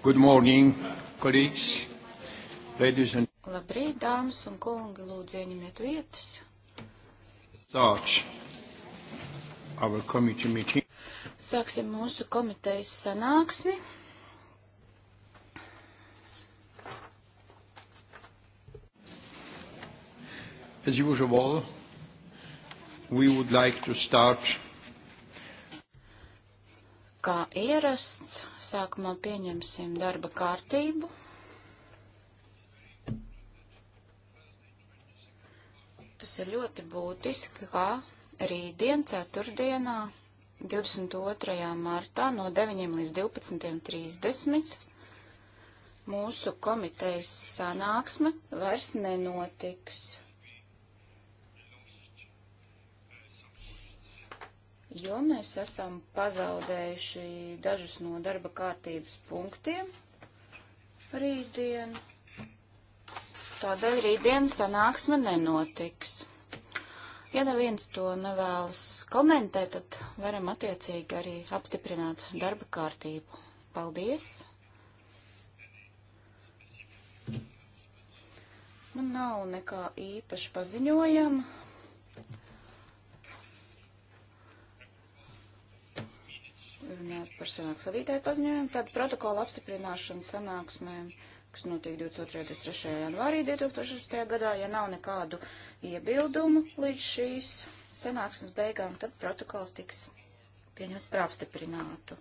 Good morning, colleagues. Ladies and Labrīt, dāmas un kungi, lūdzu ieņemiet vietas. Sāks our committee meeting. Sāksim mūsu komitejas sanāksmi. As usual, we would like to start Kā ierasts, sākumā pieņemsim darba kārtību. Tas ir ļoti būtiski, kā rītdien, ceturtdienā, 22. martā no 9 līdz 12.30 mūsu komitejas sanāksme vairs nenotiks. jo mēs esam pazaudējuši dažus no darba kārtības punktiem rītdien. Tādēļ rītdien sanāksme nenotiks. Ja neviens to nevēlas komentēt, tad varam attiecīgi arī apstiprināt darba kārtību. Paldies! Man nav nekā īpaši paziņojama. runāt par sanāks vadītāju paziņojumu, tad protokola apstiprināšana sanāksmēm, kas notiek 22. un 23. janvārī 2016. gadā, ja nav nekādu iebildumu līdz šīs sanāksmes beigām, tad protokols tiks pieņemts par apstiprinātu.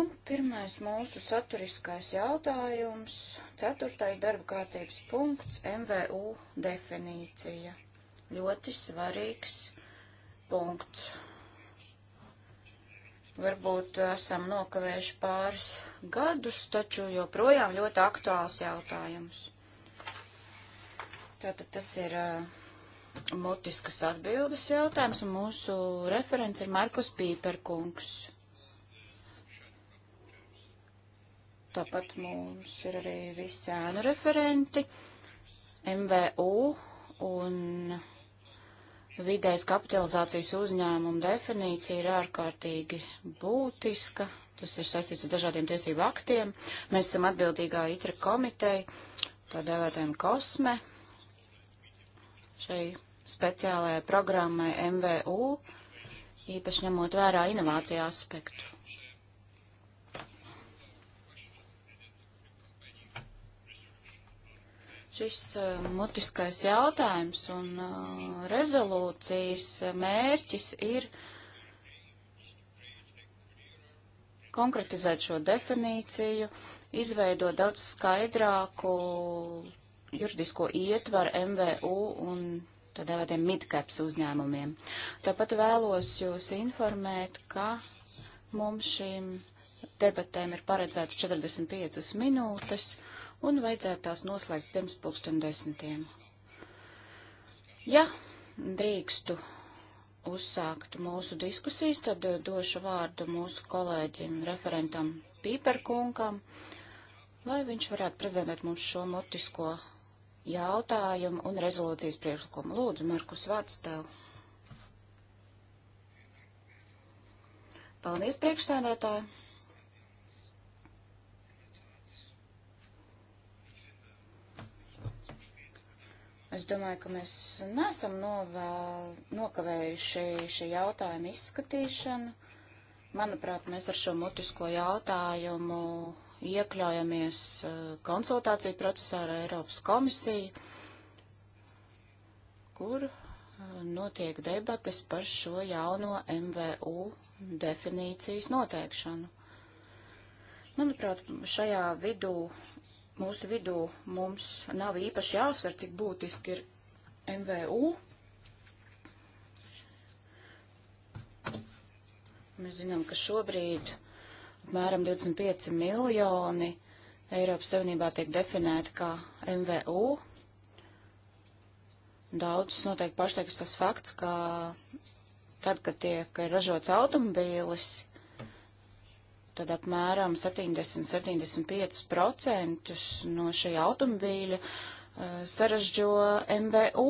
Un pirmais mūsu saturiskais jautājums, ceturtais darba kārtības punkts - MVU definīcija. Ļoti svarīgs punkts. Varbūt esam nokavējuši pāris gadus, taču joprojām ļoti aktuāls jautājums. Tātad tas ir uh, mutiskas atbildes jautājums, un mūsu referents ir Markus Pīperkungs. Tāpat mums ir arī visi ēnu referenti, MVU un Vidējas kapitalizācijas uzņēmuma definīcija ir ārkārtīgi būtiska. Tas ir saistīts ar dažādiem tiesību aktiem. Mēs esam atbildīgā itra komiteja, tā dēvētājiem kosme, šai speciālajai programmai MVU, īpaši ņemot vērā inovāciju aspektu. Šis uh, mutiskais jautājums un uh, rezolūcijas mērķis ir konkretizēt šo definīciju, izveidot daudz skaidrāku juridisko ietvaru MVU un tādā vēdiem midcaps uzņēmumiem. Tāpat vēlos jūs informēt, ka mums šīm debatēm ir paredzēts 45 minūtes. Uh, un vajadzētu tās noslēgt pirms pulksten desmitiem. Ja drīkstu uzsākt mūsu diskusijas, tad eh, došu vārdu mūsu kolēģim, referentam Pīperkunkam, lai viņš varētu prezentēt mums šo motisko jautājumu un rezolūcijas priekšlikumu. Lūdzu, Markus, vārds tev. Paldies, priekšsēdētāji! Es domāju, ka mēs nesam novēl, nokavējuši šī jautājuma izskatīšanu. Manuprāt, mēs ar šo mutisko jautājumu iekļaujamies eh, konsultāciju procesā ar Eiropas komisiju, kur eh, notiek debates par šo jauno MVU definīcijas noteikšanu. Manuprāt, šajā vidū mūsu vidū mums nav īpaši jāuzsver, cik būtiski ir MVU. Mēs zinām, ka šobrīd apmēram 25 miljoni Eiropas Savienībā tiek definēti kā MVU. Daudzus noteikti pārsteigts tas fakts, ka tad, kad tiek ražots automobīlis, tad apmēram 70-75% no šī automobīļa uh, sarežģo MBU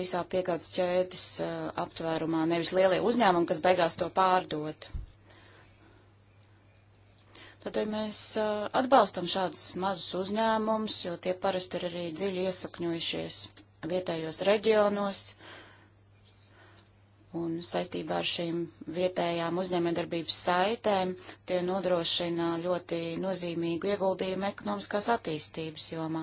visā piegādes ķēdes uh, aptvērumā, nevis lielie uzņēmumi, kas beigās to pārdod. Tādēļ mēs uh, atbalstam šādus mazus uzņēmumus, jo tie parasti ir arī dziļi iesakņojušies vietējos reģionos, un saistībā ar šīm vietējām uzņēmējdarbības saitēm tie nodrošina ļoti nozīmīgu ieguldījumu ekonomiskās attīstības jomā.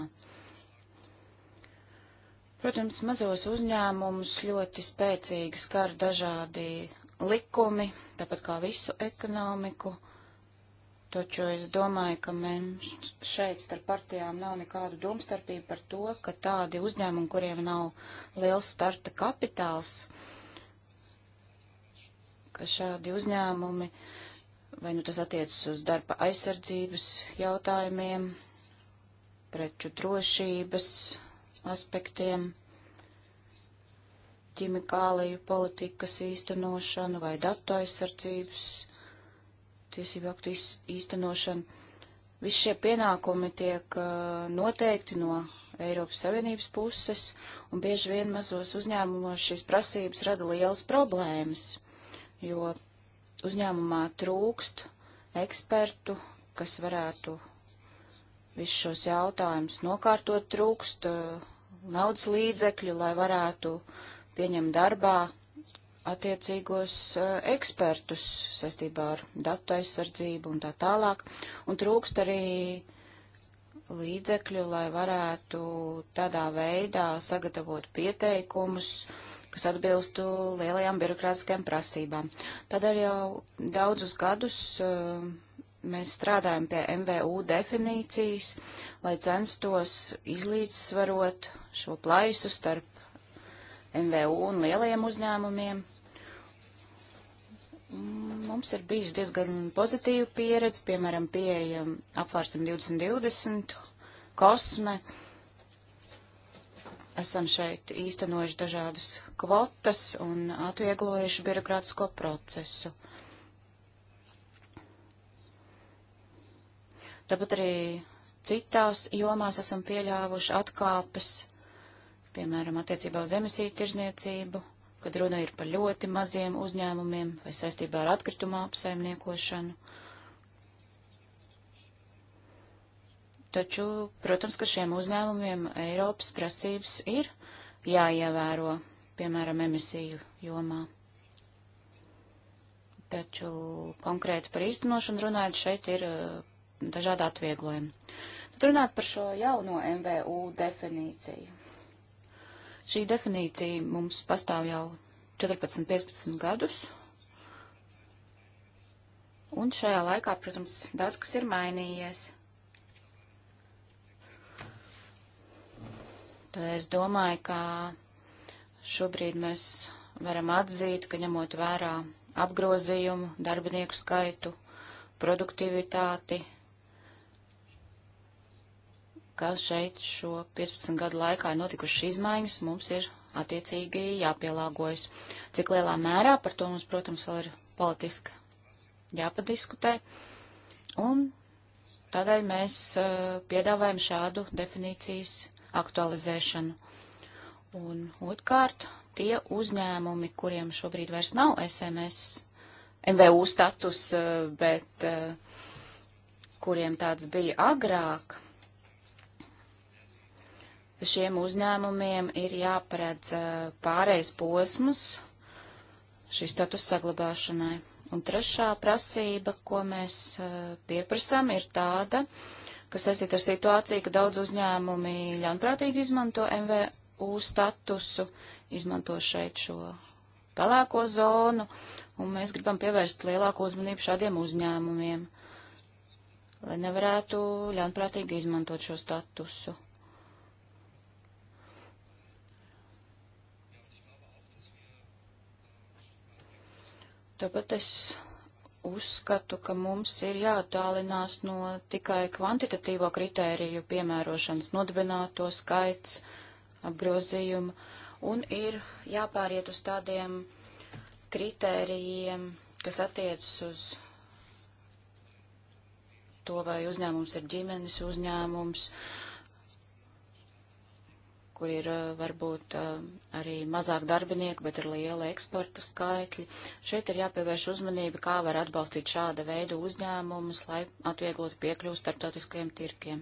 Protams, mazos uzņēmumus ļoti spēcīgi skar dažādi likumi, tāpat kā visu ekonomiku, taču es domāju, ka mums šeit starp partijām nav nekādu domstarpību par to, ka tādi uzņēmumi, kuriem nav liels starta kapitāls, ka šādi uzņēmumi, vai nu tas attiecas uz darba aizsardzības jautājumiem, preču drošības aspektiem, ķimikāliju politikas īstenošanu vai datu aizsardzības tiesību aktu īstenošanu. Visi šie pienākumi tiek noteikti no Eiropas Savienības puses, un bieži vien mazos uzņēmumos šīs prasības rada lielas problēmas jo uzņēmumā trūkst ekspertu, kas varētu visus šos jautājumus nokārtot, trūkst uh, naudas līdzekļu, lai varētu pieņemt darbā attiecīgos uh, ekspertus saistībā ar datu aizsardzību un tā tālāk, un trūkst arī līdzekļu, lai varētu tādā veidā sagatavot pieteikumus, uh, kas atbilstu lielajām birokrātiskajām prasībām. Tādēļ jau daudzus gadus uh, mēs strādājam pie MVU definīcijas, lai censtos izlīdzsvarot šo plaisu starp MVU un lielajiem uzņēmumiem. Mums ir bijusi diezgan pozitīva pieredze, piemēram, pieejam apvārsim 2020, kosme. Uh, esam šeit īstenojuši dažādas kvotas un atvieglojuši birokrātisko procesu. Tāpat arī citās jomās esam pieļāvuši atkāpes, piemēram, attiecībā uz emisiju tirzniecību, kad runa ir par ļoti maziem uzņēmumiem vai saistībā ar atkritumu apsaimniekošanu. Taču, protams, ka šiem uzņēmumiem Eiropas prasības ir jāievēro, piemēram, emisiju jomā. Taču konkrēti par īstenošanu runājot, šeit ir uh, dažādi atvieglojumi. Bet runāt par šo jauno MVU definīciju. Šī definīcija mums pastāv jau 14-15 gadus, un šajā laikā, protams, daudz kas ir mainījies. Tad es domāju, ka šobrīd mēs varam atzīt, ka ņemot vērā apgrozījumu, darbinieku skaitu, produktivitāti, ka šeit šo 15 gadu laikā ir notikušas izmaiņas, mums ir attiecīgi jāpielāgojas. Cik lielā mērā par to mums, protams, vēl ir politiski jāpadiskutē. Un tādēļ mēs uh, piedāvājam šādu definīcijas aktualizēšanu. Un otrkārt, tie uzņēmumi, kuriem šobrīd vairs nav SMS, MVU status, eh, bet eh, kuriem tāds bija agrāk, šiem uzņēmumiem ir jāparedz eh, pārējais posms šī status saglabāšanai. Un trešā prasība, ko mēs pieprasām, ir tāda, uh, kas saistīta ar situāciju, ka daudz uzņēmumi ļaunprātīgi izmanto MVU statusu, izmanto šeit šo pelēko zonu, un mēs gribam pievērst lielāku uzmanību šādiem uzņēmumiem, lai nevarētu ļaunprātīgi izmantot šo statusu. Tāpat es uzskatu, ka mums ir jāattālinās no tikai kvantitatīvo kritēriju piemērošanas nodibināto skaits, apgrozījuma, un ir jāpāriet uz tādiem kritērijiem, kas attiecas uz to, vai uzņēmums ir ģimenes uzņēmums, uh, kur ir eh, varbūt eh, arī mazāk darbinieku, bet ir liela eksporta skaitļi. Šeit ir jāpievērš uzmanība, kā var atbalstīt šāda veida uzņēmumus, lai atvieglotu piekļuvu starptautiskajiem tirkiem.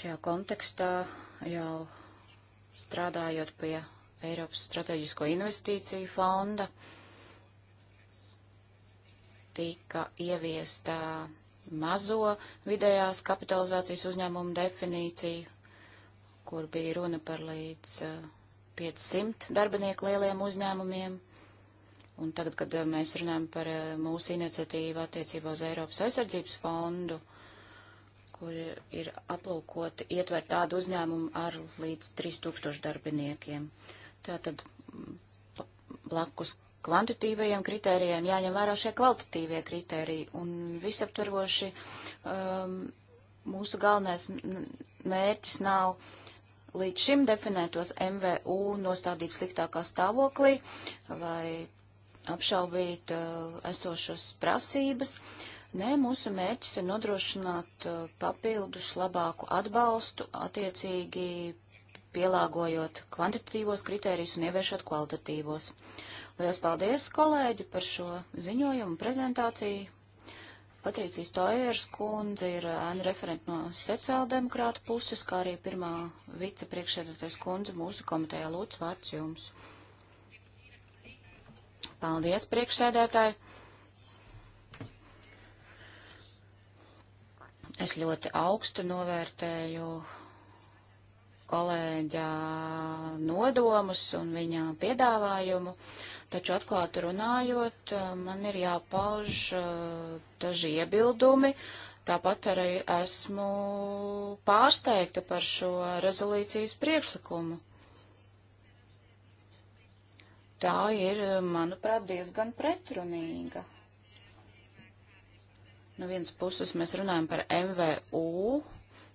Šajā kontekstā jau strādājot pie Eiropas strateģisko investīciju fonda, tika ieviesta mazo vidējās kapitalizācijas uzņēmumu definīcija, kur bija runa par līdz 500 darbinieku lieliem uzņēmumiem. Un tagad, kad mēs runājam par mūsu iniciatīvu attiecībā uz Eiropas aizsardzības fondu, kur ir aplūkoti ietver tādu uzņēmumu ar līdz 3000 darbiniekiem. Tātad blakus kvantitīvajiem kritērijiem jāņem vērā šie kvalitatīvie kritēriji un visaptvaroši um, mūsu galvenais mērķis nav līdz šim definētos MVU nostādīt sliktākā stāvoklī vai apšaubīt uh, esošas prasības. Nē, mūsu mērķis ir nodrošināt uh, papildus labāku atbalstu, attiecīgi pielāgojot kvantitatīvos kritērijus un ieviešot kvalitatīvos. Lielas paldies, kolēģi, par šo ziņojumu prezentāciju. Patricijas Toiers kundze ir ēna eh, nu, referenta no sociāldemokrāta puses, kā arī pirmā vicepriekšēdotais kundze mūsu komitejā. Lūdzu, vārds jums. Paldies, priekšsēdētāji. Es ļoti augstu novērtēju kolēģa nodomus un viņa piedāvājumu. Uh, taču atklāti runājot, eh, man ir jāpauž eh, daži iebildumi. Tāpat arī esmu pārsteigta par šo rezolīcijas priekšlikumu. Tā ir, eh, manuprāt, diezgan pretrunīga. No nu, vienas puses mēs runājam par MVU,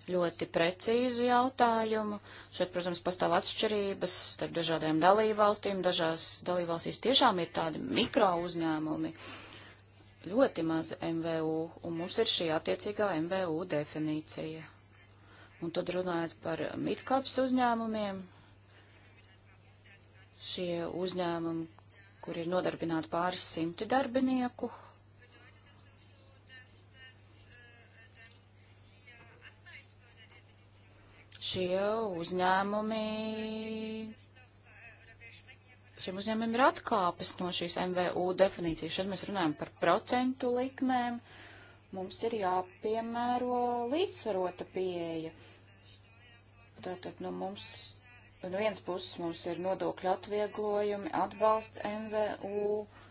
ļoti precīzu jautājumu. Šeit, protams, pastāv atšķirības starp dažādiem dalībvalstīm. Dažās dalībvalstīs tiešām ir tādi mikro uzņēmumi, ļoti mazi MVU, un mums ir šī attiecīgā MVU definīcija. Un tad runājot par midcaps uzņēmumiem, šie uzņēmumi, kur ir nodarbināti pāris simti darbinieku, šie uzņēmumi. Šiem uzņēmumiem ir atkāpes no šīs MVU definīcijas. Šeit mēs runājam par procentu likmēm. Mums ir jāpiemēro līdzsvarota pieeja. Tātad no nu, mums, no nu, vienas puses mums ir nodokļu atvieglojumi, atbalsts MVU. Uh,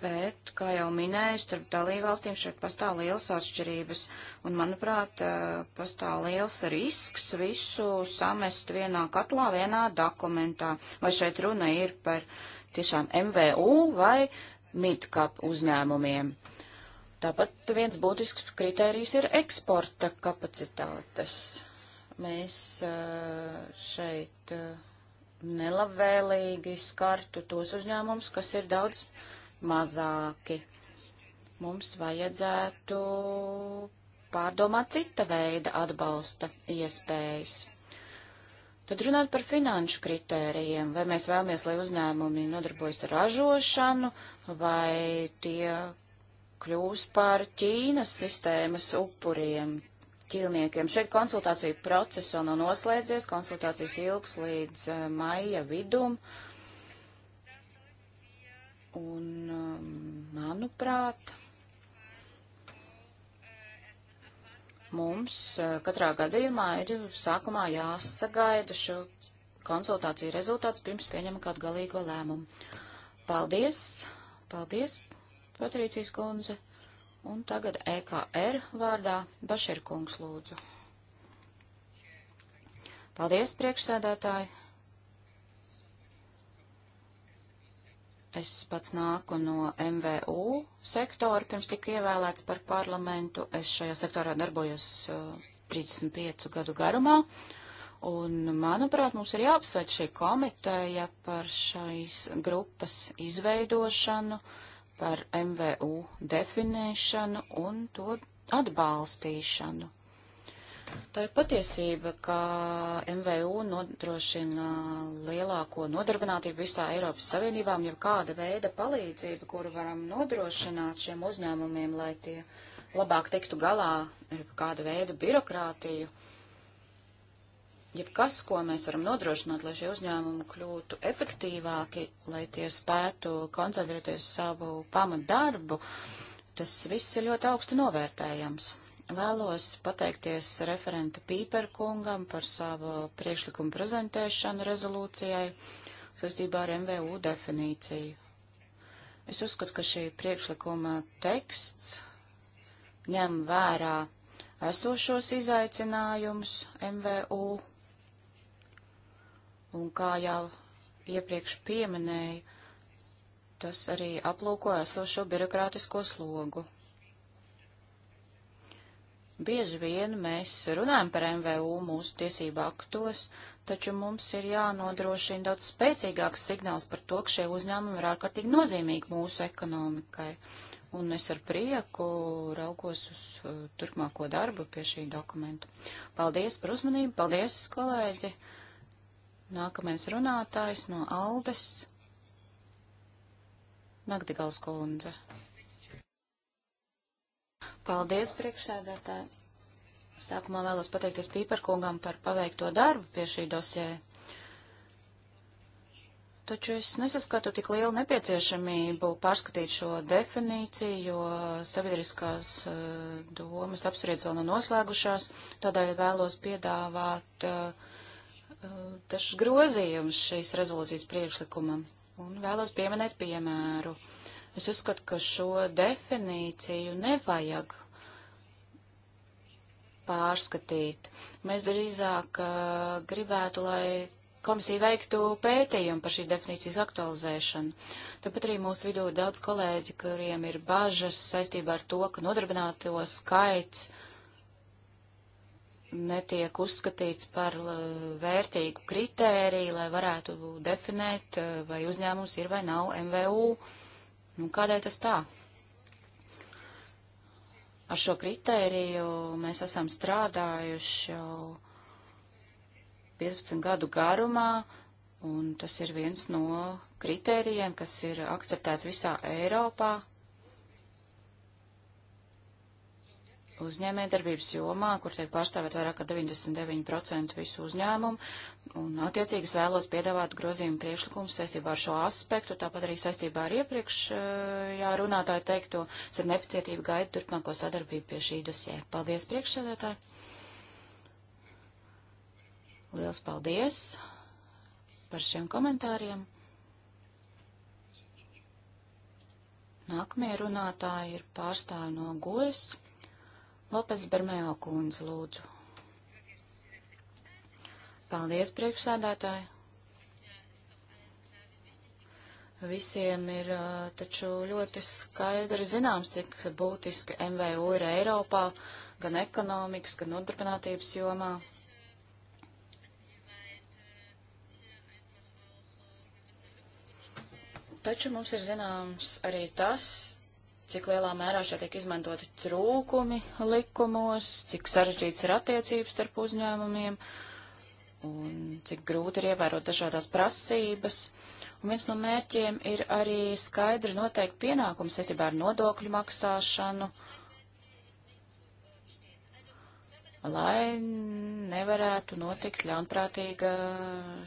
Bet, kā jau minēju, starp dalībvalstīm šeit pastāv liels atšķirības, un, manuprāt, eh, pastāv liels risks visu samest vienā katlā, vienā dokumentā. Vai šeit runa ir par tiešām MVU vai midcap uzņēmumiem? Tāpat viens būtisks kritērijs ir eksporta kapacitātes. Mēs eh, šeit eh, nelabvēlīgi skartu tos uzņēmumus, kas ir daudz mazāki. Mums vajadzētu pārdomāt cita veida atbalsta iespējas. Tad runāt par finanšu kritērijiem, vai mēs vēlamies, lai uzņēmumi nodarbojas ar ražošanu, vai tie kļūs par Ķīnas sistēmas upuriem, ķīlniekiem. Šeit konsultācija process vēl nav noslēdzies, konsultācijas ilgs līdz eh, maija vidum. Uh, Un, um, manuprāt, mums uh, katrā gadījumā ir sākumā jāsagaida šo konsultāciju rezultāts pirms pieņem kādu galīgo lēmumu. Paldies, paldies, Patrīcijas kundze. Un tagad EKR vārdā Bašir kungs lūdzu. Paldies, priekšsēdētāji. Es pats nāku no MVU sektora, pirms tika ievēlēts par parlamentu. Es šajā sektorā darbojos 35 uh, gadu garumā. Un, manuprāt, mums ir jāapsveic šī komiteja par šais grupas izveidošanu, par MVU definēšanu un to atbalstīšanu. Tā ir patiesība, ka MVU nodrošina lielāko nodarbinātību visā Eiropas Savienībām, ja kāda veida palīdzība, kuru varam nodrošināt šiem uzņēmumiem, lai tie labāk tiktu galā ar kādu veidu birokrātiju. Jebkas, ko mēs varam nodrošināt, lai šie uzņēmumi kļūtu efektīvāki, lai tie spētu koncentrēties savu pamatdarbu, tas viss ir ļoti augstu novērtējams. Vēlos pateikties referenta Pīperkungam par savu priekšlikumu prezentēšanu rezolūcijai saistībā ar MVU definīciju. Es uzskatu, ka šī priekšlikuma teksts ņem vērā esošos izaicinājumus MVU, un kā jau iepriekš pieminēju, tas arī aplūko esošo birokrātisko slogu. Bieži vien mēs runājam par MVU mūsu tiesību aktos, taču mums ir jānodrošina daudz spēcīgāks signāls par to, ka šie uzņēmumi ir ārkārtīgi nozīmīgi mūsu ekonomikai. Un es ar prieku raugos uz uh, turpmāko darbu pie šī dokumenta. Paldies par uzmanību, paldies, kolēģi! Nākamais runātājs no Aldes. Naktigals kundze. Paldies, priekšsēdētāji. Sākumā vēlos pateikties Pīperkungam par paveikto darbu pie šī dosē. Taču es nesaskatu tik lielu nepieciešamību pārskatīt šo definīciju, jo sabiedriskās eh, domas apspriedz vēl nav no noslēgušās. Tādēļ vēlos piedāvāt eh, dažs grozījums šīs rezolūcijas priekšlikumam un vēlos pieminēt piemēru. Uh, Es uzskatu, ka šo definīciju nevajag pārskatīt. Mēs drīzāk uh, gribētu, lai komisija veiktu pētījumu par šīs definīcijas aktualizēšanu. Tāpat arī mūsu vidū ir daudz kolēģi, kuriem ir bažas saistībā ar to, ka nodarbināto skaits netiek uzskatīts par vērtīgu kritēriju, lai varētu definēt, vai uzņēmums ir vai nav MVU. Uh, Nu, kādēļ tas tā? Ar šo kritēriju mēs esam strādājuši jau 15 gadu garumā, un tas ir viens no kritērijiem, kas ir akceptēts visā Eiropā uzņēmējdarbības jomā, kur tiek pārstāvēt vairāk kā 99% visu uzņēmumu, Un, attiecīgi, es vēlos piedāvāt grozījumu priekšlikumu saistībā ar šo aspektu, tāpat arī saistībā ar iepriekšējā eh, runātāju teikto. Es ar nepacietību gaidu turpmāko sadarbību pie šī dosē. Paldies, priekšsēdētāji! Liels paldies par šiem komentāriem! Nākamie runātāji ir pārstāvi no Gojas. Lopes Bermejo kundze, lūdzu. Paldies, priekšsēdētāji! Visiem ir taču ļoti skaidri zināms, cik būtiski MVU ir Eiropā, gan ekonomikas, gan nodarbinātības jomā. Taču mums ir zināms arī tas, cik lielā mērā šeit tiek izmantoti trūkumi likumos, cik sarežģīts ir attiecības starp uzņēmumiem. Uh, un cik grūti ir ievērot dažādās prasības. Un viens no mērķiem ir arī skaidri noteikt pienākums saistībā ar nodokļu maksāšanu, lai nevarētu notikt ļaunprātīga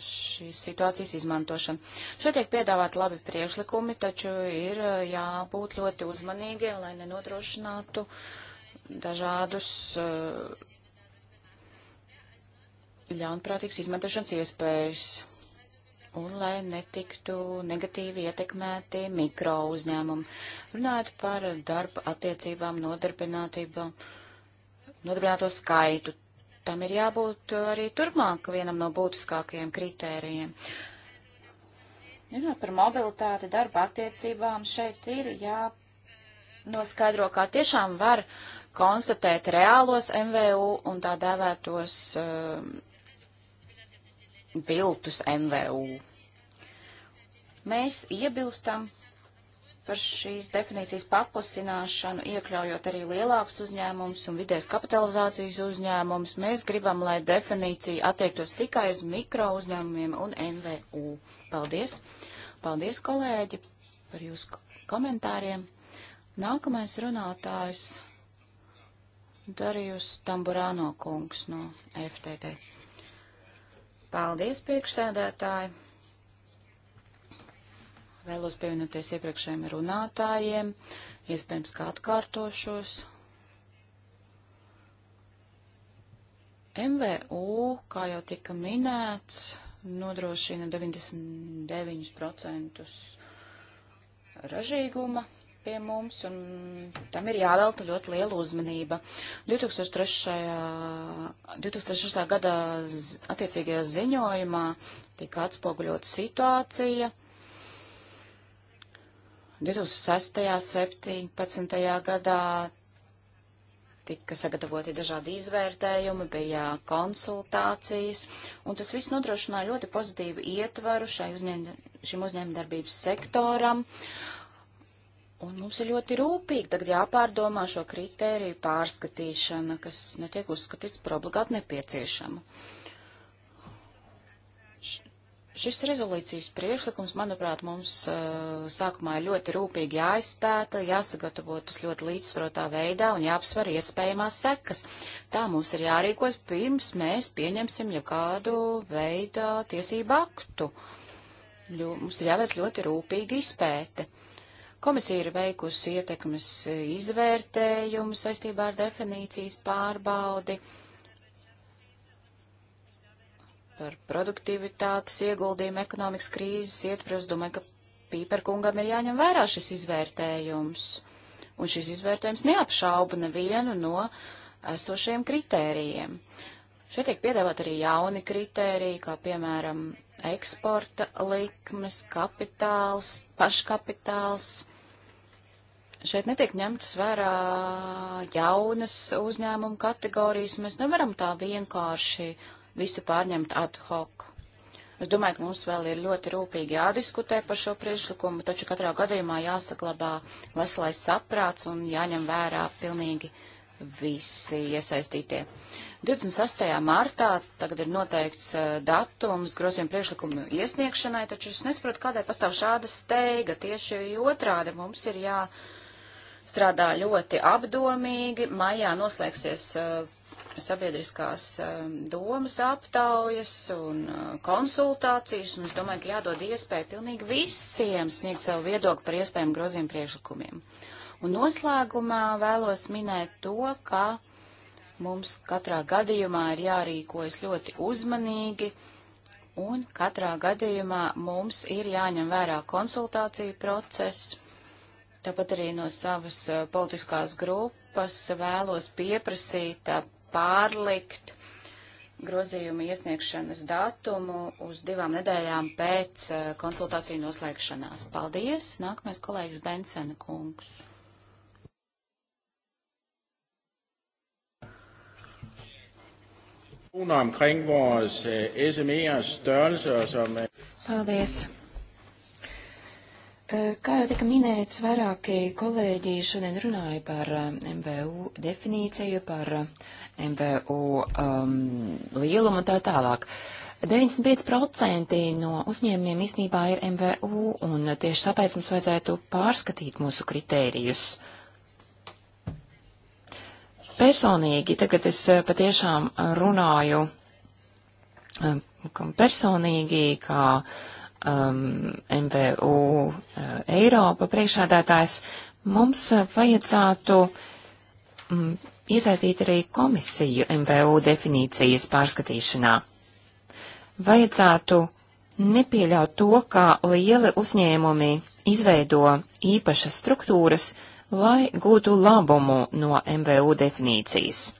šīs situācijas izmantošana. Šeit tiek piedāvāti labi priekšlikumi, taču ir uh, jābūt ļoti uzmanīgiem, lai nenodrošinātu dažādus uh, ļaunprātīgas izmantošanas iespējas un lai netiktu negatīvi ietekmēti mikro uzņēmumi. Runājot par darba attiecībām, nodarbinātību, nodarbināto skaitu, tam ir jābūt arī turpmāk vienam no būtiskākajiem kritērijiem. Runājot par mobilitāti, darba attiecībām, šeit ir jānoskaidro, kā tiešām var konstatēt reālos MVU un tā dēvētos uh, viltus MVU. Mēs iebilstam par šīs definīcijas paplasināšanu, iekļaujot arī lielākus uzņēmumus un vidējas kapitalizācijas uzņēmumus. Mēs gribam, lai definīcija attiektos tikai uz mikro uzņēmumiem un MVU. Paldies! Paldies, kolēģi, par jūsu komentāriem. Nākamais runātājs Darijus Tamburāno kungs no FTD. Paldies, priekšsēdētāji! Vēlos pievienoties iepriekšējiem runātājiem, iespējams, kā atkārtošos. MVU, kā jau tika minēts, nodrošina 99% ražīguma pie mums, un tam ir jāvelta ļoti liela uzmanība. 2003. 2006. gada attiecīgajā ziņojumā tika atspoguļot situācija. 2006. 17. gadā tika sagatavoti dažādi izvērtējumi, bija konsultācijas, un tas viss nodrošināja ļoti pozitīvu ietvaru šai uzņēm, šim uzņēmdarbības sektoram. Uh, Un mums ir ļoti rūpīgi tagad jāpārdomā šo kritēriju pārskatīšana, kas netiek uzskatīts par obligāti nepieciešama. Šis rezolīcijas priekšlikums, manuprāt, mums uh, sākumā ir ļoti rūpīgi jāizpēta, jāsagatavo tas ļoti līdzsvarotā veidā un jāapsver iespējamās sekas. Tā mums ir jārīkos pirms mēs pieņemsim jau kādu veidu tiesību aktu. Ļu, mums ir jāveic ļoti rūpīgi izpēte. Uh, Komisija ir veikusi ietekmes e, izvērtējumu saistībā ar definīcijas pārbaudi par produktivitātes ieguldījumu ekonomikas krīzes ietvaros. Domāju, ka Pīperkungam ir jāņem vērā šis izvērtējums. Un šis izvērtējums neapšauba nevienu no esošiem kritērijiem. Šeit tiek piedāvāt arī jauni kritēriji, kā piemēram eksporta likmes, kapitāls, paškapitāls Šeit netiek ņemtas vērā jaunas uzņēmumu kategorijas. Mēs nevaram tā vienkārši visu pārņemt ad hoc. Es domāju, ka mums vēl ir ļoti rūpīgi jādiskutē par šo priekšlikumu, taču katrā gadījumā jāsaglabā veselais saprāts un jāņem vērā pilnīgi visi iesaistītie. 28. martā tagad ir noteikts eh, datums grozījuma priekšlikumu iesniegšanai, taču es nesaprotu, kādēļ pastāv šāda steiga. Tieši otrādi mums ir jā. Ja strādā ļoti apdomīgi. Maijā noslēgsies eh, sabiedriskās eh, domas aptaujas un eh, konsultācijas, un es domāju, ka jādod iespēju pilnīgi visiem sniegt savu viedokli par iespējām groziem priešlikumiem. Un noslēgumā vēlos minēt to, ka mums katrā gadījumā ir jārīkojas ļoti uzmanīgi, un katrā gadījumā mums ir jāņem vērā konsultāciju process, Tāpat arī no savas eh, politiskās grupas vēlos pieprasīt eh, pārlikt grozījuma iesniegšanas datumu uz divām nedēļām pēc eh, konsultāciju noslēgšanās. Paldies! Nākamais kolēģis Bensena kungs. diskussioner omkring vores SME'ers størrelse og som... Er- Paldies. Kā jau tika minēts, vairāki kolēģi šodien runāja par MBU definīciju, par MBU um, lielumu un tā tālāk. 95% no uzņēmumiem īstenībā ir MBU, un tieši tāpēc mums vajadzētu pārskatīt mūsu kritērijus. Personīgi, tagad es patiešām runāju personīgi, kā uh, um, MVU uh, Eiropa priekšādātājs, mums uh, vajadzētu um, iesaistīt arī komisiju MVU definīcijas pārskatīšanā. Vajadzētu nepieļaut to, ka lieli uzņēmumi izveido īpašas struktūras, lai gūtu labumu no MVU definīcijas.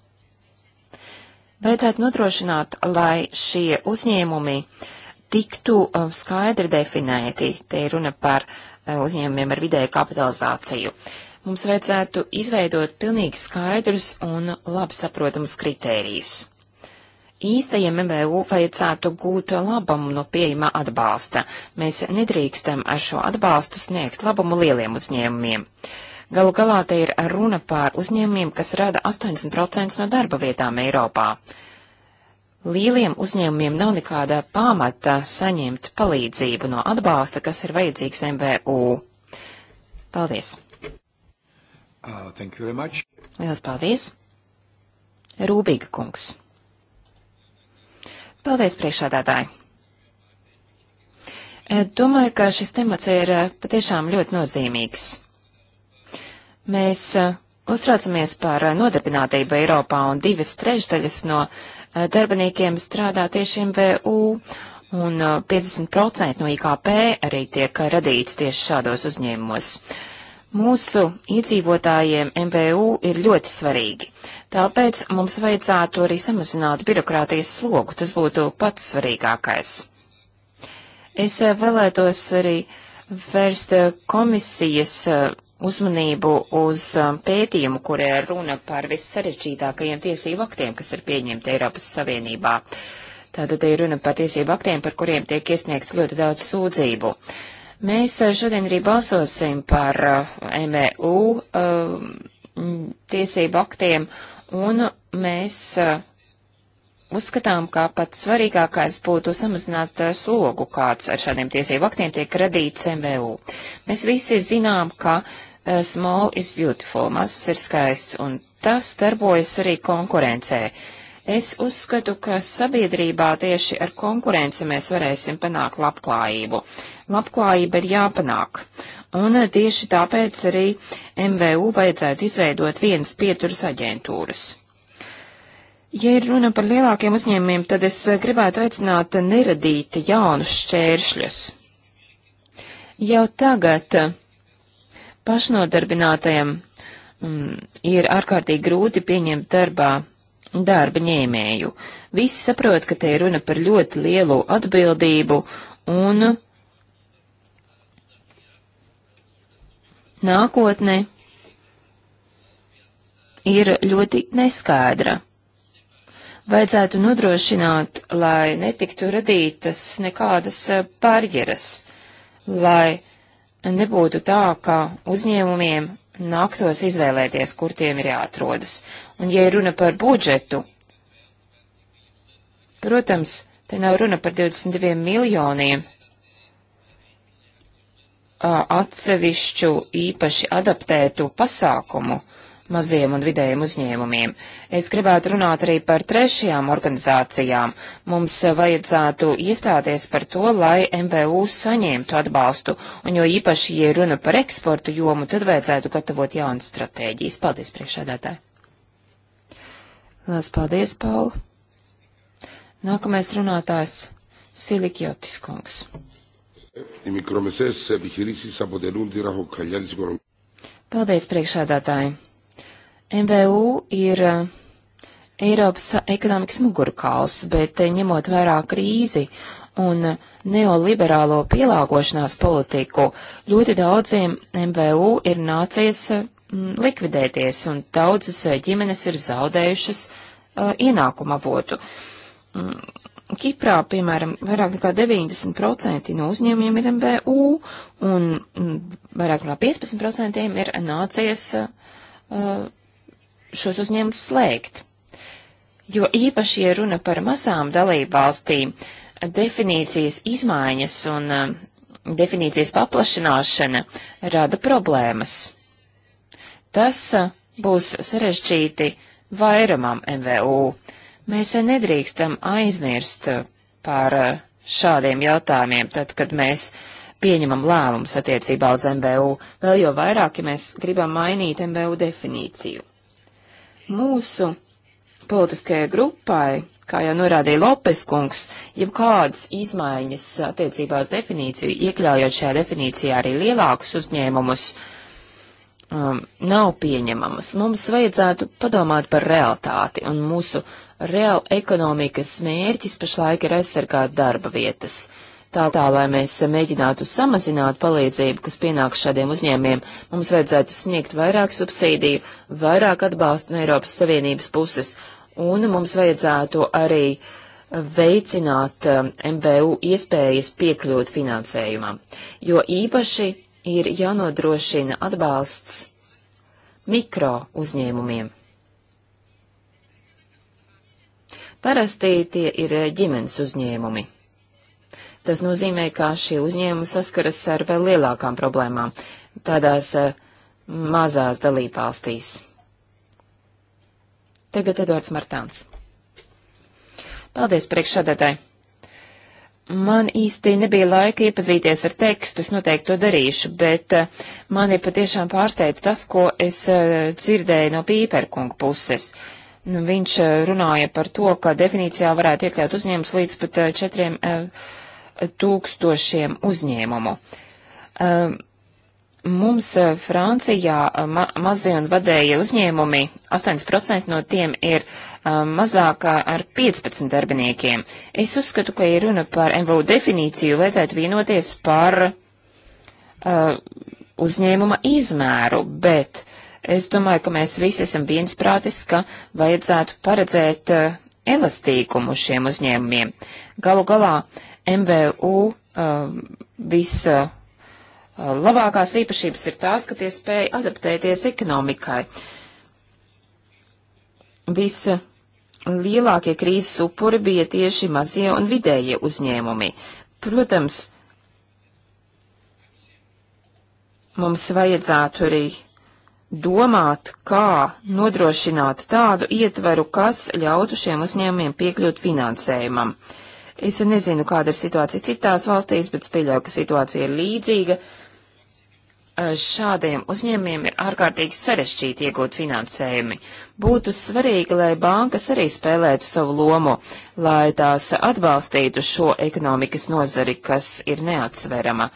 Vajadzētu nodrošināt, lai šie uzņēmumi uh, tiktu eh, skaidri definēti. Te ir runa par eh, uzņēmumiem ar vidēju kapitalizāciju. Mums vajadzētu izveidot pilnīgi skaidrus un labi saprotamus kritērijus. Īstajiem MVU vajadzētu gūt labumu no pieejamā atbalsta. Mēs nedrīkstam ar šo atbalstu sniegt labumu lieliem uzņēmumiem. Galu galā te ir runa pār uzņēmumiem, kas rada 80% no darba vietām Eiropā lieliem uzņēmumiem nav nekāda pamata saņemt palīdzību no atbalsta, kas ir vajadzīgs MVU. Paldies! Uh, thank you very much. Lielas paldies! Rūbīga kungs. Paldies, priekšādātāji! E, domāju, ka šis temats ir e, patiešām ļoti nozīmīgs. Mēs e, uztraucamies par nodarbinātību Eiropā un divas trešdaļas no Eh, darbiniekiem strādā tieši MVU, un 50% eh, no IKP arī tiek radīts tieši šādos uzņēmumos. Mūsu iedzīvotājiem MVU ir ļoti svarīgi, tāpēc mums vajadzētu arī samazināt birokrātijas slogu, tas būtu pats svarīgākais. Es eh, vēlētos arī vērst komisijas uzmanību uz um, pētījumu, kurē runa par vissarežģītākajiem tiesību aktiem, kas ir pieņemti Eiropas Savienībā. Tātad ir runa par tiesību aktiem, par kuriem tiek iesniegts ļoti daudz sūdzību. Mēs uh, šodien arī balsosim par uh, MEU um, tiesību aktiem, un mēs uh, uzskatām, ka pats svarīgākais būtu samazināt slogu, kāds ar šādiem tiesību aktiem tiek radīts MVU. E mēs visi zinām, ka Small is beautiful, mazs ir skaists, un tas darbojas arī konkurencē. Es uzskatu, ka sabiedrībā tieši ar konkurenci mēs varēsim panākt labklājību. Labklājība ir jāpanāk. Un tieši tāpēc arī MVU vajadzētu izveidot vienas pieturas aģentūras. Ja ir runa par lielākiem uzņēmumiem, tad es gribētu aicināt neradīt jaunus šķēršļus. Jau tagad pašnodarbinātajam mm, ir ārkārtīgi grūti pieņemt darbā darba ņēmēju. Visi saprot, ka te ir runa par ļoti lielu atbildību un nākotne ir ļoti neskaidra. Vajadzētu nodrošināt, lai netiktu radītas nekādas barjeras, lai nebūtu tā, ka uzņēmumiem nāktos izvēlēties, kur tiem ir jāatrodas. Un, ja ir runa par budžetu, protams, te nav runa par 22 miljoniem atsevišķu īpaši adaptētu pasākumu, uh, maziem un vidējiem uzņēmumiem. Es gribētu runāt arī par trešajām organizācijām. Mums vajadzētu iestāties par to, lai MVU saņemtu atbalstu, un jo īpaši, ja runa par eksportu jomu, tad vajadzētu gatavot jaunas stratēģijas. Paldies, priekšādātāji! Lās paldies, Paula! Nākamais runātājs - Silikjotis kungs. Paldies, priekšādātāji! MVU ir eh, Eiropas ekonomikas mugurkauls, bet eh, ņemot vērā krīzi un neoliberālo pielāgošanās politiku, ļoti daudziem MVU ir nācies eh, likvidēties, un daudzas ģimenes ir zaudējušas uh, ienākuma avotu. Mm, Kiprā, piemēram, vairāk nekā 90% no uzņēmumiem ir MVU, un mm, vairāk nekā 15% ir nācies uh, šos uzņēmumus slēgt. Jo īpaši, ja runa par mazām dalībvalstīm, definīcijas izmaiņas un uh, definīcijas paplašināšana rada problēmas. Tas uh, būs sarežģīti vairumam MVU. Mēs uh, nedrīkstam aizmirst uh, par uh, šādiem jautājumiem, tad, kad mēs pieņemam lēmumus attiecībā uz MBU, vēl jo vairāk, ja mēs gribam mainīt MBU definīciju mūsu politiskajai grupai, kā jau norādīja Lopes kungs, ja kādas izmaiņas attiecībā uz definīciju, iekļaujot šajā definīcijā arī lielākus uzņēmumus, um, nav pieņemamas. Mums vajadzētu padomāt par realitāti, un mūsu reāla ekonomikas mērķis pašlaik ir aizsargāt darba vietas. Uh, Tā, tā, lai mēs mēģinātu samazināt palīdzību, kas pienāk šādiem uzņēmiem, mums vajadzētu sniegt vairāk subsīdiju, vairāk atbalstu no Eiropas Savienības puses, un mums vajadzētu arī veicināt MBU um, iespējas piekļūt finansējumam, jo īpaši ir jānodrošina atbalsts mikro uzņēmumiem. Parasti tie ir ģimenes uzņēmumi. Tas nozīmē, ka šie uzņēmumi saskaras ar vēl lielākām problēmām tādās eh, mazās dalībvalstīs. Tagad Edvards Martāns. Paldies priekšsādātāji! Man īsti nebija laika iepazīties ar tekstu, es noteikti to darīšu, bet eh, man ir patiešām pārsteigta tas, ko es eh, dzirdēju no Pīperkunga puses. Nu, viņš runāja par to, ka definīcijā varētu iekļaut uzņēmums līdz pat četriem uh, tūkstošiem uzņēmumu. Um, Mums eh, Francijā eh, ma mazie un vadēja uzņēmumi, 8% no tiem ir um, mazākā ar 15 darbiniekiem. Es uzskatu, ka, ja runa par MVU definīciju, vajadzētu vienoties par uh, uzņēmuma izmēru, bet es domāju, ka mēs visi esam viensprātis, ka vajadzētu paredzēt uh, elastīgumu šiem uzņēmumiem. Galu galā uh, MVU um, uh, visa labākās īpašības ir tās, ka tie spēja adaptēties ekonomikai. Visa lielākie krīzes upuri bija tieši mazie un vidējie uzņēmumi. Protams, mums vajadzētu arī domāt, kā nodrošināt tādu ietveru, kas ļautu šiem uzņēmumiem piekļūt finansējumam. Uh, Es nezinu, kāda ir situācija citās valstīs, bet pieļauju, ka situācija ir līdzīga. Šādiem uzņēmiem ir ārkārtīgi sarežģīti iegūt finansējumi. Būtu svarīgi, lai bankas arī spēlētu savu lomu, lai tās atbalstītu šo ekonomikas nozari, kas ir neatsverama.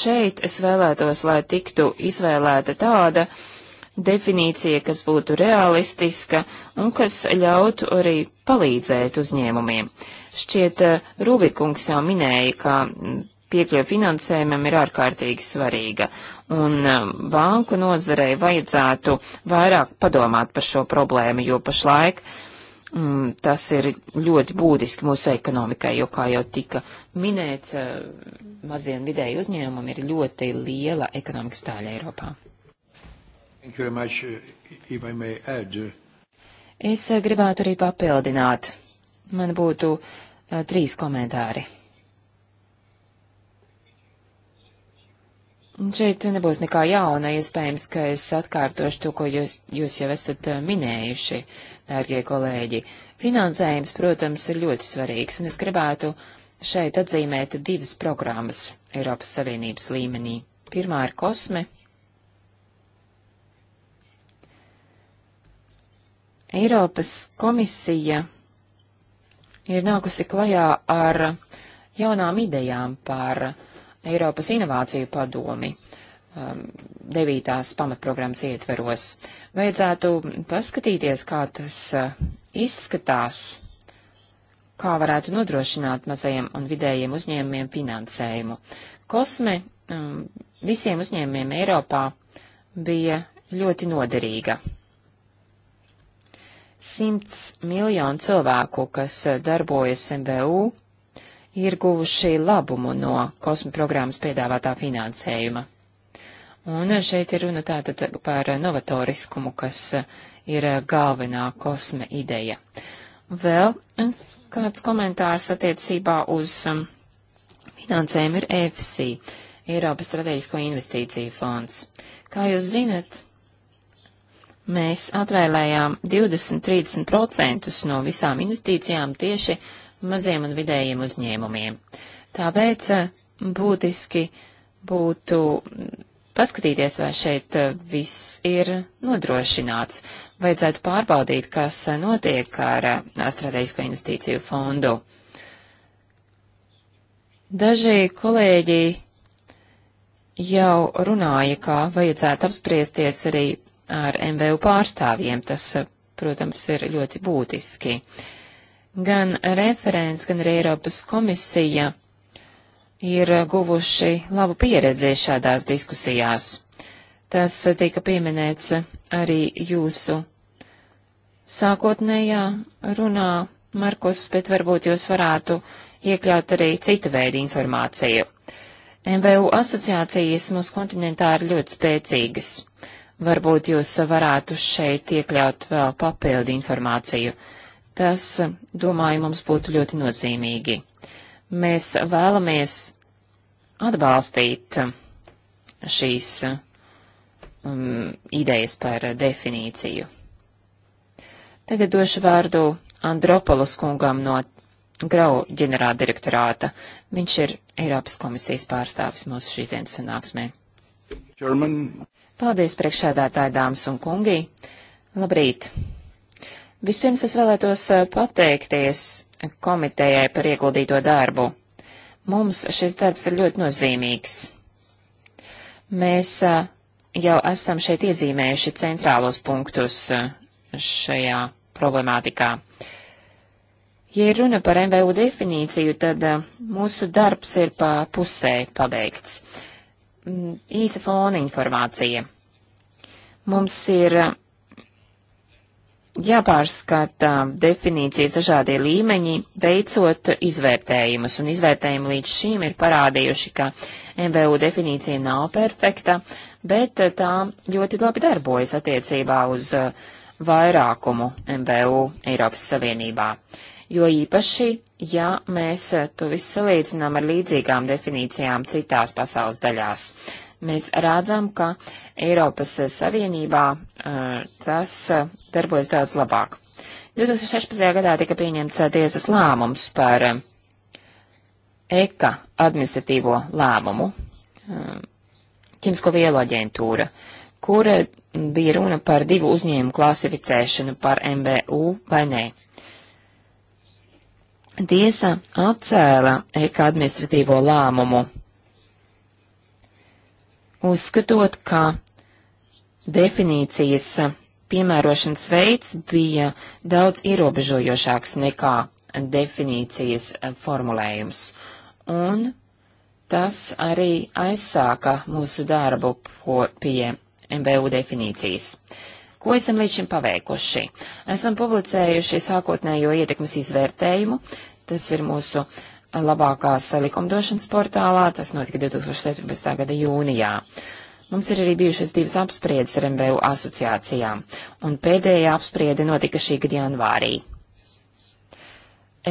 Šeit es vēlētos, lai tiktu izvēlēta tāda, definīcija, kas būtu realistiska un kas ļautu arī palīdzēt uzņēmumiem. Šķiet, eh, Rubikungs jau minēja, ka mm, piekļuva finansējumam ir ārkārtīgi svarīga, un eh, banku nozarei vajadzētu vairāk padomāt par šo problēmu, jo pašlaik mm, tas ir ļoti būtiski mūsu ekonomikai, jo, kā jau tika minēts, eh, mazie un vidēji uzņēmumi ir ļoti liela ekonomikas daļa Eiropā. Much, add... Uh, es gribētu arī papildināt man būtu uh, trīs komentāri. Un šeit nebūs nekā jauna, iespējams, ka es atkārtošu to, ko jūs, jūs jau esat eh, minējuši, dārgie kolēģi. Finansējums, protams, ir ļoti svarīgs, un es gribētu šeit atzīmēt divas programmas Eiropas Savienības līmenī. Pirmā ir kosme. Eiropas komisija ir nākusi klajā ar jaunām idejām par Eiropas inovāciju padomi um, devītās pamatprogrammas ietveros. Vajadzētu paskatīties, kā tas uh, izskatās, kā varētu nodrošināt mazajiem un vidējiem uzņēmumiem finansējumu. Kosme um, visiem uzņēmumiem Eiropā bija ļoti noderīga. Simts miljonu cilvēku, kas eh, darbojas MBU, ir guvuši labumu no kosmi programmas piedāvātā finansējuma. Un eh, šeit ir runa tātad par novatoriskumu, kas eh, ir galvenā kosme ideja. Vēl kāds komentārs attiecībā uz finansējumu ir EFSI, Eiropas Strateģisko investīciju fonds. Kā jūs zinat, Mēs atvēlējām 20-30% no visām investīcijām tieši maziem un vidējiem uzņēmumiem. Tāpēc eh, būtiski būtu paskatīties, vai šeit eh, viss ir nodrošināts. Vajadzētu pārbaudīt, kas eh, notiek ar strateģisko investīciju fondu. Daži kolēģi jau runāja, ka vajadzētu apspriesties arī ar MVU pārstāvjiem. Tas, eh, protams, ir ļoti būtiski. Gan referents, gan arī Eiropas komisija ir guvuši labu pieredzi šādās diskusijās. Tas eh, tika pieminēts arī jūsu sākotnējā runā, Markus, bet varbūt jūs varētu iekļaut arī citu veidu informāciju. MVU asociācijas mūsu kontinentā ir ļoti spēcīgas. Varbūt jūs varētu šeit iekļaut vēl papildu informāciju. Tas, domāju, mums būtu ļoti nozīmīgi. Mēs vēlamies atbalstīt šīs um, idejas par definīciju. Tagad došu vārdu Andropolus kungam no Grau ģenerāla direktorāta. Viņš ir Eiropas komisijas pārstāvis mūsu šīs dienas sanāksmē. German. Paldies, priekšsēdētāji, dāmas un kungi! Labrīt! Vispirms es vēlētos eh, pateikties komitejai par ieguldīto darbu. Mums šis darbs ir ļoti nozīmīgs. Mēs eh, jau esam šeit iezīmējuši centrālos punktus eh, šajā problemātikā. Ja runa par MVU definīciju, tad mūsu darbs ir pa pusē pabeigts. Mm, īsa fona informācija. Mums ir eh, jāpārskata definīcijas dažādie līmeņi, veicot izvērtējumus, un izvērtējumi līdz šīm ir parādījuši, ka MBU definīcija nav perfekta, bet eh, tā ļoti labi darbojas attiecībā uz eh, vairākumu MBU Eiropas Savienībā. Uh, jo īpaši, ja mēs to visu salīdzinām ar līdzīgām definīcijām citās pasaules daļās. Mēs rādzam, ka Eiropas Savienībā eh, tas darbojas daudz labāk. 2016. gadā tika pieņemts tiesas lēmums par ECA eh, e administratīvo lēmumu, eh, ķimisko vielu aģentūra, kur bija runa par divu uzņēmumu klasificēšanu par MBU vai nē. Tiesa atcēla EK administratīvo lēmumu, uzskatot, ka definīcijas piemērošanas veids bija daudz ierobežojošāks nekā definīcijas formulējums, un tas arī aizsāka mūsu darbu pie MBU definīcijas. Uh, Ko esam līdz šim paveikuši? Esam publicējuši sākotnējo ietekmes izvērtējumu. Tas ir mūsu labākās likumdošanas portālā. Tas notika 2017. gada jūnijā. Mums ir arī bijušas divas apspriedes ar MBU asociācijām, un pēdējā apspriede notika šī gada janvārī.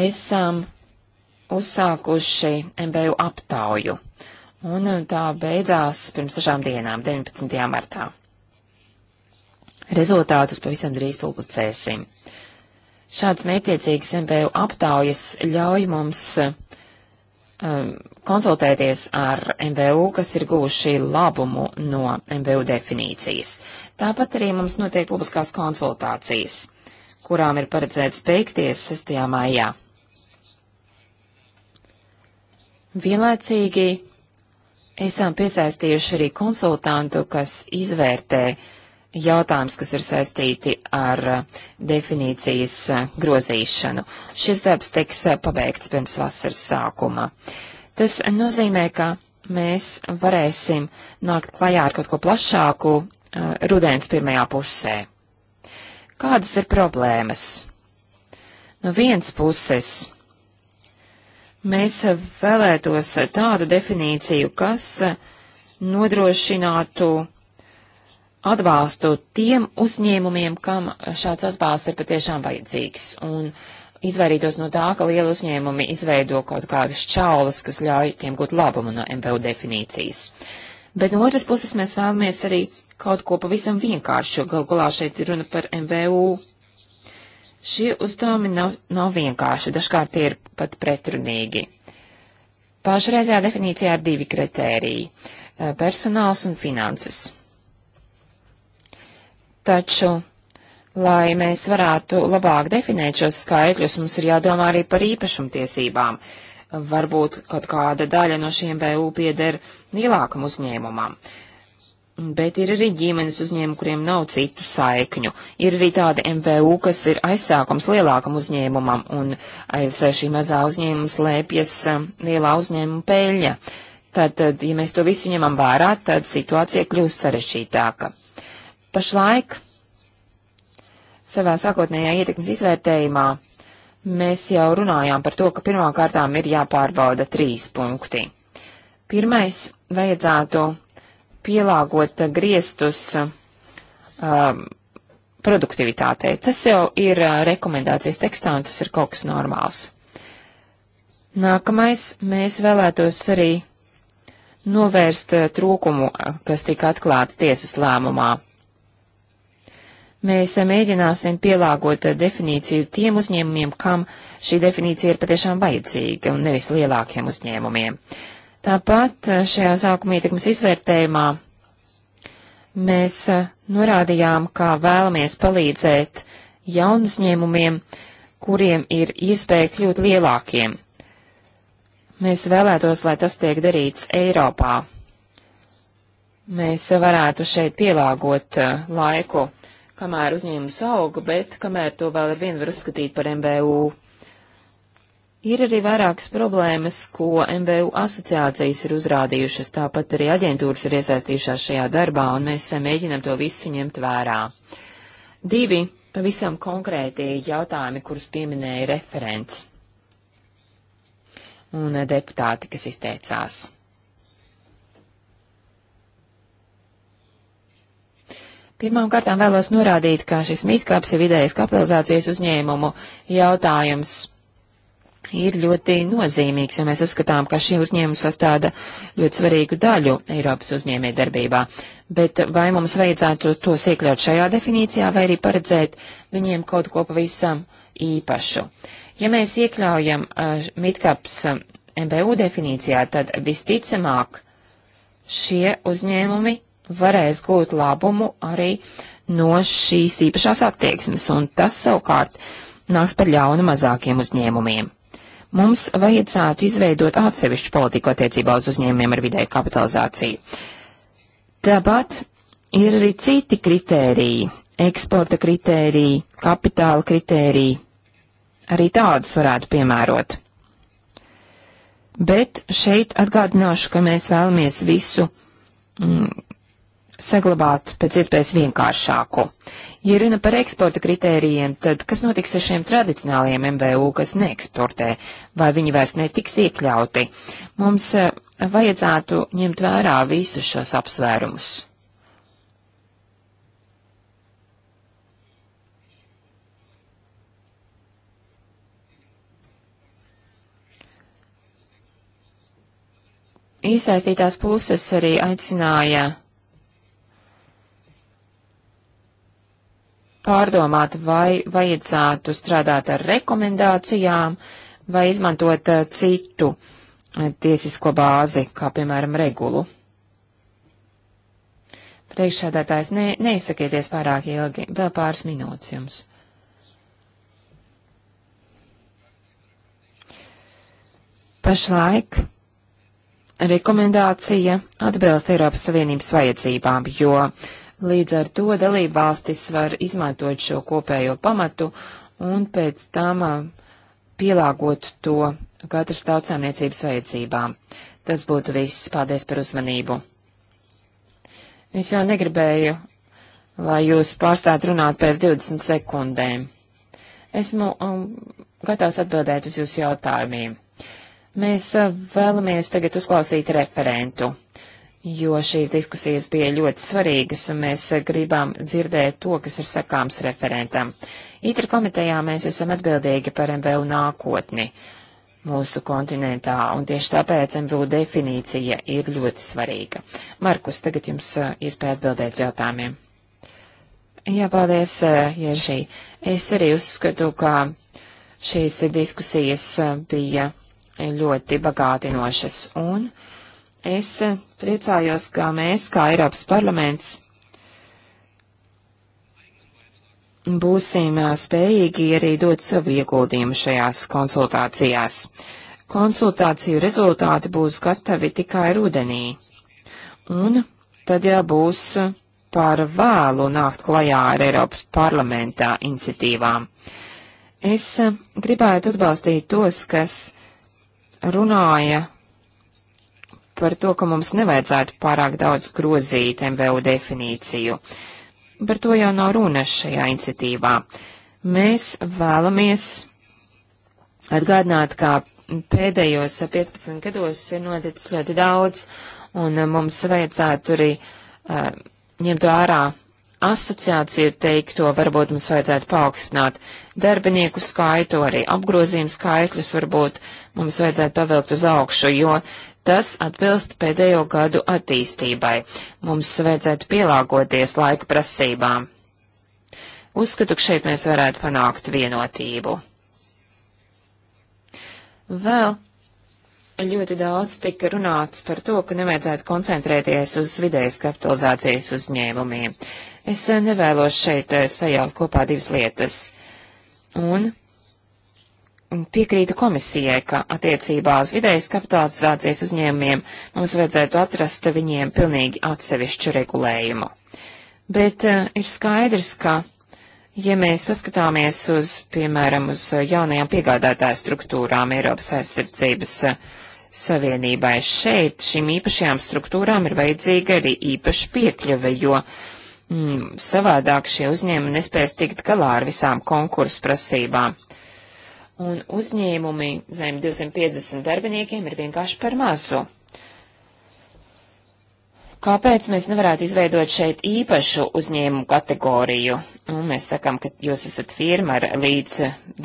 Esam uzsākuši MBU aptauju, un tā beidzās pirms dažām dienām, 19. martā. Rezultātus pavisam drīz publicēsim. Šāds mērķiecīgs MVU aptaujas ļauj mums um, konsultēties ar MVU, kas ir guvuši labumu no MVU definīcijas. Tāpat arī mums notiek publiskās konsultācijas, kurām ir paredzēts beigties 6. maijā. Vienlaicīgi esam piesaistījuši arī konsultantu, kas izvērtē jautājums, kas ir saistīti ar uh, definīcijas uh, grozīšanu. Šis darbs tiks uh, pabeigts pirms vasaras sākuma. Tas nozīmē, ka mēs varēsim nākt klajā ar kaut ko plašāku rudens pirmajā pusē. Kādas ir problēmas? No nu, viens puses mēs vēlētos tādu definīciju, kas nodrošinātu atbalstu tiem uzņēmumiem, kam šāds atbalsts ir patiešām vajadzīgs. Un izvairītos no tā, ka liela uzņēmumi izveido kaut kādas čaulas, kas ļauj tiem gūt labumu no MPU definīcijas. Bet no otras puses mēs vēlamies arī kaut ko pavisam vienkāršu. Galu galā šeit ir runa par MVU. Šie uzdevumi nav, nav vienkārši, dažkārt tie ir pat pretrunīgi. Pašreizējā definīcijā ir divi kritēriji eh, - personāls un finanses. Taču, lai mēs varētu labāk definēt šos skaitļus, mums ir jādomā arī par īpašumtiesībām. Varbūt kaut kāda daļa no šiem BU pieder lielākam uzņēmumam. Bet ir arī ģimenes uzņēmumi, kuriem nav citu saikņu. Ir arī tādi MVU, kas ir aizsākums lielākam uzņēmumam, un aiz šī mazā uzņēmuma slēpjas um, lielā uzņēmuma peļņa. Tātad, ja mēs to visu ņemam vērā, tad situācija kļūst sarešķītāka. Pašlaik savā sākotnējā ietekmes izvērtējumā mēs jau runājām par to, ka pirmā kārtām ir jāpārbauda trīs punkti. Pirmais - vajadzētu pielāgot griestus um, produktivitātei. Tas jau ir uh, rekomendācijas tekstā, un tas ir kaut kas normāls. Nākamais mēs vēlētos arī novērst uh, trūkumu, uh, kas tika atklāts tiesas lēmumā Mēs eh, mēģināsim pielāgot eh, definīciju tiem uzņēmumiem, kam šī definīcija ir patiešām vajadzīga, un nevis lielākiem uzņēmumiem. Tāpat eh, šajā sākuma ietekmes izvērtējumā mēs norādījām, kā vēlamies palīdzēt jaunu uzņēmumiem, kuriem ir iespēja kļūt lielākiem. Mēs vēlētos, lai tas tiek darīts Eiropā. Mēs varētu šeit pielāgot laiku kamēr uzņēmums auga, bet kamēr to vēl ar vienu var uzskatīt par MBU. Ir arī vairākas problēmas, ko MBU asociācijas ir uzrādījušas, tāpat arī aģentūras ir iesaistījušās šajā darbā, un mēs eh, mēģinam to visu ņemt vērā. Divi pavisam konkrēti jautājumi, kurus pieminēja referents un eh, deputāti, kas izteicās. Pirmām kārtām vēlos norādīt, ka šis mītkaps ir vidējas kapitalizācijas uzņēmumu jautājums. Ir ļoti nozīmīgs, jo mēs uzskatām, ka šī uzņēmuma sastāda ļoti svarīgu daļu Eiropas uzņēmē darbībā. Bet vai mums vajadzētu tos iekļaut šajā definīcijā, vai arī paredzēt viņiem kaut ko pavisam īpašu? Ja mēs iekļaujam uh, mitkaps uh, eh, MBU definīcijā, tad visticamāk šie uzņēmumi varēs gūt labumu arī no šīs īpašās attieksmes, un tas savukārt nāks par ļaunu mazākiem uzņēmumiem. Mums vajadzētu izveidot atsevišķu politiku attiecībā uz uzņēmumiem ar vidēju kapitalizāciju. Tāpat ir arī citi kritēriji - eksporta kritēriji, kapitāla kritēriji. Arī tādus varētu piemērot. Bet šeit atgādināšu, ka mēs vēlamies visu mm, saglabāt pēc iespējas vienkāršāku. Ja runa par eksporta kritērijiem, tad kas notiks ar šiem tradicionāliem MVU, kas neeksportē, vai viņi vairs netiks iekļauti? Mums eh, vajadzētu ņemt vērā visus šos apsvērumus. Iesaistītās puses arī aicināja pārdomāt, vai vajadzētu strādāt ar rekomendācijām vai izmantot eh, citu eh, tiesisko bāzi, kā piemēram regulu. Priekšsēdētājs, ne, neizsakieties pārāk ilgi, vēl pāris minūtes jums. Pašlaik rekomendācija atbilst Eiropas Savienības vajadzībām, jo uh, Līdz ar to dalībvalstis var izmantot šo kopējo pamatu un pēc tam uh, pielāgot to katras tautsāniecības vajadzībām. Tas būtu viss. Paldies par uzmanību. Es jau negribēju, lai jūs pārstāt runāt pēc 20 sekundēm. Esmu um, gatavs atbildēt uz jūsu jautājumiem. Mēs uh, vēlamies tagad uzklausīt referentu jo šīs diskusijas bija ļoti svarīgas, un mēs eh, gribam dzirdēt to, kas ir sakāms referentam. ITR komitejā mēs esam atbildīgi par MBU nākotni mūsu kontinentā, un tieši tāpēc MBU definīcija ir ļoti svarīga. Markus, tagad jums eh, iespēja atbildēt jautājumiem. Jā, paldies, eh, Ježī. Es arī uzskatu, ka šīs diskusijas bija ļoti bagātinošas, un uh, Es priecājos, ka mēs, kā Eiropas parlaments, būsim spējīgi arī dot savu ieguldījumu šajās konsultācijās. Konsultāciju rezultāti būs gatavi tikai rudenī. Un tad jau būs par vēlu nākt klajā ar Eiropas parlamentā iniciatīvām. Es gribētu atbalstīt tos, kas runāja par to, ka mums nevajadzētu pārāk daudz grozīt MVU definīciju. Par to jau nav runa šajā iniciatīvā. Mēs vēlamies atgādināt, ka pēdējos 15 gados ir noticis ļoti daudz, un mums vajadzētu arī uh, ņemt vērā asociācija teikto, varbūt mums vajadzētu paaugstināt darbinieku skaitu, arī apgrozījumu skaitļus varbūt mums vajadzētu pavilkt uz augšu, jo Tas atbilst pēdējo gadu attīstībai. Mums vajadzētu pielāgoties laika prasībām. Uzskatu, ka šeit mēs varētu panākt vienotību. Vēl ļoti daudz tika runāts par to, ka nevajadzētu koncentrēties uz vidējas kapitalizācijas uzņēmumiem. Es nevēlos šeit eh, sajaukt kopā divas lietas. Un piekrītu komisijai, ka attiecībā uz vidējas kapitalizācijas uzņēmumiem mums vajadzētu atrast viņiem pilnīgi atsevišķu regulējumu. Bet uh, ir skaidrs, ka, ja mēs paskatāmies uz, piemēram, uz jaunajām piegādātāju struktūrām Eiropas aizsardzības uh, savienībai šeit, šīm īpašajām struktūrām ir vajadzīga arī īpaša piekļuve, jo mm, savādāk šie uzņēmumi nespēs tikt galā ar visām konkursu prasībām. Uh, un uzņēmumi zem 250 darbiniekiem ir vienkārši par mazu. Kāpēc mēs nevarētu izveidot šeit īpašu uzņēmumu kategoriju? Un nu, mēs sakam, ka jūs esat firma ar līdz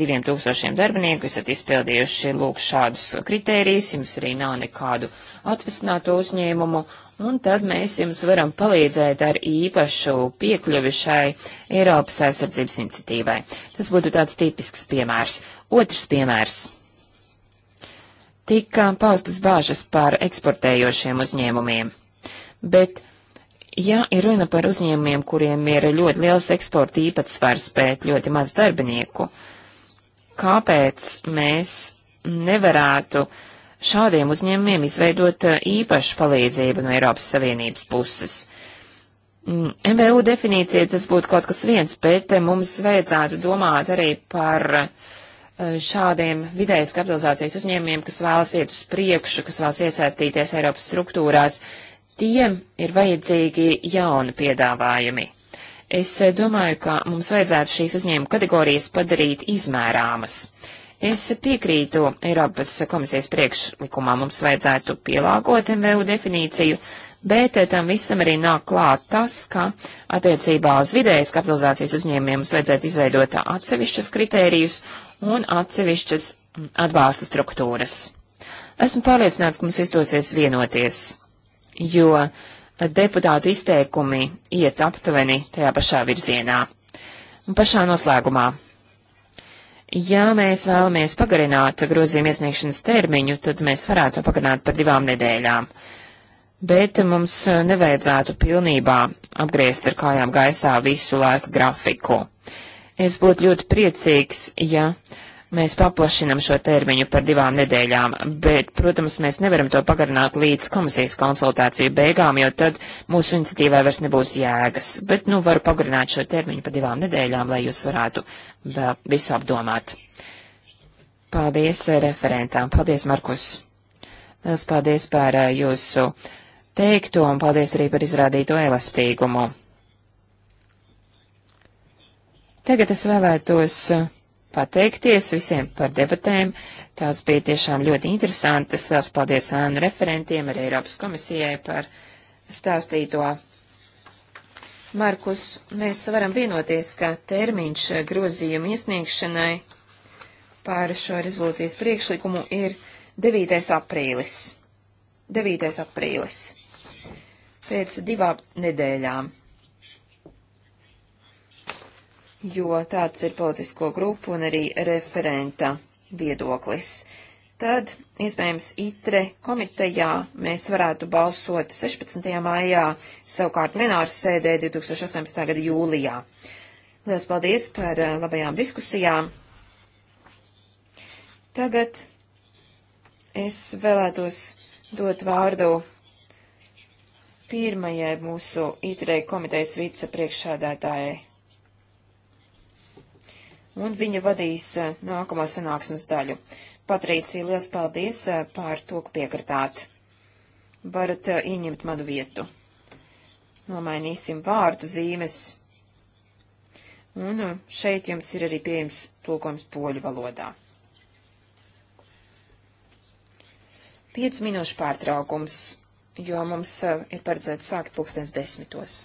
2000 darbinieku, esat izpildījuši lūk šādus kritērijus, jums arī nav nekādu atvesināto uzņēmumu, un tad mēs jums varam palīdzēt ar īpašu piekļuvi šai Eiropas aizsardzības iniciatīvai. Tas būtu tāds tipisks piemērs. Otrs piemērs. Tika paustas bāžas par eksportējošiem uzņēmumiem, bet Ja ir runa par uzņēmumiem, kuriem ir ļoti liels eksporta īpatsvars, bet ļoti maz darbinieku, kāpēc mēs nevarētu šādiem uzņēmumiem izveidot eh, īpašu palīdzību no Eiropas Savienības puses? MVU mm, definīcija tas būtu kaut kas viens, bet eh, mums vajadzētu domāt arī par uh, Eh, šādiem vidējas kapitalizācijas uzņēmumiem, kas vēlas iet uz priekšu, kas vēlas iesaistīties Eiropas struktūrās, tiem ir vajadzīgi jauni piedāvājumi. Es eh, domāju, ka mums vajadzētu šīs uzņēmuma kategorijas padarīt izmērāmas. Es piekrītu Eiropas komisijas priekšlikumā, mums vajadzētu pielāgot MVU definīciju, bet eh, tam visam arī nāk klāt tas, ka attiecībā uz vidējas kapitalizācijas uzņēmumiem mums vajadzētu izveidot atsevišķus kritērijus un atsevišķas atbalsta struktūras. Esmu pārliecināts, ka mums izdosies vienoties, jo deputātu izteikumi iet aptuveni tajā pašā virzienā. Un pašā noslēgumā. Ja mēs vēlamies pagarināt grozījuma iesniegšanas termiņu, tad mēs varētu pagarināt par divām nedēļām. Bet mums nevajadzētu pilnībā apgriezt ar kājām gaisā visu laika grafiku. Es būtu ļoti priecīgs, ja mēs paplašinam šo termiņu par divām nedēļām, bet, protams, mēs nevaram to pagarināt līdz komisijas konsultāciju beigām, jo tad mūsu iniciatīvai vairs nebūs jēgas. Bet, nu, varu pagarināt šo termiņu par divām nedēļām, lai jūs varētu vēl visu apdomāt. Paldies eh, referentām. Paldies, Markus. Liels paldies par eh, jūsu teikto un paldies arī par izrādīto elastīgumu. Tagad es vēlētos uh, pateikties visiem par debatēm. Tās bija tiešām ļoti interesantas. Tās paldies ānu referentiem, arī Eiropas komisijai par stāstīto. Markus, mēs varam vienoties, ka termiņš grozījuma iesniegšanai pār šo rezolūcijas priekšlikumu ir 9. aprīlis. 9. aprīlis. Pēc divām nedēļām jo tāds ir politisko grupu un arī referenta viedoklis. Tad, iespējams, ITRE komitejā mēs varētu balsot 16. maijā, savukārt plenāra sēdē 2018. gada jūlijā. Lielas paldies par eh, labajām diskusijām. Tagad es vēlētos dot vārdu pirmajai mūsu ITRE komitejas vicepriekšādātājai un viņa vadīs nākamo sanāksmes daļu. Patricija, liels paldies par to, ka piekritāt. Varat ieņemt manu vietu. Nomainīsim vārdu zīmes. Un šeit jums ir arī pieejams tulkojums poļu valodā. Piecu minūšu pārtraukums, jo mums ir paredzēts sākt pulkstens desmitos.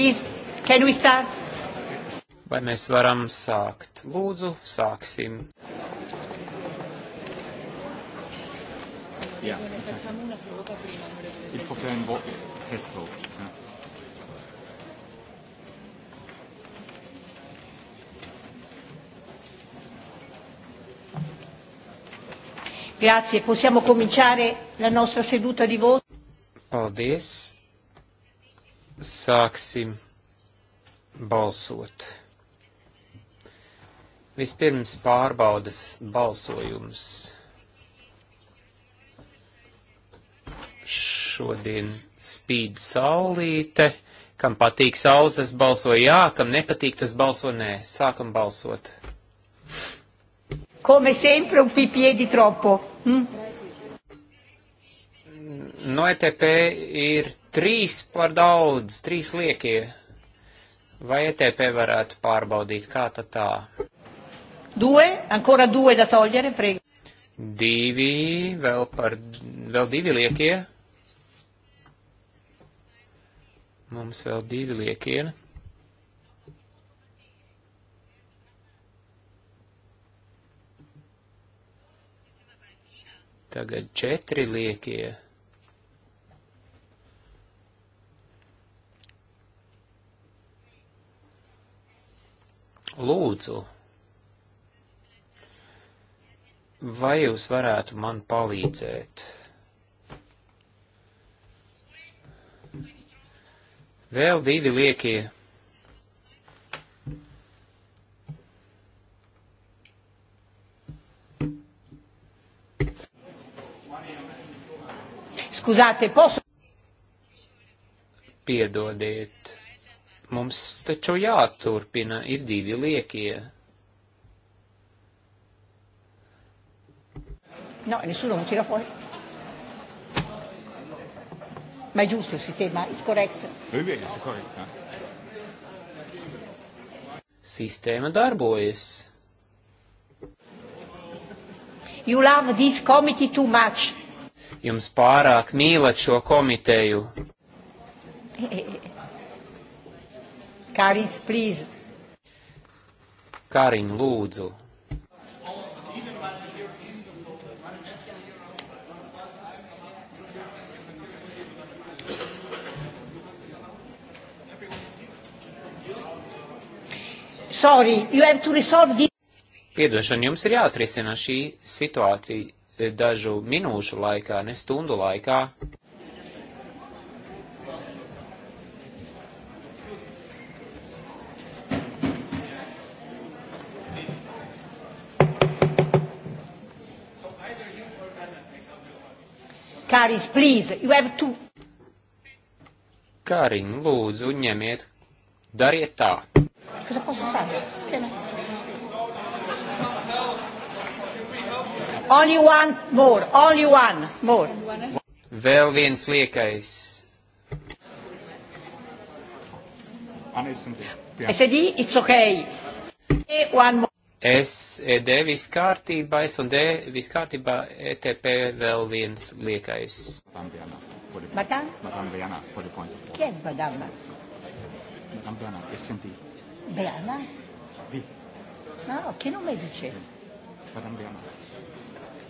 Is, can we start? Vai mēs varam sākt? Lūdzu, sāksim. Yeah. Il faut faire un vote. Test vote. Hein? Grazie, possiamo cominciare la nostra seduta di voto? Paldies, sāksim balsot. Vispirms pārbaudas balsojums. Šodien spīd saulīte. Kam patīk saule, tas balso jā, kam nepatīk, tas balso nē. Sākam balsot. Come sempre un pipie di troppo. Hm? No ETP ir Trīs par daudz, trīs liekie. Vai ETP varētu pārbaudīt, kā tad tā? Due, ancora due da togliere, prego. Divi, vēl par, vēl divi liekie. Mums vēl divi liekie. Tagad četri liekie. Lūdzu, vai jūs varētu man palīdzēt? Vēl divi liekie. Scusate, posso? Piedodiet. Mums taču jāturpina, ir divi liekie. No, nessuno mi tira fuori. Ma è giusto il sistema, è corretto. Lui vedi, è corretto. Sistēma darbojas. You love this committee too much. Jums pārāk mīlat šo komiteju. Eh, eh, eh. Karins, please. Karin, lūdzu. Sorry, you have to resolve this. Piedošana, jums ir jāatrisina šī situācija eh, dažu minūšu laikā, ne stundu laikā. Kāris, please, you have to. Kāriņ, lūdzu, ņemiet, dariet tā. Cosa posso fare? Che ne? Only one more, only one more. Vēl viens liekais. SD, it's okay. One more. SED viss kārtībā, S un D viss kārtībā, ETP vēl viens liekais. Madame? Madame Viana, for the point of order. Quelle madame? Madame Viana, S&P. Viana? Oui. Ah, che nome dice? Madame Viana.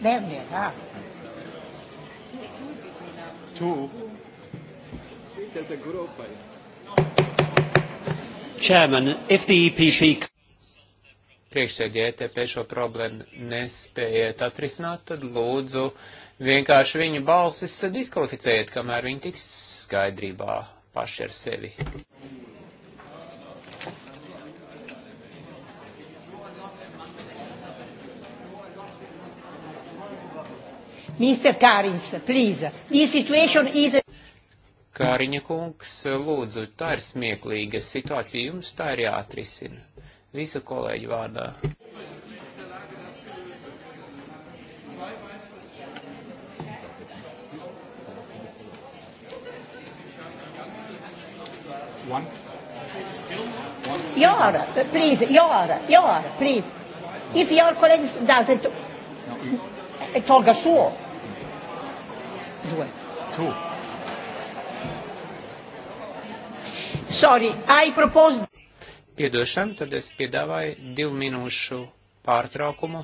Werner, ah. Tu? There's a group. Chairman, if the EPP priekšsēdē ETP šo problēmu nespējiet atrisināt, tad lūdzu vienkārši viņu balsis diskvalificējiet, kamēr viņi tiks skaidrībā paši ar sevi. Mr. Karins, please, this situation is... Kāriņa kungs, lūdzu, tā ir smieklīga situācija, jums tā ir jāatrisina visu kolēģu vārdā. One. Your, please, your, your, please. If your colleagues doesn't, no. tolga suo. Due. Two. Sorry, I proposed piedošanu, tad es piedāvāju divu minūšu pārtraukumu,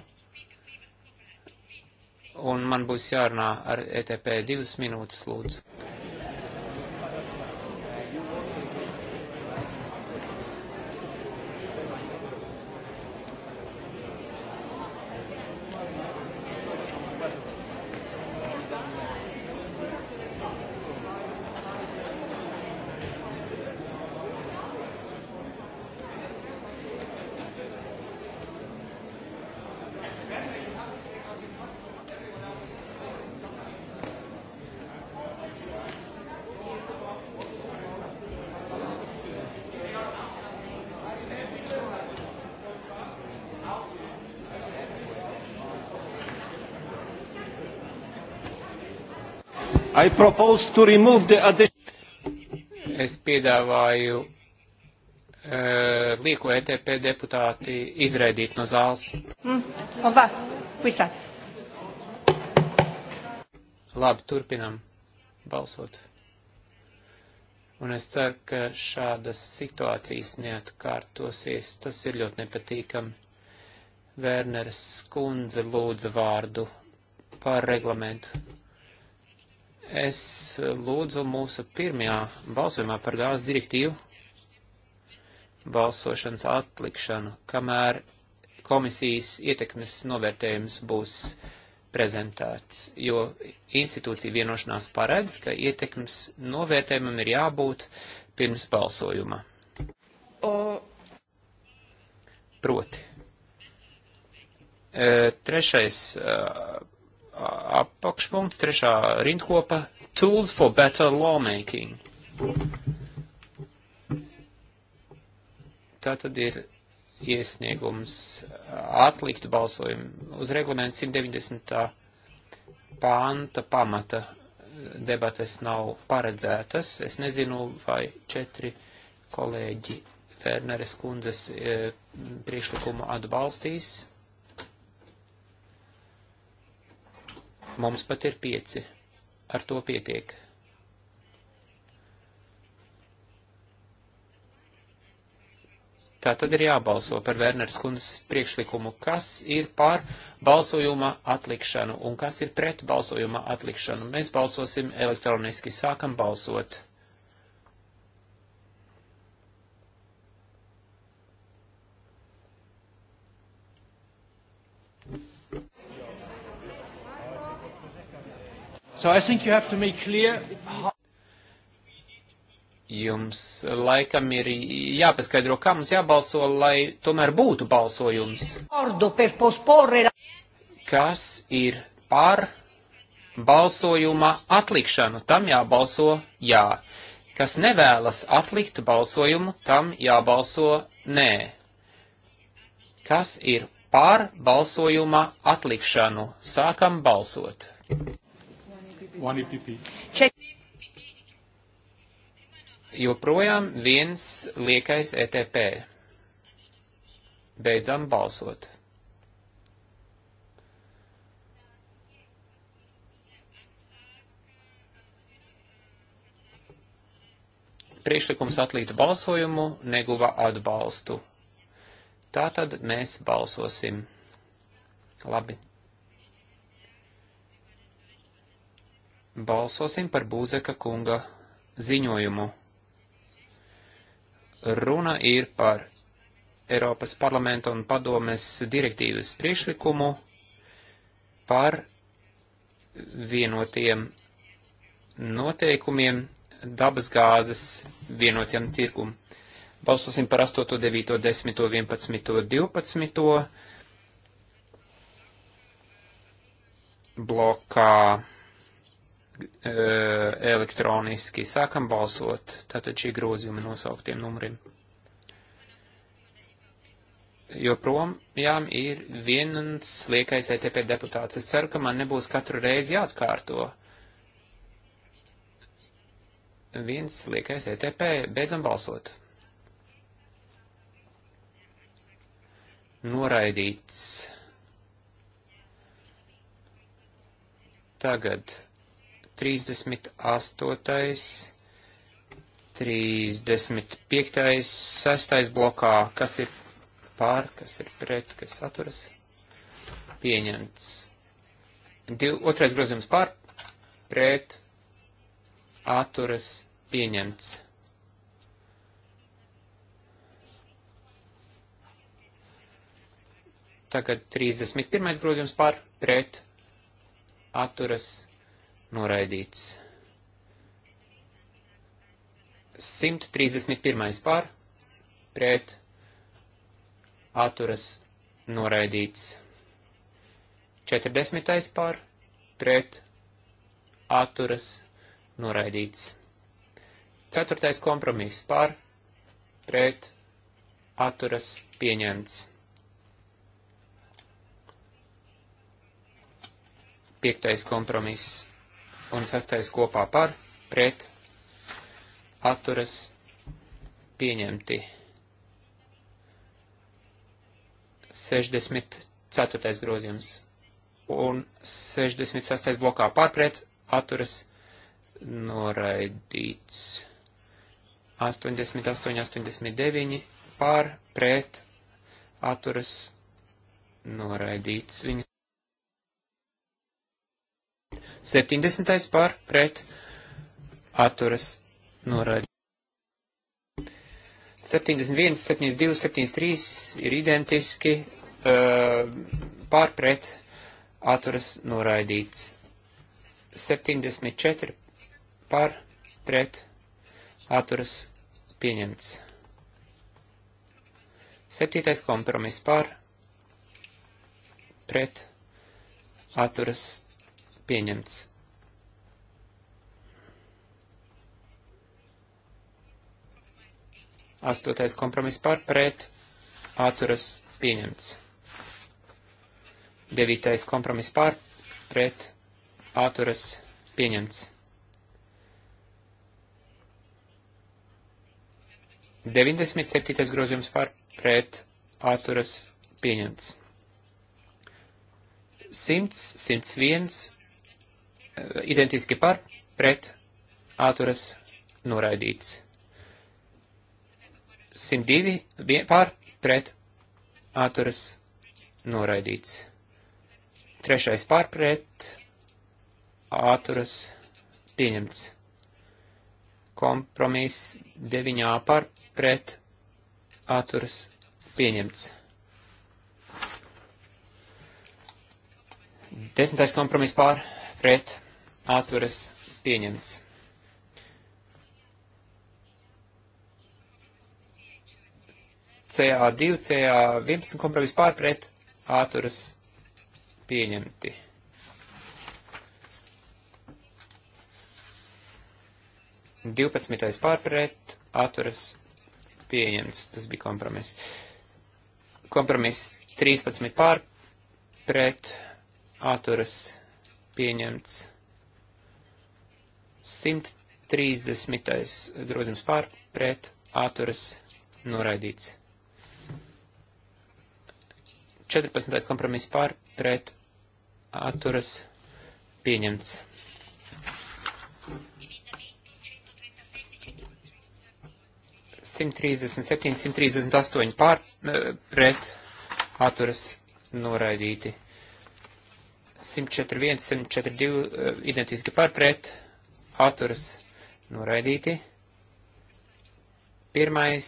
un man būs jārunā ar ETP divas minūtes lūdzu. Es piedāvāju uh, eh, lieko ETP deputāti izraidīt no zāles. Mm. Labi, turpinam balsot. Un es ceru, ka šādas situācijas neatkārtosies. Tas ir ļoti nepatīkami. Vērneres skundze lūdza vārdu par reglamentu. Es lūdzu mūsu pirmajā balsojumā par gāzes direktīvu balsošanas atlikšanu, kamēr komisijas ietekmes novērtējums būs prezentēts, jo institūcija vienošanās paredz, ka ietekmes novērtējumam ir jābūt pirms balsojuma. O... Proti. E, trešais e, apakšpunkts, trešā rindkopa - Tools for Better Lawmaking. Tā tad ir iesniegums atlikt balsojumu uz reglamentu 190. pānta pamata. Debates nav paredzētas. Es nezinu, vai četri kolēģi Ferneres kundzes e, priekšlikumu atbalstīs. Mums pat ir pieci. Ar to pietiek. Tā tad ir jābalso par Werneras kundzes priekšlikumu, kas ir par balsojuma atlikšanu un kas ir pret balsojuma atlikšanu. Mēs balsosim elektroniski, sākam balsot. So I think you have to make clear how... Jums laikam ir jāpaskaidro, kā mums jābalso, lai tomēr būtu balsojums. Kas ir par balsojuma atlikšanu? Tam jābalso jā. Kas nevēlas atlikt balsojumu, tam jābalso nē. Kas ir par balsojuma atlikšanu? Sākam balsot. One EPP. Check. Joprojām viens liekais ETP. Beidzam balsot. Priekšlikums atlītu balsojumu neguva atbalstu. Tātad mēs balsosim. Labi. Balsosim par Būzeka kunga ziņojumu. Runa ir par Eiropas parlamenta un padomes direktīvas priešlikumu par vienotiem noteikumiem dabasgāzes vienotiem tirgumu. Balsosim par 8, 9, 10, 11, 12 blokā E, elektroniski. Sākam balsot, tātad šī grozījuma nosauktiem numuriem. Jo prom jām ir viens liekais ETP deputāts. Es ceru, ka man nebūs katru reizi jāatkārto. Viens liekais ETP, beidzam balsot. Noraidīts. Tagad 38. 35. 6. blokā, kas ir pār, kas ir pret, kas saturas, pieņemts. Div, otrais grozījums pār, pret, atturas, pieņemts. Tagad 31. grozījums pār, pret, atturas, pieņemts noraidīts. 131. pār, pret, atturas, noraidīts. 40. pār, pret, atturas, noraidīts. 4. kompromiss pār, pret, atturas, pieņemts. 5. kompromiss un 6. kopā par, pret, atturas, pieņemti. 64. grozījums un 66. blokā pārpret atturas noraidīts. 88, 89 pārpret atturas noraidīts. Viņa 70. par pret atturas noraidīts. 71, 72, 73 ir identiski uh, pārpret atturas noraidīts. 74 pārpret atturas pieņemts. 7. kompromiss pārpret atturas pieņemts. Astotais kompromiss par pret atturas pieņemts. Devītais kompromiss par pret atturas pieņemts. 97. grozījums par pret atturas pieņemts. 100, 101, Eh, identiski par, pret, atturas, noraidīts. 102 par, pret, atturas, noraidīts. Trešais par, pret, atturas, pieņemts. Kompromiss 9 par, pret, atturas, pieņemts. Desmitais kompromiss pār pret atturas pieņemts. CA2, CA11 kompromiss pārpret atturas pieņemti. Divpadsmitais pārpret atturas pieņemts. Tas bija kompromiss. Kompromiss 13 pārpret atturas pieņemts. 130. grozījums pār pret atturas noraidīts. 14. kompromiss pār pret atturas pieņemts. 137, 138 pār pret atturas noraidīti. 141, 142 eh, identiski pār pret atturas noraidīti. Pirmais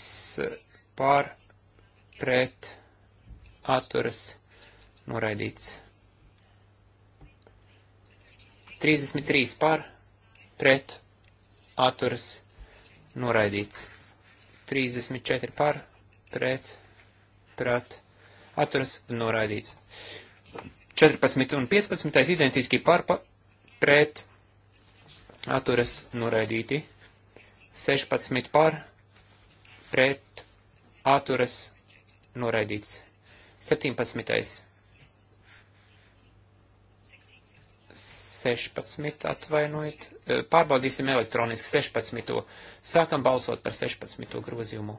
pār pret atturas noraidīts. 33 pār pret atturas noraidīts. 34 pār pret pret atturas noraidīts. 14 un 15 identiski pār pret atturas atturas noraidīti, 16 par, pret, atturas noraidīts, 17. 16 atvainojiet, e, pārbaudīsim elektroniski 16. Sākam balsot par 16. grozījumu.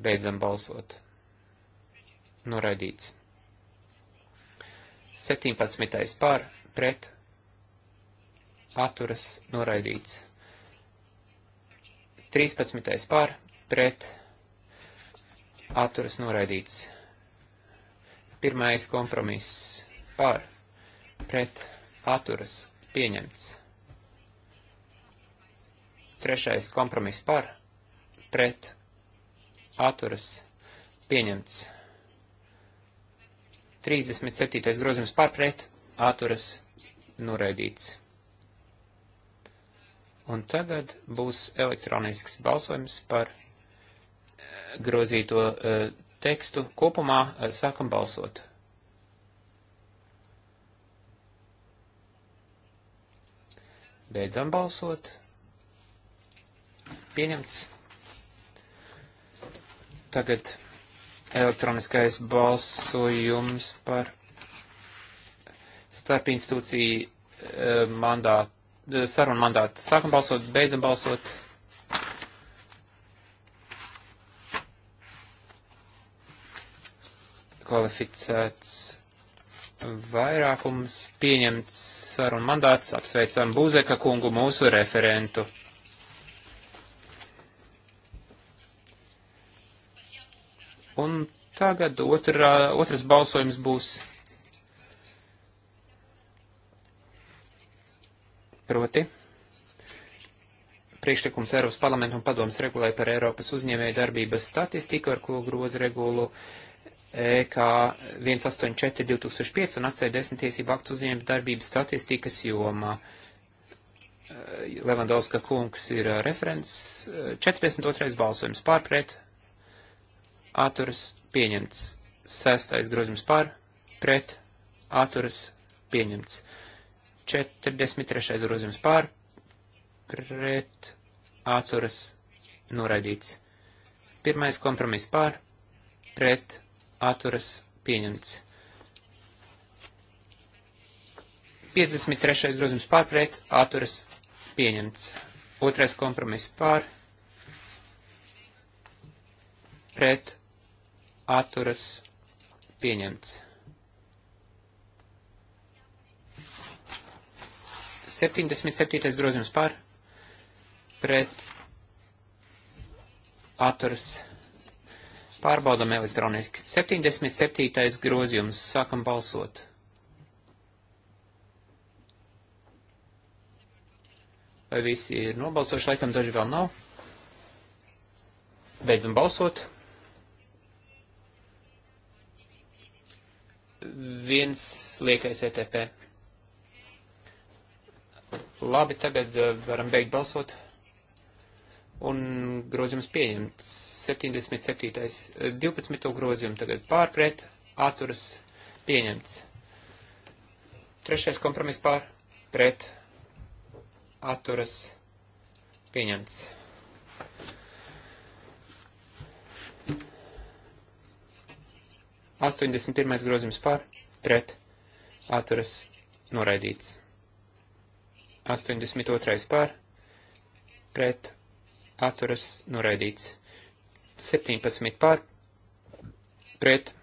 Beidzam balsot. Noraidīts. 17. par pret atturas noraidīts. 13. par pret atturas noraidīts. Pirmais kompromiss par pret atturas pieņemts. Trešais kompromiss par pret atturas pieņemts. 37. grozījums pārpret atturas noraidīts. Un tagad būs elektronisks balsojums par eh, grozīto uh, tekstu. Kopumā uh, sākam balsot. Beidzam balsot. Pieņemts. Tagad elektroniskais balsojums par starp institūciju eh, mandātu, eh, sarunu mandātu. Sākam balsot, beidzam balsot. Kvalificēts vairākums, pieņemts sarunu mandāts, apsveicam Būzeka kungu mūsu referentu. Un tagad otrā, otrs balsojums būs. Proti priekšlikums Eiropas parlamenta un padomas regulē par Eiropas uzņēmēju darbības statistiku, ar ko groza regulu EK 184-2005 un atceļ desmit tiesību aktu uzņēmēju darbības statistikas jomā. Eh, Levandovska kungs ir eh, referents. 42. Eh, balsojums pārpret atturas pieņemts. Sestais grozījums par, pret, atturas pieņemts. 43. grozījums par, pret, atturas noraidīts. Pirmais kompromiss par, pret, atturas pieņemts. 53. grozījums par, pret, atturas pieņemts. Otrais kompromiss par, pret, atturas pieņemts. 77. grozījums par pret atturas pārbaudam elektroniski. 77. grozījums sākam balsot. Vai visi ir nobalsojuši, laikam daži vēl nav. Beidzam balsot. viens liekais ETP. Labi, tagad eh, varam beigt balsot. Un grozījums pieņemts. 77. 12. Eh, grozījumu tagad pārpret, atturas pieņemts. Trešais kompromiss pār, pret, atturas pieņemts. 81. grozījums par, pret, atturas, noraidīts. 82. par, pret, atturas, noraidīts. 17. par, pret,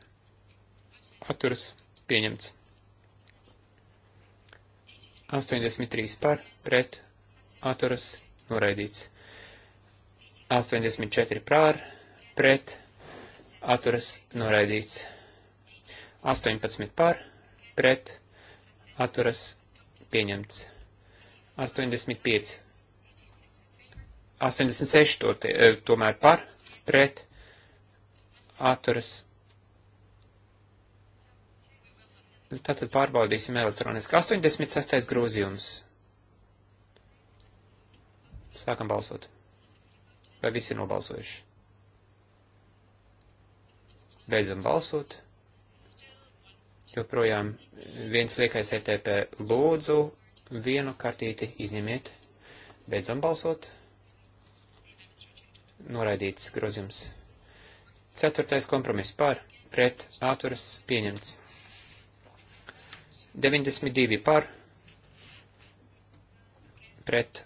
atturas, pieņemts. 83 par, pret, atturas, noraidīts. 84 pār, pret, atturas, noraidīts. 18 par, pret, atturas pieņemts. 85. 86 to te, eh, tomēr par, pret, atturas. Tātad pārbaudīsim elektroniski. 86. grozījums. Sākam balsot. Vai visi ir nobalsojuši? Beidzam balsot joprojām viens liekais ETP lūdzu, vienu kartīti izņemiet, beidzam balsot, noraidīts grozījums. Ceturtais kompromiss par, pret, atturas, pieņemts. 92 par, pret,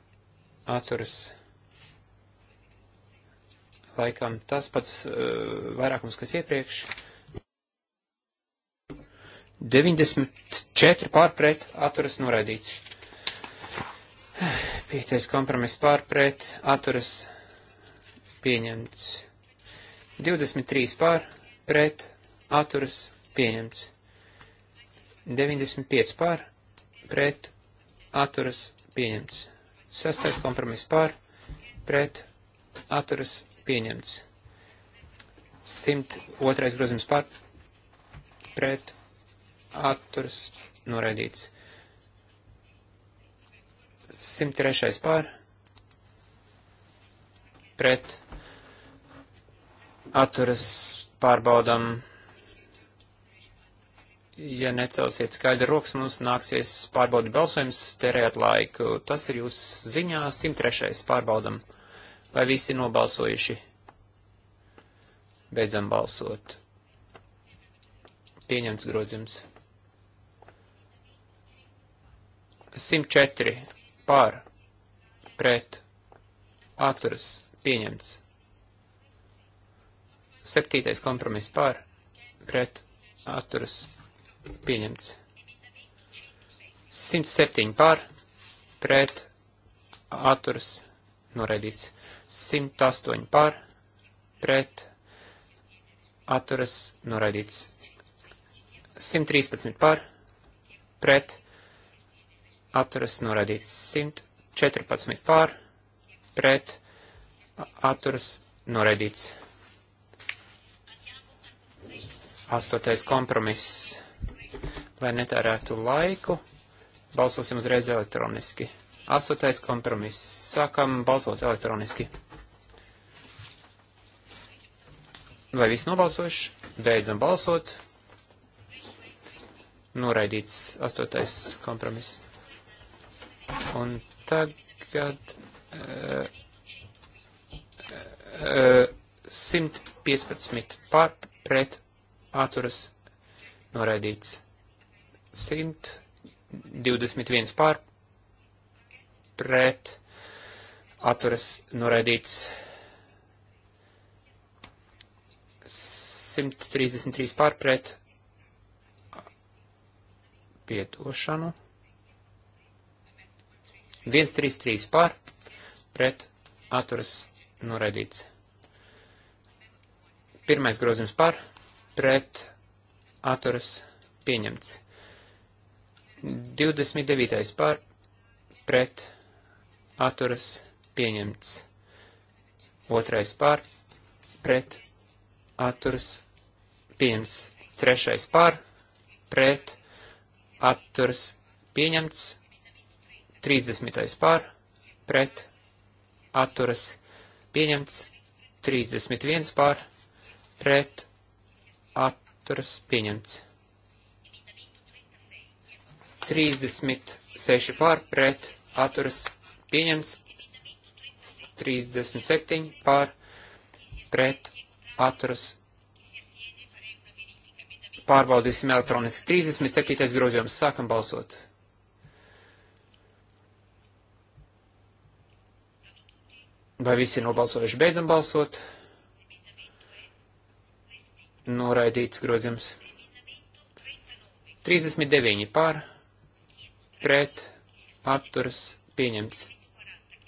atturas, laikam tas pats uh, vairākums, kas iepriekš. 94 pārpret atturas noraidīts. Piektais kompromiss pārpret atturas pieņemts. 23 pārpret atturas pieņemts. 95 pārpret atturas pieņemts. Sastais kompromiss pārpret atturas pieņemts. 102 grozījums pārpret atturas noraidīts. 103. pār pret atturas pārbaudam. Ja necelsiet skaidru rokas, mums nāksies pārbaudi balsojums, terēt laiku. Tas ir jūs ziņā, 103. pārbaudam. Vai visi nobalsojuši? Beidzam balsot. Pieņemts grozījums. 104 pār pret atturas pieņemts. Septītais kompromiss pār pret atturas pieņemts. 107 pār pret atturas noraidīts. 108 pār pret atturas noraidīts. 113 pār pret atturas norādīts 114 pār, pret atturas norādīts 8. kompromiss. Lai netērētu laiku, balsosim uzreiz elektroniski. 8. kompromiss. Sākam balsot elektroniski. Vai viss nobalsojuši? Beidzam balsot. Noraidīts astotais kompromiss. Un tagad uh, uh, 115 par pret atturas noraidīts. 121 par pret atturas noraidīts. 133 pārpret piedošanu. 133 pār, pret atturas noraidīts. Pirmais grozījums par, pret atturas pieņemts. 29. par, pret atturas pieņemts. Otrais par, pret atturas pieņemts. Trešais par, pret atturas pieņemts 30. pār, pret, atturas, pieņemts, 31 pār, pret, atturas, pieņemts. 36 pār, pret, atturas, pieņemts, 37 pār, pret, atturas, pārbaudīsim elektroniski. 37. grozījums, sākam balsot. Vai visi ir nobalsojuši? Beidzam balsot. Noraidīts grozījums. 39 pār, pret, atturas, pieņemts.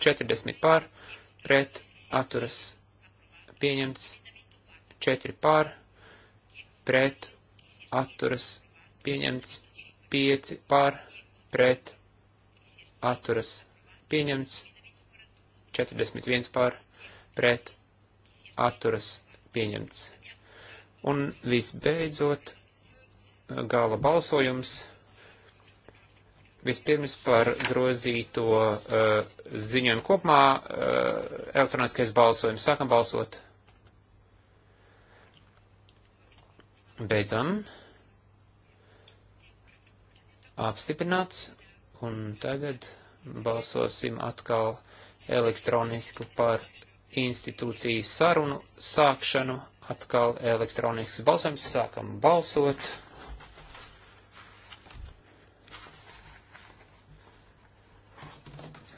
40 pār, pret, atturas, pieņemts. 4 pār, pret, atturas, pieņemts. 5 pār, pret, atturas, pieņemts. 41 pār pret atturas pieņemts. Un visbeidzot, gala balsojums vispirms par grozīto uh, ziņojumu kopumā uh, elektroniskais balsojums. Sākam balsot. Beidzam. Apstiprināts. Un tagad balsosim atkal elektronisku par institūciju sarunu sākšanu, atkal elektronisks balsojums, sākam balsot.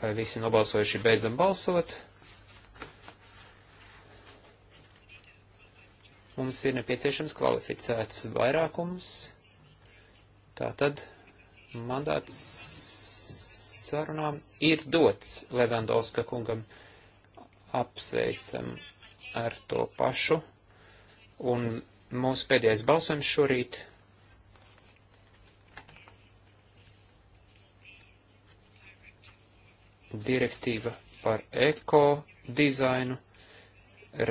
Vai visi nobalsojuši beidzam balsot? Mums ir nepieciešams kvalificēts vairākums. Tātad mandāts sarunām ir dots Levandovska kungam apsveicam ar to pašu. Un mūsu pēdējais balsojums šorīt direktīva par eko dizainu,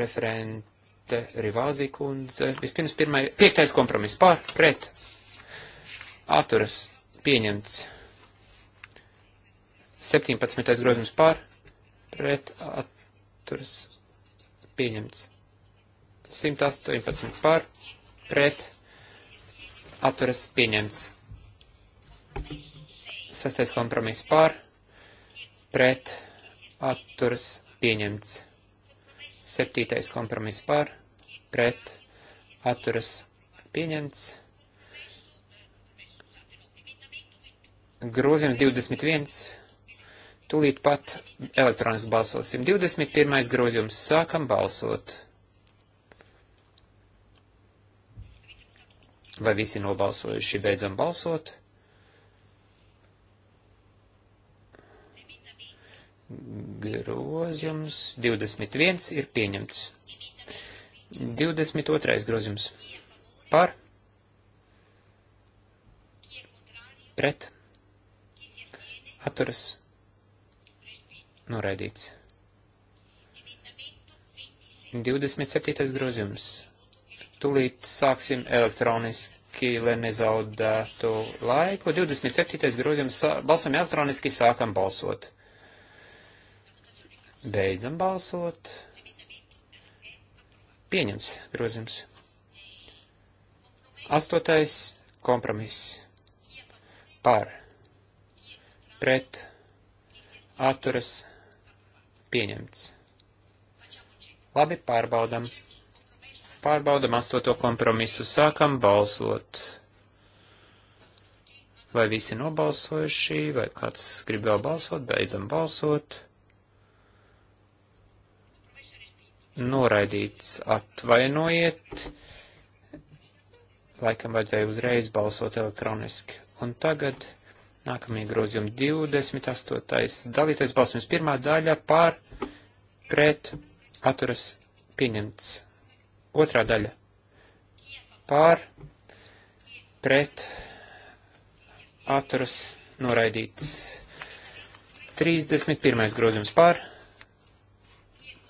referente Rivāzī kundze. Vispirms pirmai, piektais kompromiss pār, pret, atturas, pieņemts. 17. grozījums pār, pret atturas pieņemts. 118 pār, pret atturas pieņemts. 6. kompromiss pār, pret atturas pieņemts. 7. kompromiss pār, pret atturas pieņemts. Grozījums 21 Tūlīt pat elektroniski balsosim. 21. grozījums. Sākam balsot. Vai visi nobalsojuši? Beidzam balsot. Grozījums 21 ir pieņemts. 22. grozījums. Par. Pret. Atturas. Noraidīts. 27. grozījums. Tūlīt sāksim elektroniski, lai nezaudētu laiku. 27. grozījums. Balsam elektroniski, sākam balsot. Beidzam balsot. Pieņems grozījums. Astotais kompromiss. Par. Pret. Atturas. Pieņemts. Labi, pārbaudam. Pārbaudam astoto kompromisu. Sākam balsot. Vai visi nobalsojuši, vai kāds grib vēl balsot, beidzam balsot. Noraidīts atvainojiet. Laikam vajadzēja uzreiz balsot elektroniski. Un tagad nākamie grozījumi 28. dalītais balsojums pirmā daļa par pret, atturas pieņemts. Otrā daļa pār, pret, atturas noraidīts. 31. grozījums pār,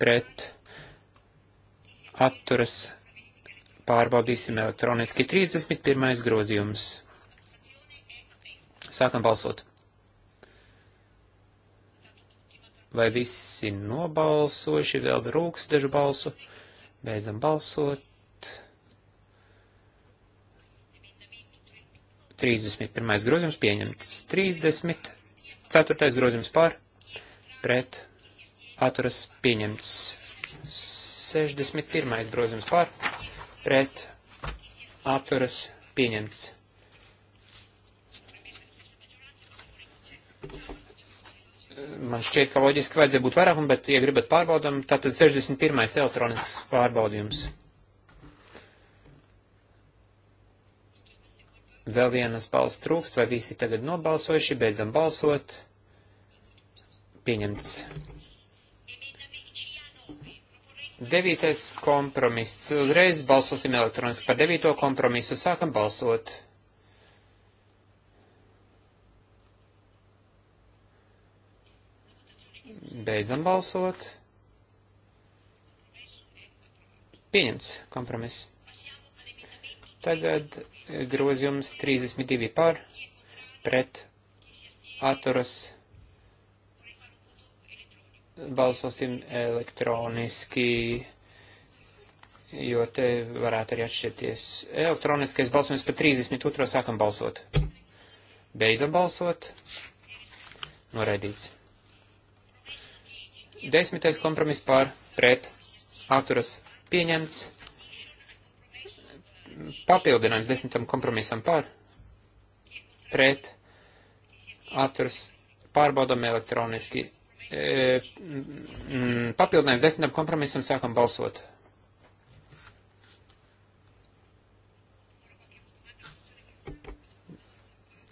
pret, atturas pārbaudīsim elektroniski. 31. grozījums. Sākam balsot. Vai visi nobalsojuši, vēl rūks dažu balsu? Beidzam balsot. 31. grozījums pieņemts. 30. 4. grozījums pār. Pret. Atturas pieņemts. 61. grozījums pār. Pret. Atturas pieņemts man šķiet, ka loģiski vajadzēja būt vairākam, bet, ja gribat pārbaudam, tātad 61. elektronisks pārbaudījums. Vēl vienas balss trūkst, vai visi tagad nobalsojuši, beidzam balsot. Pieņemts. Devītais kompromiss. Uzreiz balsosim elektroniski par devīto kompromisu. Sākam balsot. Beidzam balsot. Pieņemts kompromiss. Tagad grozījums 32 par, pret, atturas, balsosim elektroniski, jo te varētu arī atšķirties. Elektroniskais balsojums par 32. sākam balsot. Beidzam balsot. Noraidīts. Desmitais kompromiss pār pret atturas pieņemts. Papildinājums desmitam kompromisam pār pret atturas pārbaudam elektroniski. E, mm, papildinājums desmitam kompromisam sākam balsot.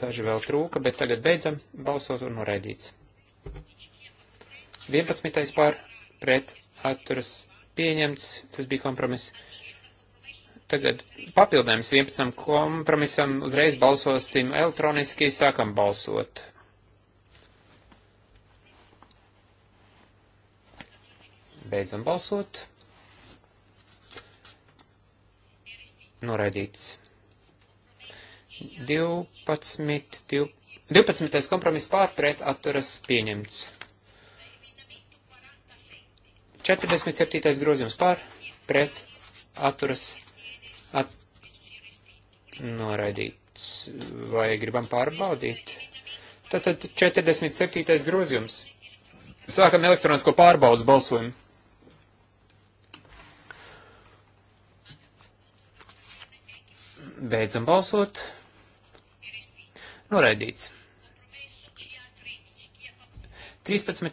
Daži vēl trūka, bet tagad beidzam balsot un noraidīts. 11. pār pret atturas pieņemts, tas bija kompromiss. Tagad papildinājums 11. kompromisam uzreiz balsosim elektroniski, sākam balsot. Beidzam balsot. Noraidīts. 12, 12, 12. kompromiss pārpret atturas pieņemts. 47. grozījums par, pret, atturas, at, noraidīts, vai gribam pārbaudīt. Tātad 47. grozījums. Sākam elektronisko pārbaudas balsojumu. Beidzam balsot. Noraidīts. 13.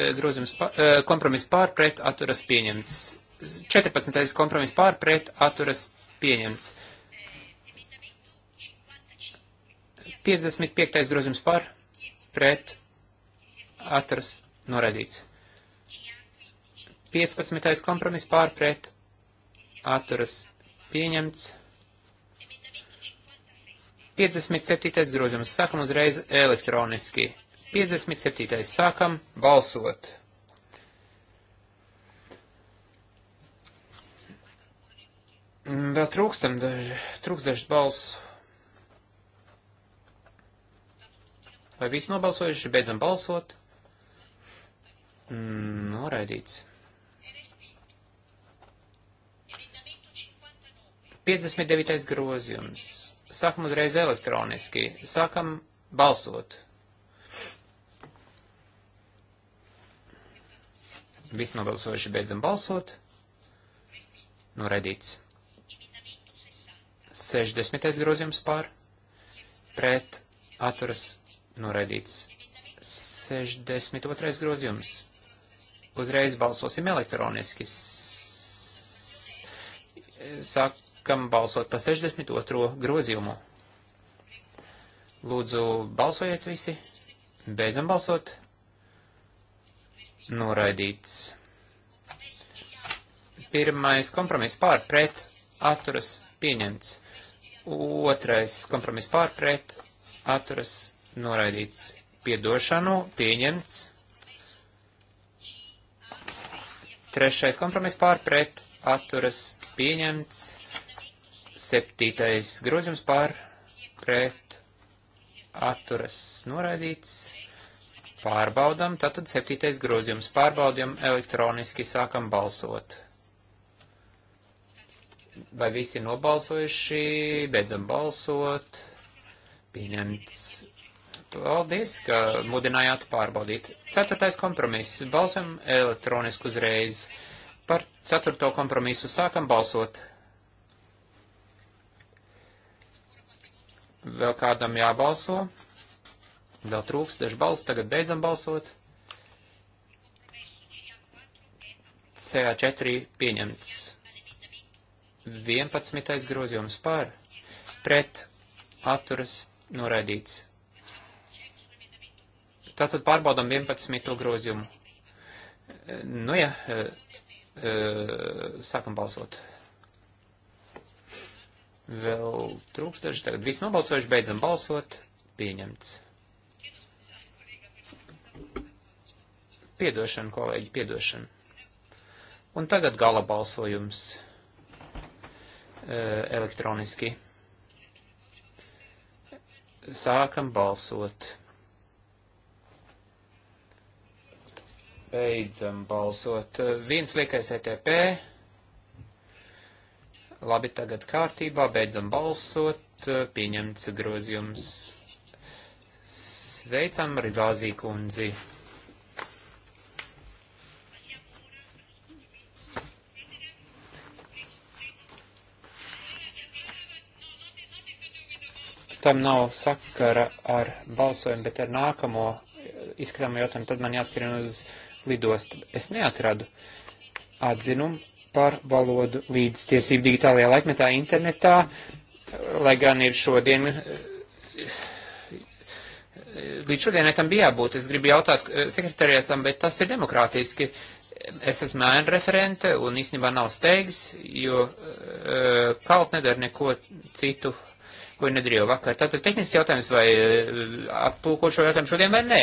Eh, grozījums eh, kompromiss pārpret atturas pieņemts. 14. kompromiss pārpret atturas pieņemts. 55. grozījums pār pret atturas noraidīts. 15. kompromiss pār pret atturas pieņemts. 57. grozījums. Sākam uzreiz elektroniski. 57. sākam balsot. Mm, vēl trūkstam daži, trūks dažas balss. Vai visi nobalsojuši, beidzam balsot? Mm, noraidīts. 59. grozījums. Sākam uzreiz elektroniski. Sākam balsot. Visi nobalsojuši beidzam balsot. Noraidīts. Nu, 60. grozījums pār. Pret atturas noraidīts. Nu, 62. grozījums. Uzreiz balsosim elektroniski. Sākam balsot pa 62. grozījumu. Lūdzu, balsojiet visi. Beidzam balsot noraidīts. Pirmais kompromiss pār pret atturas pieņemts. Otrais kompromiss pār pret atturas noraidīts. Piedošanu pieņemts. Trešais kompromiss pār pret atturas pieņemts. Septītais grozījums pār pret atturas noraidīts Pārbaudam, tātad septītais grozījums. Pārbaudam elektroniski, sākam balsot. Vai visi nobalsojuši, beidzam balsot, pieņemts. Paldies, ka mudinājāt pārbaudīt. Ceturtais kompromiss. Balsam elektroniski uzreiz. Par ceturto kompromisu sākam balsot. Vēl kādam jābalso? Vēl trūkst daži balsts, tagad beidzam balsot. CA4 pieņemts. 11. grozījums pār, pret, atturas, noraidīts. Tātad pārbaudam 11. grozījumu. Nu jā, e, e, sākam balsot. Vēl trūkst daži tagad. Viss nobalsojuši, beidzam balsot. Pieņemts. Piedošana, kolēģi, piedošana. Un tagad gala balsojums eh, elektroniski. Sākam balsot. Beidzam balsot. Viens liekais ETP. Labi, tagad kārtībā. Beidzam balsot. Pieņemts grozījums. Sveicam Rivāzī kundzi. tam nav sakara ar balsojumu, bet ar nākamo izskatāmo jautājumu, tad man jāskrien uz lidostu. Es neatradu atzinumu par valodu līdztiesību digitālajā laikmetā internetā, lai gan ir šodien līdz šodienai tam bija jābūt. Es gribu jautāt eh, sekretariatam, bet tas ir demokrātiski. Es esmu ēnu referente un īstenībā nav steigas, jo uh, eh, kaut nedara neko citu ko viņi nedarīja vakar. Tātad tehnisks jautājums, vai eh, aplūko šo jautājumu šodien vai nē?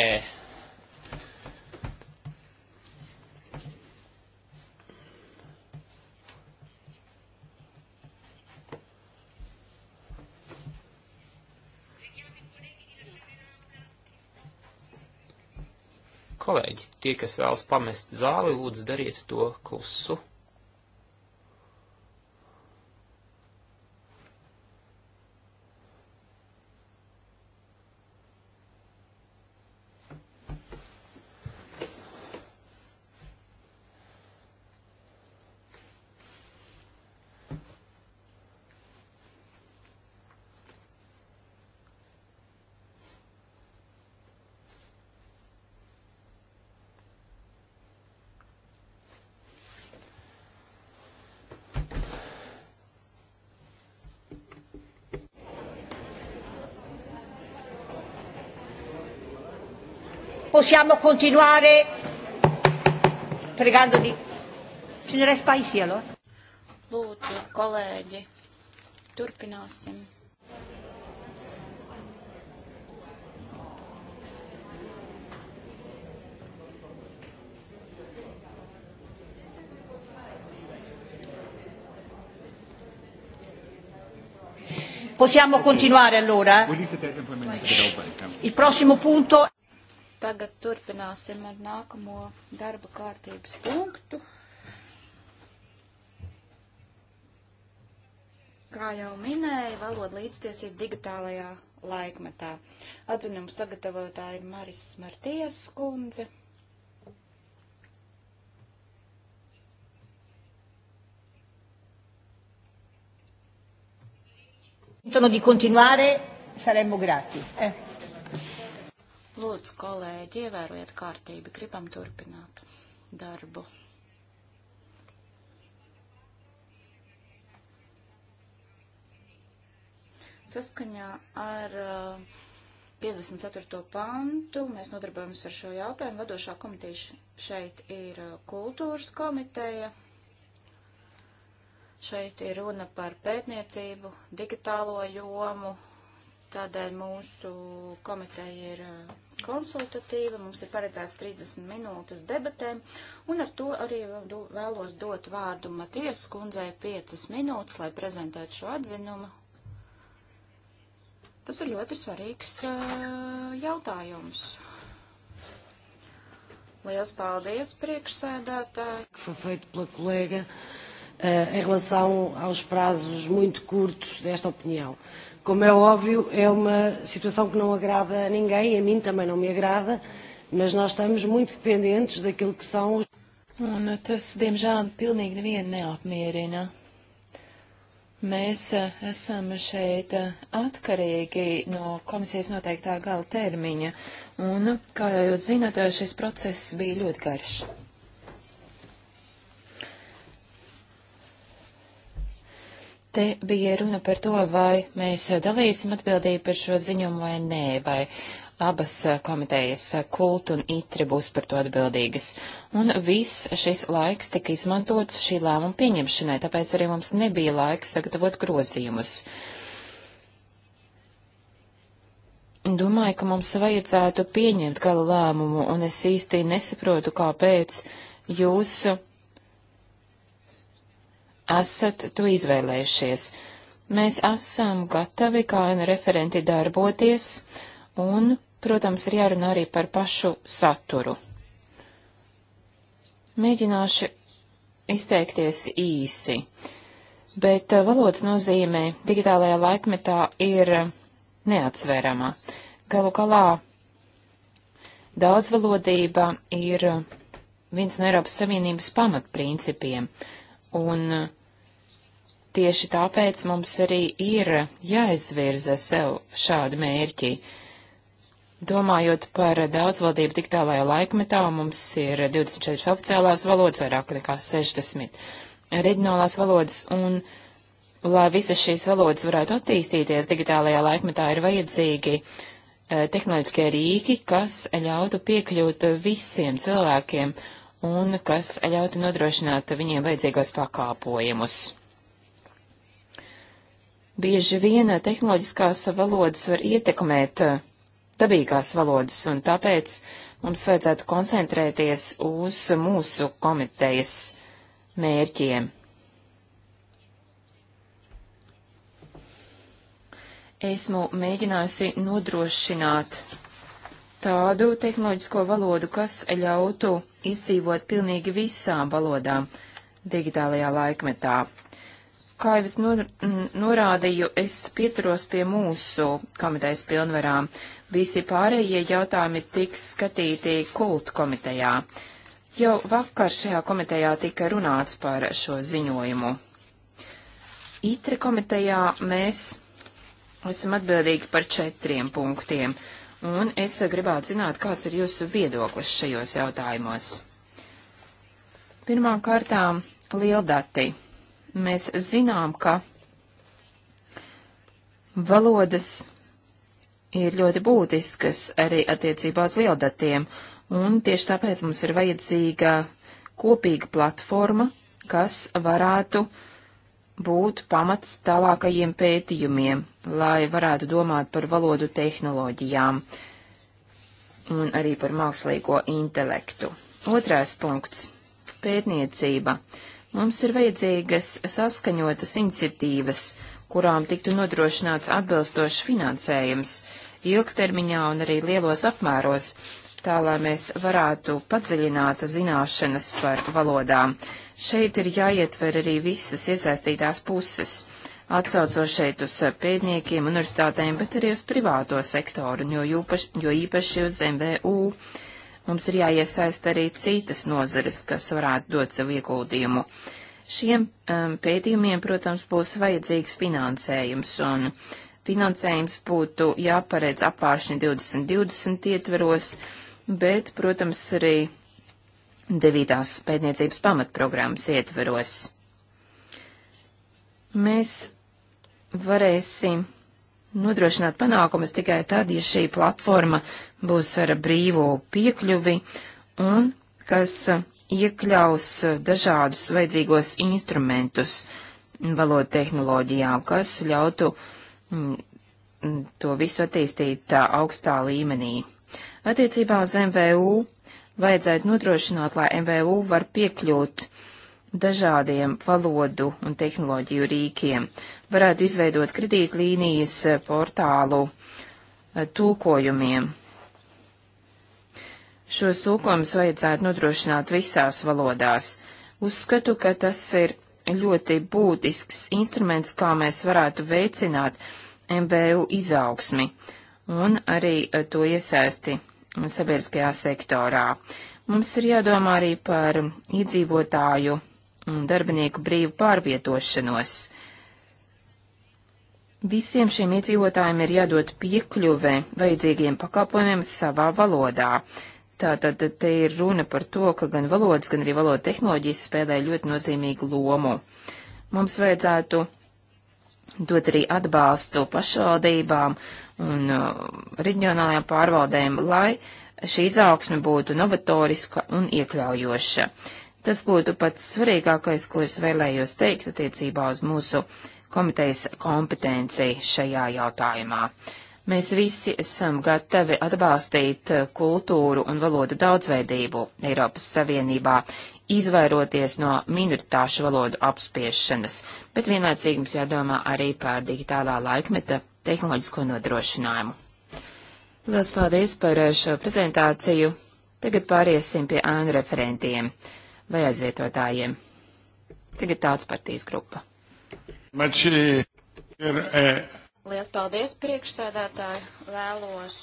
Kolēģi, tie, kas vēlas pamest zāli, lūdzu dariet to klusu. possiamo continuare pregando di... Signora Spaisi, allora. Lūdzu, kolēģi, turpināsim. Possiamo continuare allora? Il prossimo punto. Tagad turpināsim ar nākamo darba kārtības punktu. Kā jau minēja, valoda līdztiesība digitālajā laikmetā. Atzinumu sagatavotāja ir Maris Martijas kundze. di continuare saremmo grati. Eh. Lūdzu, kolēģi, ievērojiet kārtību, gribam turpināt darbu. Saskaņā ar uh, 54. pantu mēs nodarbojamies ar šo jautājumu. Vadošā komiteja šeit ir uh, kultūras komiteja. Šeit ir runa par pētniecību, digitālo jomu. Tādēļ mūsu komiteja ir uh, konsultatīva, mums ir paredzēts 30 minūtes debatēm, un ar to arī vēlos dot vārdu Matiesas kundzei 5 minūtes, lai prezentētu šo atzinumu. Tas ir ļoti svarīgs jautājums. Liels paldies, priekšsēdētāji! Foi feito pela colega uh, em relação aos prazos muito curtos desta opinião. Uh, Como é óbvio, é uma situação que não agrada a ninguém, a mim também não me agrada, mas nós estamos muito dependentes daquilo que são os. Un tas, diemžēl, pilnīgi nevienu neapmierina. Mēs a, eh, esam šeit a, eh, atkarīgi no komisijas noteiktā gala termiņa, un, kā jūs zināt, eh, šis process bija ļoti garš. Te bija runa par to, vai mēs dalīsim atbildību par šo ziņumu vai nē, vai abas komitejas kult un itri būs par to atbildīgas. Un viss šis laiks tika izmantots šī lēmuma pieņemšanai, tāpēc arī mums nebija laika sagatavot grozījumus. Domāju, ka mums vajadzētu pieņemt gala lēmumu, un es īsti nesaprotu, kāpēc jūs esat to izvēlējušies. Mēs esam gatavi kā referenti darboties un, protams, ir jārunā arī par pašu saturu. Mēģināšu izteikties īsi, bet eh, valodas nozīme digitālajā laikmetā ir neatsverama. Galu galā daudzvalodība ir viens no Eiropas Savienības pamatprincipiem, Un uh, tieši tāpēc mums arī ir jāizvirza sev šādi mērķi. Domājot par daudzvaldību digitālajā laikmetā, mums ir 24 oficiālās valodas, vairāk nekā 60 reģionālās valodas, un, lai visas šīs valodas varētu attīstīties digitālajā laikmetā, ir vajadzīgi uh, tehnoloģiskie rīki, kas ļautu piekļūt visiem cilvēkiem un kas ļautu nodrošināt viņiem vajadzīgos pakāpojumus. Bieži vien tehnoloģiskās valodas var ietekmēt eh, dabīgās valodas, un tāpēc mums vajadzētu koncentrēties uz mūsu komitejas mērķiem. Esmu mēģinājusi nodrošināt tādu tehnoloģisko valodu, kas ļautu izdzīvot pilnīgi visām valodām digitālajā laikmetā. Kā jau es nor norādīju, es pieturos pie mūsu komitejas pilnvarām. Visi pārējie jautājumi tiks skatīti kultu komitejā. Jau vakar šajā komitejā tika runāts par šo ziņojumu. ITRE komitejā mēs esam atbildīgi par četriem punktiem un es gribētu zināt, kāds ir jūsu viedoklis šajos jautājumos. Pirmām kārtām lieldati. Mēs zinām, ka valodas ir ļoti būtiskas arī attiecībā uz lieldatiem, un tieši tāpēc mums ir vajadzīga kopīga platforma, kas varētu uh, būtu pamats tālākajiem pētījumiem, lai varētu domāt par valodu tehnoloģijām un arī par mākslīgo intelektu. Otrais punkts - pētniecība. Mums ir vajadzīgas saskaņotas iniciatīvas, kurām tiktu nodrošināts atbilstošs finansējums ilgtermiņā un arī lielos apmēros, tā lai mēs varētu padziļināt zināšanas par valodām. Šeit ir jāietver arī visas iesaistītās puses, atcaucot šeit uz pētniekiem, universitātēm, bet arī uz privāto sektoru, jo, jūpaši, jo īpaši uz MVU. Mums ir jāiesaist arī citas nozares, kas varētu dot savu ieguldījumu. Šiem um, pētījumiem, protams, būs vajadzīgs finansējums, un finansējums būtu jāparedz apvāršņi 2020 ietveros, 20 bet, protams, arī devītās pētniecības pamatprogrammas ietveros. Mēs varēsim nodrošināt panākumus tikai tad, ja šī platforma būs ar brīvo piekļuvi un kas iekļaus dažādus vajadzīgos instrumentus valodu tehnoloģijām, kas ļautu mm, to visu attīstīt augstā līmenī. Attiecībā uz MVU vajadzētu nodrošināt, lai MVU var piekļūt dažādiem valodu un tehnoloģiju rīkiem, varētu izveidot kredītlīnijas eh, portālu eh, tulkojumiem. Šos tulkojumus vajadzētu nodrošināt visās valodās. Uzskatu, ka tas ir ļoti būtisks instruments, kā mēs varētu veicināt MBU izaugsmi un arī eh, to iesaisti sabiedriskajā sektorā. Mums ir jādomā arī par iedzīvotāju un darbinieku brīvu pārvietošanos. Visiem šiem iedzīvotājiem ir jādod piekļuve vajadzīgiem pakalpojumiem savā valodā. Tātad te ir runa par to, ka gan valodas, gan arī valoda tehnoloģijas spēlē ļoti nozīmīgu lomu. Mums vajadzētu dot arī atbalstu pašvaldībām un uh, reģionālajām pārvaldēm, lai šī izaugsme būtu novatoriska un iekļaujoša. Tas būtu pats svarīgākais, ko es vēlējos teikt attiecībā uz mūsu komitejas kompetenci šajā jautājumā. Mēs visi esam gatavi atbalstīt kultūru un valodu daudzveidību Eiropas Savienībā, izvairoties no minoritāšu valodu apspiešanas, bet vienlaicīgi mums jādomā arī par digitālā laikmeta tehnoloģisko nodrošinājumu. Lielas paldies par eh, šo prezentāciju. Tagad pāriesim pie ānu referentiem vai aizvietotājiem. Tagad tāds partijas grupa. Mačī ir. E... Lielas paldies, priekšsēdētāji. Vēlos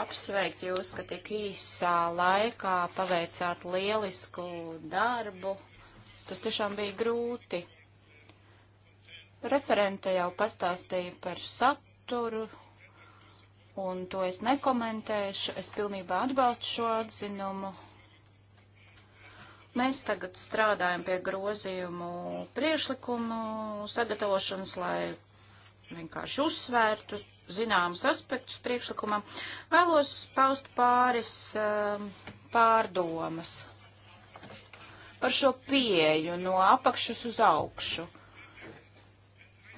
apsveikt jūs, ka tik īsā laikā paveicāt lielisku darbu. Tas tiešām bija grūti. Referente jau pastāstīja par saturu, un to es nekomentēšu. Es pilnībā atbalstu šo atzinumu. Mēs tagad strādājam pie grozījumu priekšlikumu sagatavošanas, lai vienkārši uzsvērtu zināmus aspektus priekšlikumam. Vēlos paust pāris um, pārdomas par šo pieju no apakšas uz augšu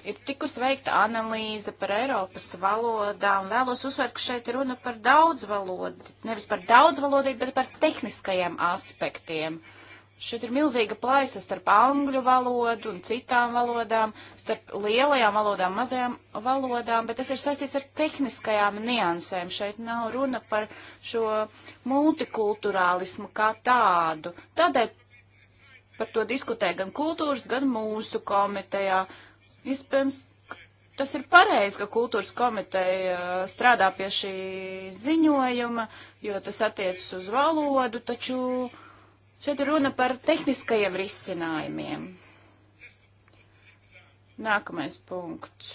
ir tikus veikta analīze par Eiropas valodām. Vēlos uzsvērt, ka šeit runa par daudzvalodu, nevis par daudzvalodību, bet par tehniskajiem aspektiem. Šeit ir milzīga plaisa starp angļu valodu un citām valodām, starp lielajām valodām, mazajām valodām, bet tas ir saistīts ar tehniskajām niansēm. Šeit nav runa par šo multikulturālismu kā tādu. Tādēļ par to diskutē gan kultūras, gan mūsu komitejā. Uh, Iespējams, tas ir pareizi, ka kultūras komiteja uh, strādā pie šī ziņojuma, jo tas attiecas uz valodu, taču šeit ir runa par tehniskajiem risinājumiem. Nākamais punkts.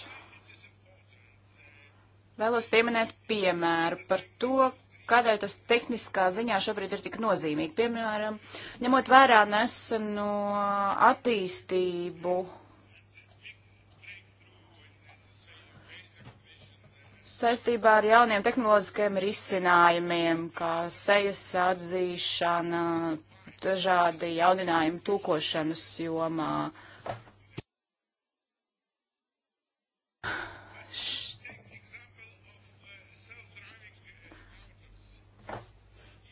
Vēlos pieminēt piemēru par to, kādēļ tas tehniskā ziņā šobrīd ir tik nozīmīgi. Piemēram, ņemot vērā nesenu no attīstību saistībā ar jauniem tehnoloģiskiem risinājumiem, kā sejas atzīšana, dažādi jauninājumi tūkošanas jomā.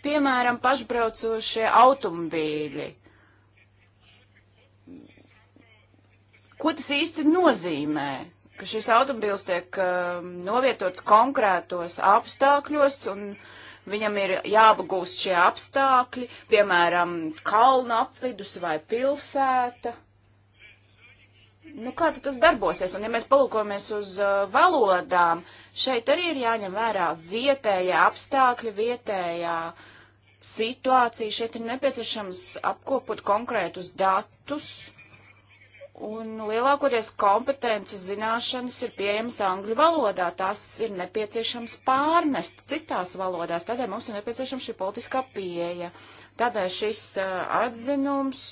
Piemēram, pašbraucošie automobīļi. Ko tas īsti nozīmē? ka šis automobils tiek uh, novietots konkrētos apstākļos un viņam ir jāapgūst šie apstākļi, piemēram, kalna apvidus vai pilsēta. Nu, kā tas darbosies? Un, ja mēs palūkojamies uz uh, valodām, šeit arī ir jāņem vērā vietējā apstākļa, vietējā situācija. Šeit ir nepieciešams apkopot konkrētus datus, uh, un lielākoties kompetences zināšanas ir pieejamas angļu valodā. Tās ir nepieciešams pārnest citās valodās, tādēļ mums ir nepieciešama šī politiskā pieeja. Tādēļ šis uh, atzinums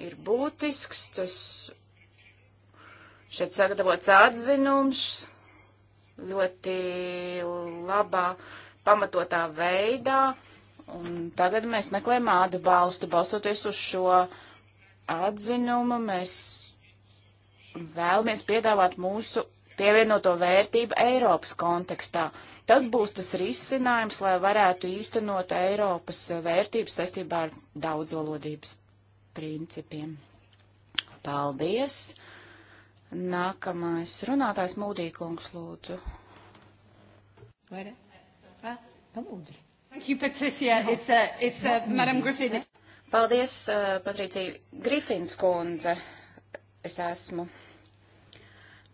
ir būtisks, tas šeit sagatavots atzinums ļoti labā pamatotā veidā. Un tagad mēs meklējam atbalstu, balstoties uz šo atzinumu. Mēs vēlamies piedāvāt mūsu pievienoto vērtību Eiropas kontekstā. Tas būs tas risinājums, lai varētu īstenot Eiropas vērtības saistībā ar daudzvalodības principiem. Paldies! Nākamais runātājs Mūdīkungs lūdzu. Vairāk? Ah, pamūdi. Thank you, Patricia. It's, uh, it's uh, Madam Griffin. Paldies, uh, Patricija Grifins kundze. Es esmu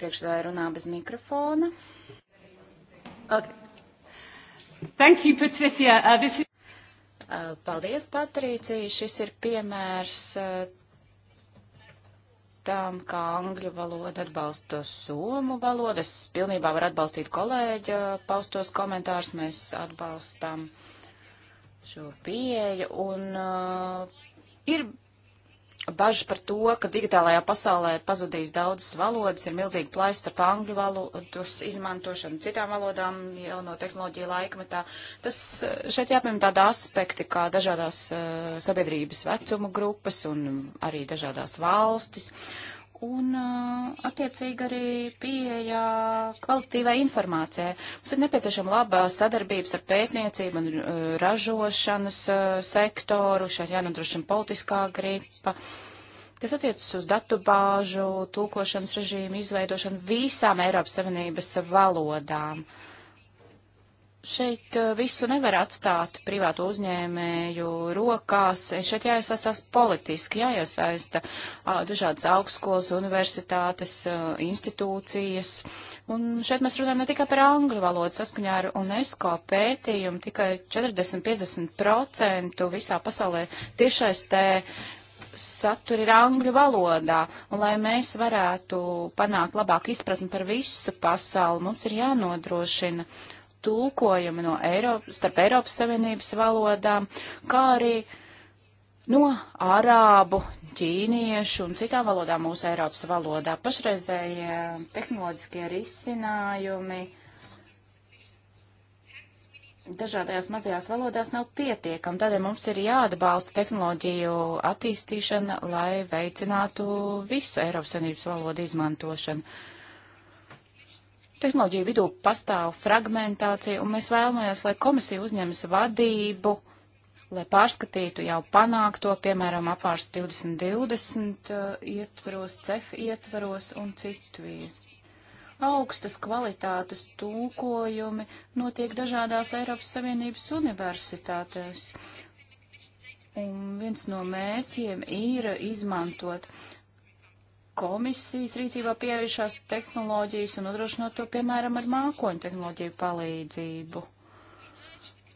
Priekšsēdētāja runā bez mikrofona. Okay. Thank you, Patricia. Uh, this is... Uh, paldies, Patricija. Šis ir piemērs uh, lietām, kā angļu valoda atbalsta somu valodu. Es pilnībā varu atbalstīt kolēģa paustos komentārus. Mēs atbalstam šo pieeju. Un uh, ir Bažas par to, ka digitālajā pasaulē ir pazudījis daudzas valodas, ir milzīga plaisa starp angļu valodas izmantošanu citām valodām jau no tehnoloģija laikmetā. Tas eh, šeit jāpiemina tāda aspekti, kā dažādās uh, sabiedrības vecumu grupas un arī dažādās valstis. Uh, un uh, attiecīgi arī pieejā kvalitīvai informācijai. Mums ir nepieciešama labā sadarbības ar pētniecību un uh, ražošanas uh, sektoru, šeit jānodrošina politiskā gripa kas attiecas uz datu bāžu, tulkošanas režīmu izveidošanu visām Eiropas Savienības valodām. Uh, šeit eh, visu nevar atstāt privātu uzņēmēju rokās. Šeit jāiesaistās politiski, jāiesaista dažādas augstskolas, universitātes, institūcijas. Un šeit mēs runājam ne tikai par angļu valodu. Saskaņā ar UNESCO pētījumu tikai 40-50% visā pasaulē tiešaistē saturi ir angļu valodā, un lai mēs varētu panākt labāku izpratni par visu pasauli, mums ir jānodrošina tulkojumi no Eiropas, starp Eiropas Savienības valodām, kā arī no arābu, ķīniešu un citām valodām mūsu Eiropas valodā. Pašreizējie tehnoloģiskie risinājumi dažādajās mazajās valodās nav pietiekami. Tādēļ mums ir jāatbalsta tehnoloģiju attīstīšana, lai veicinātu visu Eiropas Savienības valodu izmantošanu. Tehnoloģiju vidū pastāv fragmentācija, un mēs vēlamies, lai komisija uzņemas vadību, lai pārskatītu jau panākto, piemēram, apārs 2020 eh, ietvaros, CEF ietvaros un citu augstas kvalitātes tulkojumi notiek dažādās Eiropas Savienības universitātēs. Un viens no mērķiem ir izmantot komisijas rīcībā pieejušās tehnoloģijas un nodrošinot to, piemēram, ar mākoņu tehnoloģiju palīdzību.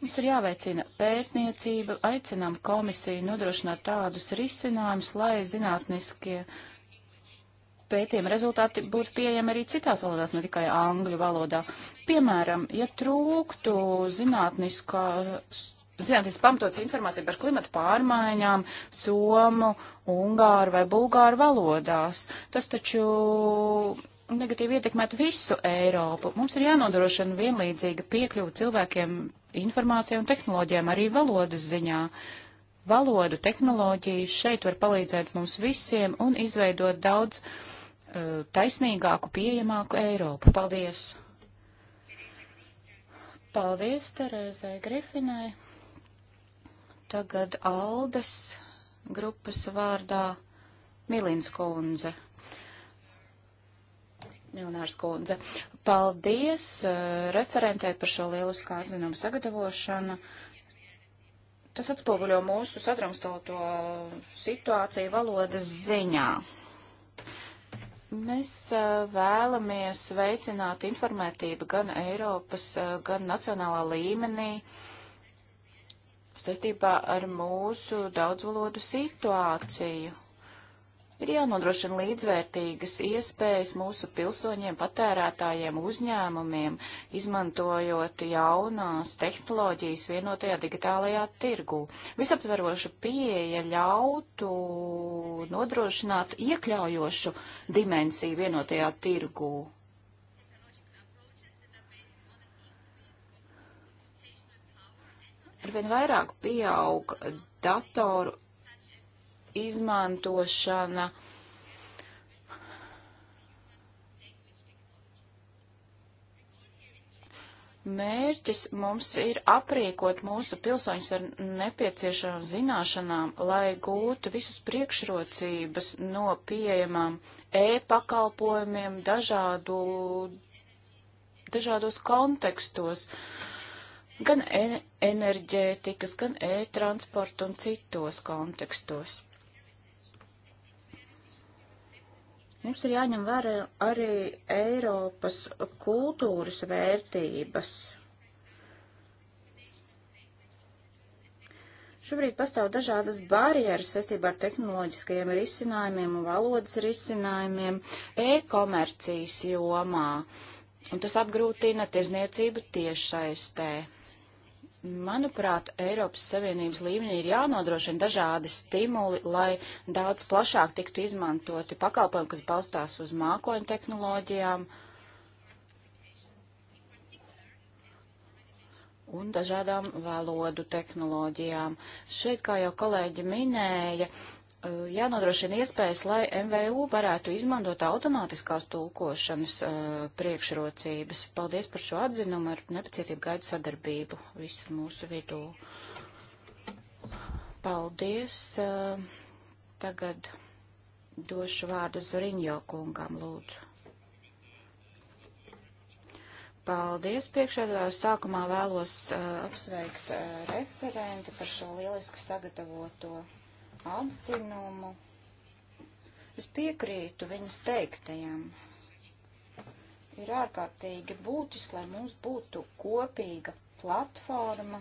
Mums ir jāveicina pētniecība, aicinām komisiju nodrošināt tādus risinājumus, lai zinātniskie pētījuma rezultāti būtu pieejami arī citās valodās, ne tikai angļu valodā. Piemēram, ja trūktu zinātniskās Nu, zinātnīs pamatots informācija par klimatu pārmaiņām somu, ungāru vai bulgāru valodās. Tas taču negatīvi ietekmētu visu Eiropu. Mums ir jānodrošina vienlīdzīga piekļuva cilvēkiem informācijai un tehnoloģijām arī valodas ziņā. Valodu tehnoloģijas šeit var palīdzēt mums visiem un izveidot daudz uh, taisnīgāku, pieejamāku Eiropu. Paldies! Paldies Terezai Grifinai! Tagad Aldes grupas vārdā Milins kundze. Milinārs kundze. Paldies uh, referentē par šo lielisku atzinumu sagatavošanu. Tas atspoguļo mūsu sadrumstaloto situāciju valodas ziņā. Mēs eh, vēlamies veicināt informētību gan Eiropas, eh, gan nacionālā līmenī. Uh, saistībā ar mūsu daudzvalodu situāciju. Ir jānodrošina līdzvērtīgas iespējas mūsu pilsoņiem, patērētājiem, uzņēmumiem, izmantojot jaunās tehnoloģijas vienotajā digitālajā tirgū. Visaptveroša pieeja ļautu nodrošināt iekļaujošu dimensiju vienotajā tirgū. arvien vairāk pieaug datoru izmantošana. Mērķis mums ir apriekot mūsu pilsoņus ar nepieciešamām zināšanām, lai gūtu visas priekšrocības no pieejamām e-pakalpojumiem dažādu, dažādos kontekstos. Uh, gan e enerģētikas, gan e-transporta un citos kontekstos. Mums ir jāņem vērā arī Eiropas kultūras vērtības. Šobrīd pastāv dažādas barjeras saistībā ar tehnoloģiskajiem risinājumiem un valodas risinājumiem e-komercijas jomā, un tas apgrūtina tiesniecību tiešsaistē. Manuprāt, Eiropas Savienības līmenī ir jānodrošina dažādi stimuli, lai daudz plašāk tiktu izmantoti pakalpojumi, kas balstās uz mākoņu tehnoloģijām un dažādām valodu tehnoloģijām. Šeit, kā jau kolēģi minēja, uh, Eh, jānodrošina iespējas, lai MVU varētu izmantot automātiskās tulkošanas eh, priekšrocības. Paldies par šo atzinumu, ar nepacietību gaidu sadarbību visu mūsu vidū. Paldies. Eh, tagad došu vārdu Zuriņo kungam, lūdzu. Paldies priekšēdājā. Sākumā vēlos uh, apsveikt uh, referenti par šo lieliski sagatavoto atzinumu. Es piekrītu viņas teiktajam. Ir ārkārtīgi būtiski, lai mums būtu kopīga platforma,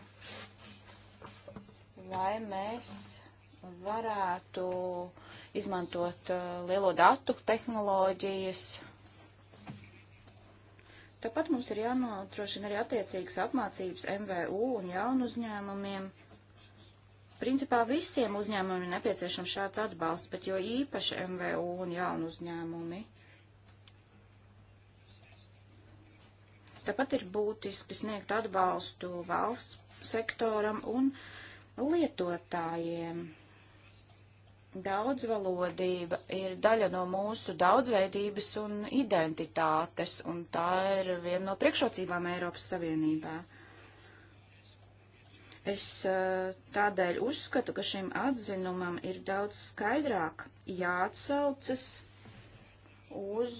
lai mēs varētu izmantot uh, lielo datu tehnoloģijas. Tāpat mums ir jānodrošina arī attiecīgas apmācības MVU un jaunu uzņēmumiem. Principā visiem uzņēmumiem ir nepieciešams šāds atbalsts, bet jo īpaši MVU un jaunu uzņēmumi. Tāpat ir būtiski sniegt atbalstu valsts sektoram un lietotājiem. Daudzvalodība ir daļa no mūsu daudzveidības un identitātes, un tā ir viena no priekšrocībām Eiropas Savienībā. Es eh, tādēļ uzskatu, ka šim atzinumam ir daudz skaidrāk jāatsaucas uz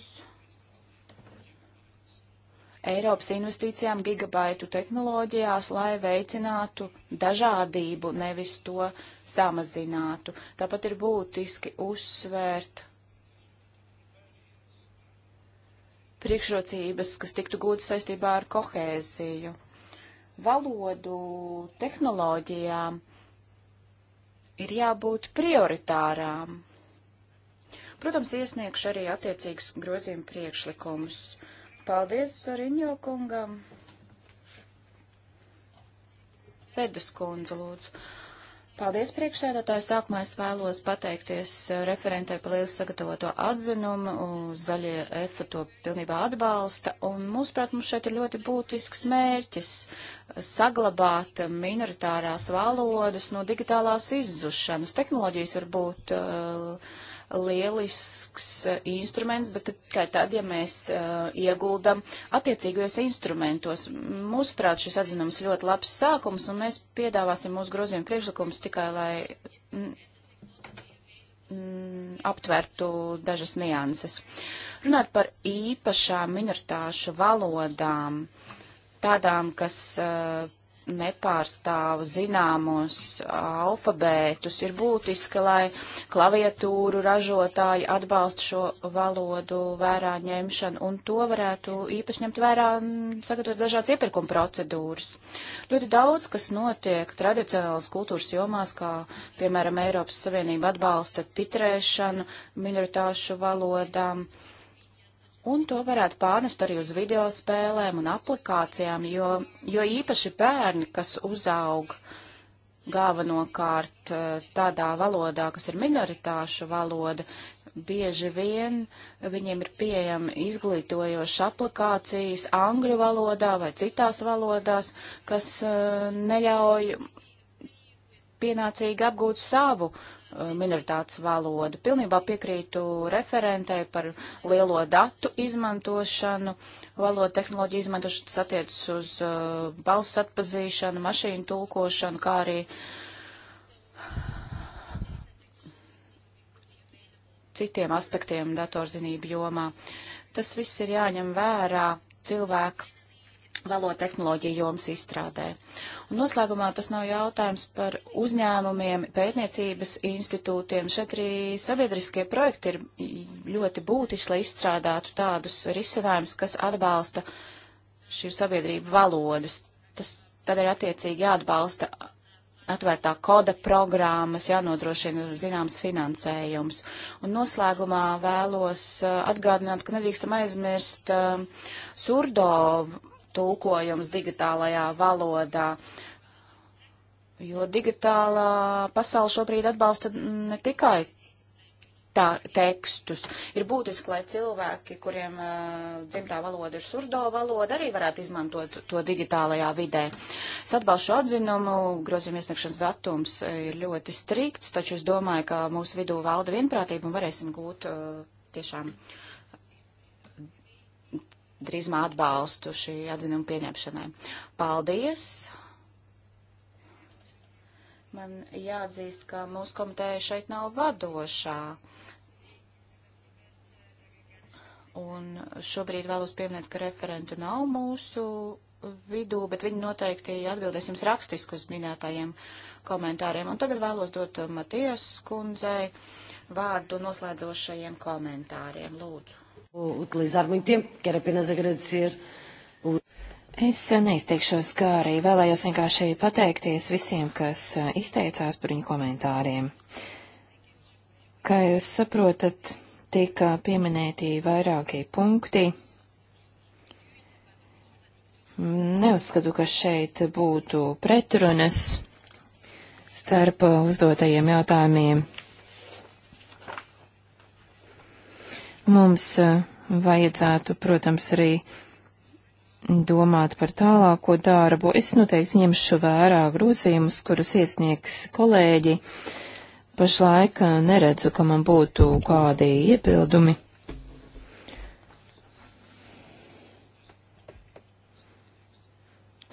Eiropas investīcijām gigabaitu tehnoloģijās, lai veicinātu dažādību, nevis to samazinātu. Tāpat ir būtiski uzsvērt priekšrocības, kas tiktu gūtas saistībā ar kohēziju valodu tehnoloģijām ir jābūt prioritārām. Protams, iesniegšu arī attiecīgus grozījumu priekšlikumus. Paldies Zariņo kungam. Vedus kundze, lūdzu. Paldies priekšsēdētāji. Sākumā es vēlos pateikties referentē par lielu sagatavoto atzinumu. Zaļie EFA to pilnībā atbalsta. Un, mūsuprāt, mums šeit ir ļoti būtisks mērķis. Uh, saglabāt minoritārās valodas no digitālās izzušanas. Tehnoloģijas var būt uh, lielisks uh, instruments, bet tikai tad, ja mēs uh, ieguldam attiecīgajos instrumentos. Mūsuprāt, šis atzinums ļoti labs sākums, un mēs piedāvāsim mūsu grozījumu priekšlikumus tikai, lai mm, mm, aptvertu dažas nianses. Runāt par īpašām minoritāšu valodām. Uh, tādām, kas uh, nepārstāv zināmos alfabētus, ir būtiski, lai klaviatūru ražotāji atbalsta šo valodu vērā ņemšanu, un to varētu īpaši ņemt vērā, sagatavot dažādas iepirkuma procedūras. Ļoti daudz, kas notiek tradicionālas kultūras jomās, kā, piemēram, Eiropas Savienība atbalsta titrēšanu minoritāšu valodām. Um, Un to varētu pārnest arī uz video spēlēm un aplikācijām, jo, jo īpaši bērni, kas uzaug galvenokārt eh, tādā valodā, kas ir minoritāšu valoda, bieži vien viņiem ir pieejama izglītojoša aplikācijas angļu valodā vai citās valodās, kas eh, neļauj pienācīgi apgūt savu uh, Uh, minoritātes valodu. Pilnībā piekrītu referentei par lielo datu izmantošanu, valodu tehnoloģiju izmantošanu, tas attiecas uz uh, balss atpazīšanu, mašīnu tulkošanu, kā arī citiem aspektiem datorzinību jomā. Tas viss ir jāņem vērā cilvēku valodu tehnoloģiju jomas izstrādē. Uh, Un noslēgumā tas nav jautājums par uzņēmumiem, pētniecības institūtiem. Šeit arī sabiedriskie projekti ir ļoti būtiski, lai izstrādātu tādus risinājumus, kas atbalsta šī sabiedrība valodas. Tas tad ir attiecīgi jāatbalsta atvērtā koda programmas, jānodrošina zināms finansējums. Un noslēgumā vēlos uh, atgādināt, ka nedrīkstam aizmirst uh, surdo tulkojums digitālajā valodā. Jo digitālā pasaule šobrīd atbalsta ne tikai tā, tekstus. Ir būtiski, lai cilvēki, kuriem uh, dzimtā valoda ir surdo valoda, arī varētu izmantot to digitālajā vidē. Es atbalstu atzinumu, grozījuma iesniegšanas datums ir ļoti strikts, taču es domāju, ka mūsu vidū valda vienprātība un varēsim gūt uh, tiešām uh, drīzumā atbalstu šī atzinuma pieņemšanai. Paldies! Man jāatzīst, ka mūsu komiteja šeit nav vadošā. Un šobrīd vēlos pieminēt, ka referentu nav mūsu vidū, bet viņi noteikti atbildēs jums rakstiski uz minētajiem komentāriem. Un tagad vēlos dot Matijas kundzei vārdu noslēdzošajiem komentāriem. Lūdzu utilizar muito tempo, quero apenas agradecer. Es neizteikšos, kā arī vēlējos vienkārši pateikties visiem, kas izteicās par viņu komentāriem. Kā jūs saprotat, tika pieminēti vairākie punkti. Neuzskatu, ka šeit būtu pretrunas starp uzdotajiem jautājumiem. Mums eh, vajadzētu, protams, arī domāt par tālāko darbu. Es noteikti ņemšu vērā grozījumus, kurus iesniegs kolēģi. Pašlaik eh, neredzu, ka man būtu kādi iebildumi.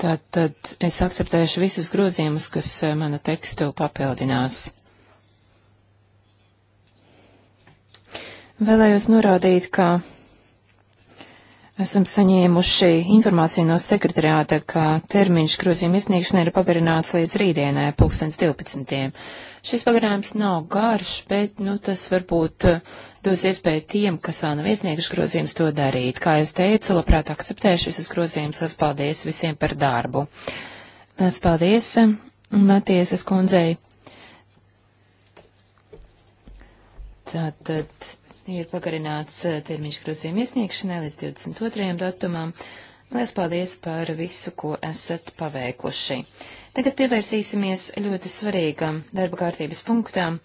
Tātad es akceptēšu visus grozījumus, kas eh, mana tekstu papildinās. Vēlējos norādīt, ka esam saņēmuši informāciju no sekretariāta, ka termiņš grozījuma iesniegšanai ir pagarināts līdz rītdienai, 2012. Šis pagarinājums nav garš, bet, nu, tas varbūt eh, dos iespēju tiem, kas vēl nav iesnieguši grozījumus, to darīt. Kā es teicu, labprāt akceptēšu visus grozījumus, es paldies visiem par darbu. Tas paldies mm, Matiesas kundzei. Tātad. Tā, tā. Nu, ir pagarināts eh, termiņš grozījuma iesniegšanai līdz 22. datumam. Lielas paldies par visu, ko esat paveikuši. Tagad pievērsīsimies ļoti svarīgam darba kārtības punktam,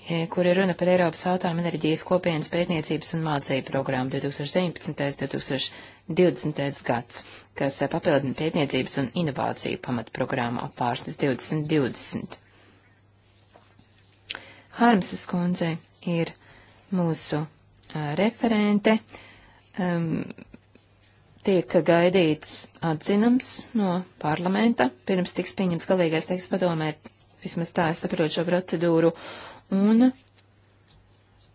eh, kur ir runa par Eiropas autām enerģijas kopienas pētniecības un mācību programmu 2019. 2020. gads, kas eh, papildina pētniecības un inovāciju pamatprogrammu apvārstas 2020. Harmsas kundze ir mūsu referente. Um, tiek gaidīts atzinums no parlamenta, pirms tiks pieņems galīgais teiks padomē, vismaz tā es saprotu šo procedūru, un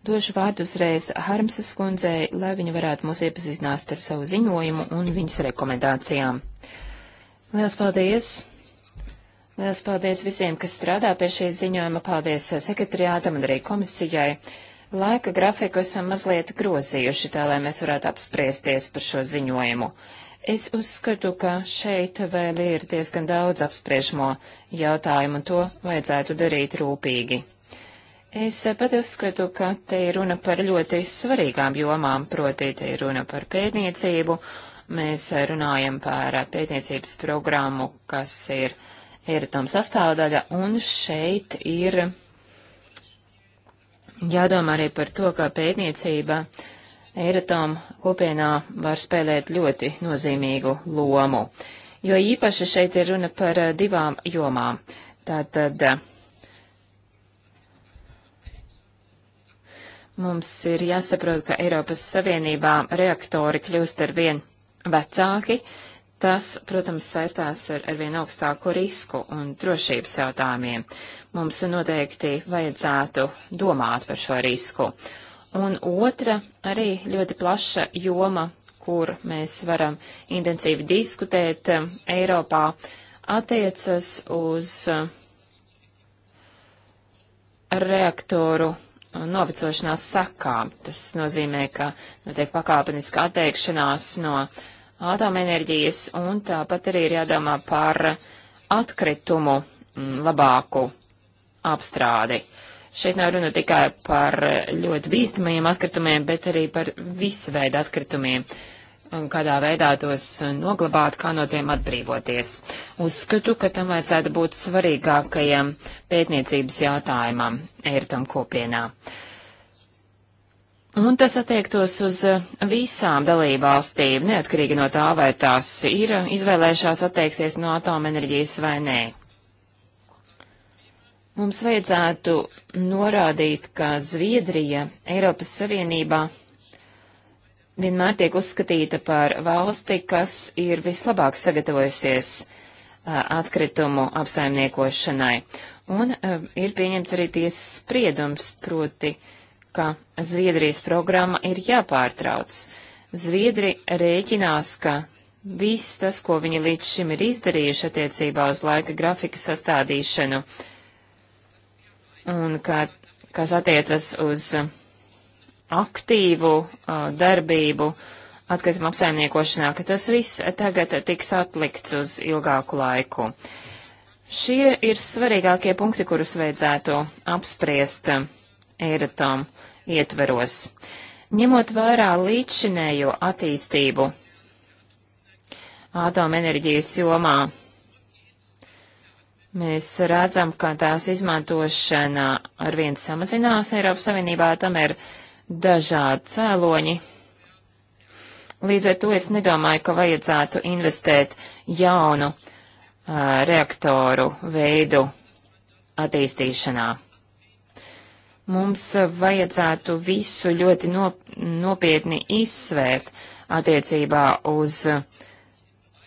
došu vārdu uzreiz Harmsas kundzei, lai viņa varētu mūs iepazīstināt ar savu ziņojumu un viņas rekomendācijām. Lielas paldies! Lielas paldies visiem, kas strādā pie šī ziņojuma, paldies sekretariātam un arī komisijai. Laika grafiku esam mazliet grozījuši, tā lai mēs varētu apspriesties par šo ziņojumu. Es uzskatu, ka šeit vēl ir diezgan daudz apspriežamo jautājumu, un to vajadzētu darīt rūpīgi. Es pat uzskatu, ka te ir runa par ļoti svarīgām jomām, proti te ir runa par pētniecību, mēs runājam par pētniecības programmu, kas ir Eiratom sastāvdaļa, un šeit ir Jādomā arī par to, ka pētniecība Eiratom kopienā var spēlēt ļoti nozīmīgu lomu, jo īpaši šeit ir runa par eh, divām jomām. Tātad eh, mums ir jāsaprot, ka Eiropas Savienībā reaktori kļūst ar vien vecāki, Tas, protams, saistās ar arvien augstāku risku un drošības jautājumiem. Mums noteikti vajadzētu domāt par šo risku. Un otra arī ļoti plaša joma, kur mēs varam intensīvi diskutēt um, Eiropā, attiecas uz uh, reaktoru novecošanās sakām. Tas nozīmē, ka notiek pakāpeniska atteikšanās no atomenerģijas, un tāpat arī ir jādomā par atkritumu mm, labāku apstrādi. Šeit nav runa tikai par ļoti bīstamajiem atkritumiem, bet arī par visu veidu atkritumiem, kādā veidā tos noglabāt, kā no tiem atbrīvoties. Uzskatu, ka tam vajadzētu būt svarīgākajam pētniecības jautājumam Eirtam kopienā. Un tas attiektos uz visām dalībvalstīm, neatkarīgi no tā, vai tās ir izvēlējušās atteikties no atomenerģijas vai nē. Mums vajadzētu norādīt, ka Zviedrija Eiropas Savienībā vienmēr tiek uzskatīta par valsti, kas ir vislabāk sagatavojusies atkritumu apsaimniekošanai. Un ir pieņemts arī tiesas spriedums, proti, ka Zviedrijas programma ir jāpārtrauc. Zviedri rēķinās, ka viss tas, ko viņi līdz šim ir izdarījuši attiecībā uz laika grafika sastādīšanu, uh, un kā, kas attiecas uz uh, aktīvu uh, darbību atkrituma apsaimniekošanā, ka tas viss tagad tiks atlikts uz ilgāku laiku. Šie ir svarīgākie punkti, kurus vajadzētu apspriest uh, Eiratom ietveros. Ņemot vērā līdzšinējo attīstību atomenerģijas jomā, Mēs redzam, ka tās izmantošana arvien samazinās Eiropas Savienībā, tam ir dažādi cēloņi. Līdz ar to es nedomāju, ka vajadzētu investēt jaunu uh, reaktoru veidu attīstīšanā mums vajadzētu visu ļoti nop nopietni izsvērt attiecībā uz uh,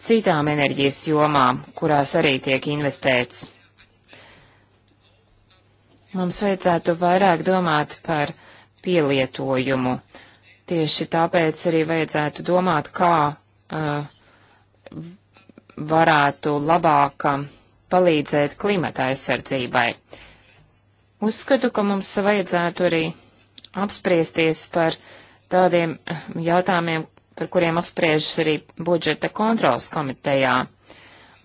citām enerģijas jomām, kurās arī tiek investēts. Mums vajadzētu vairāk domāt par pielietojumu. Tieši tāpēc arī vajadzētu domāt, kā uh, varētu labāk um, palīdzēt klimata aizsardzībai. Uzskatu, ka mums vajadzētu arī apspriesties par tādiem um, jautājumiem, par kuriem apspriežas arī budžeta kontrolas komitejā.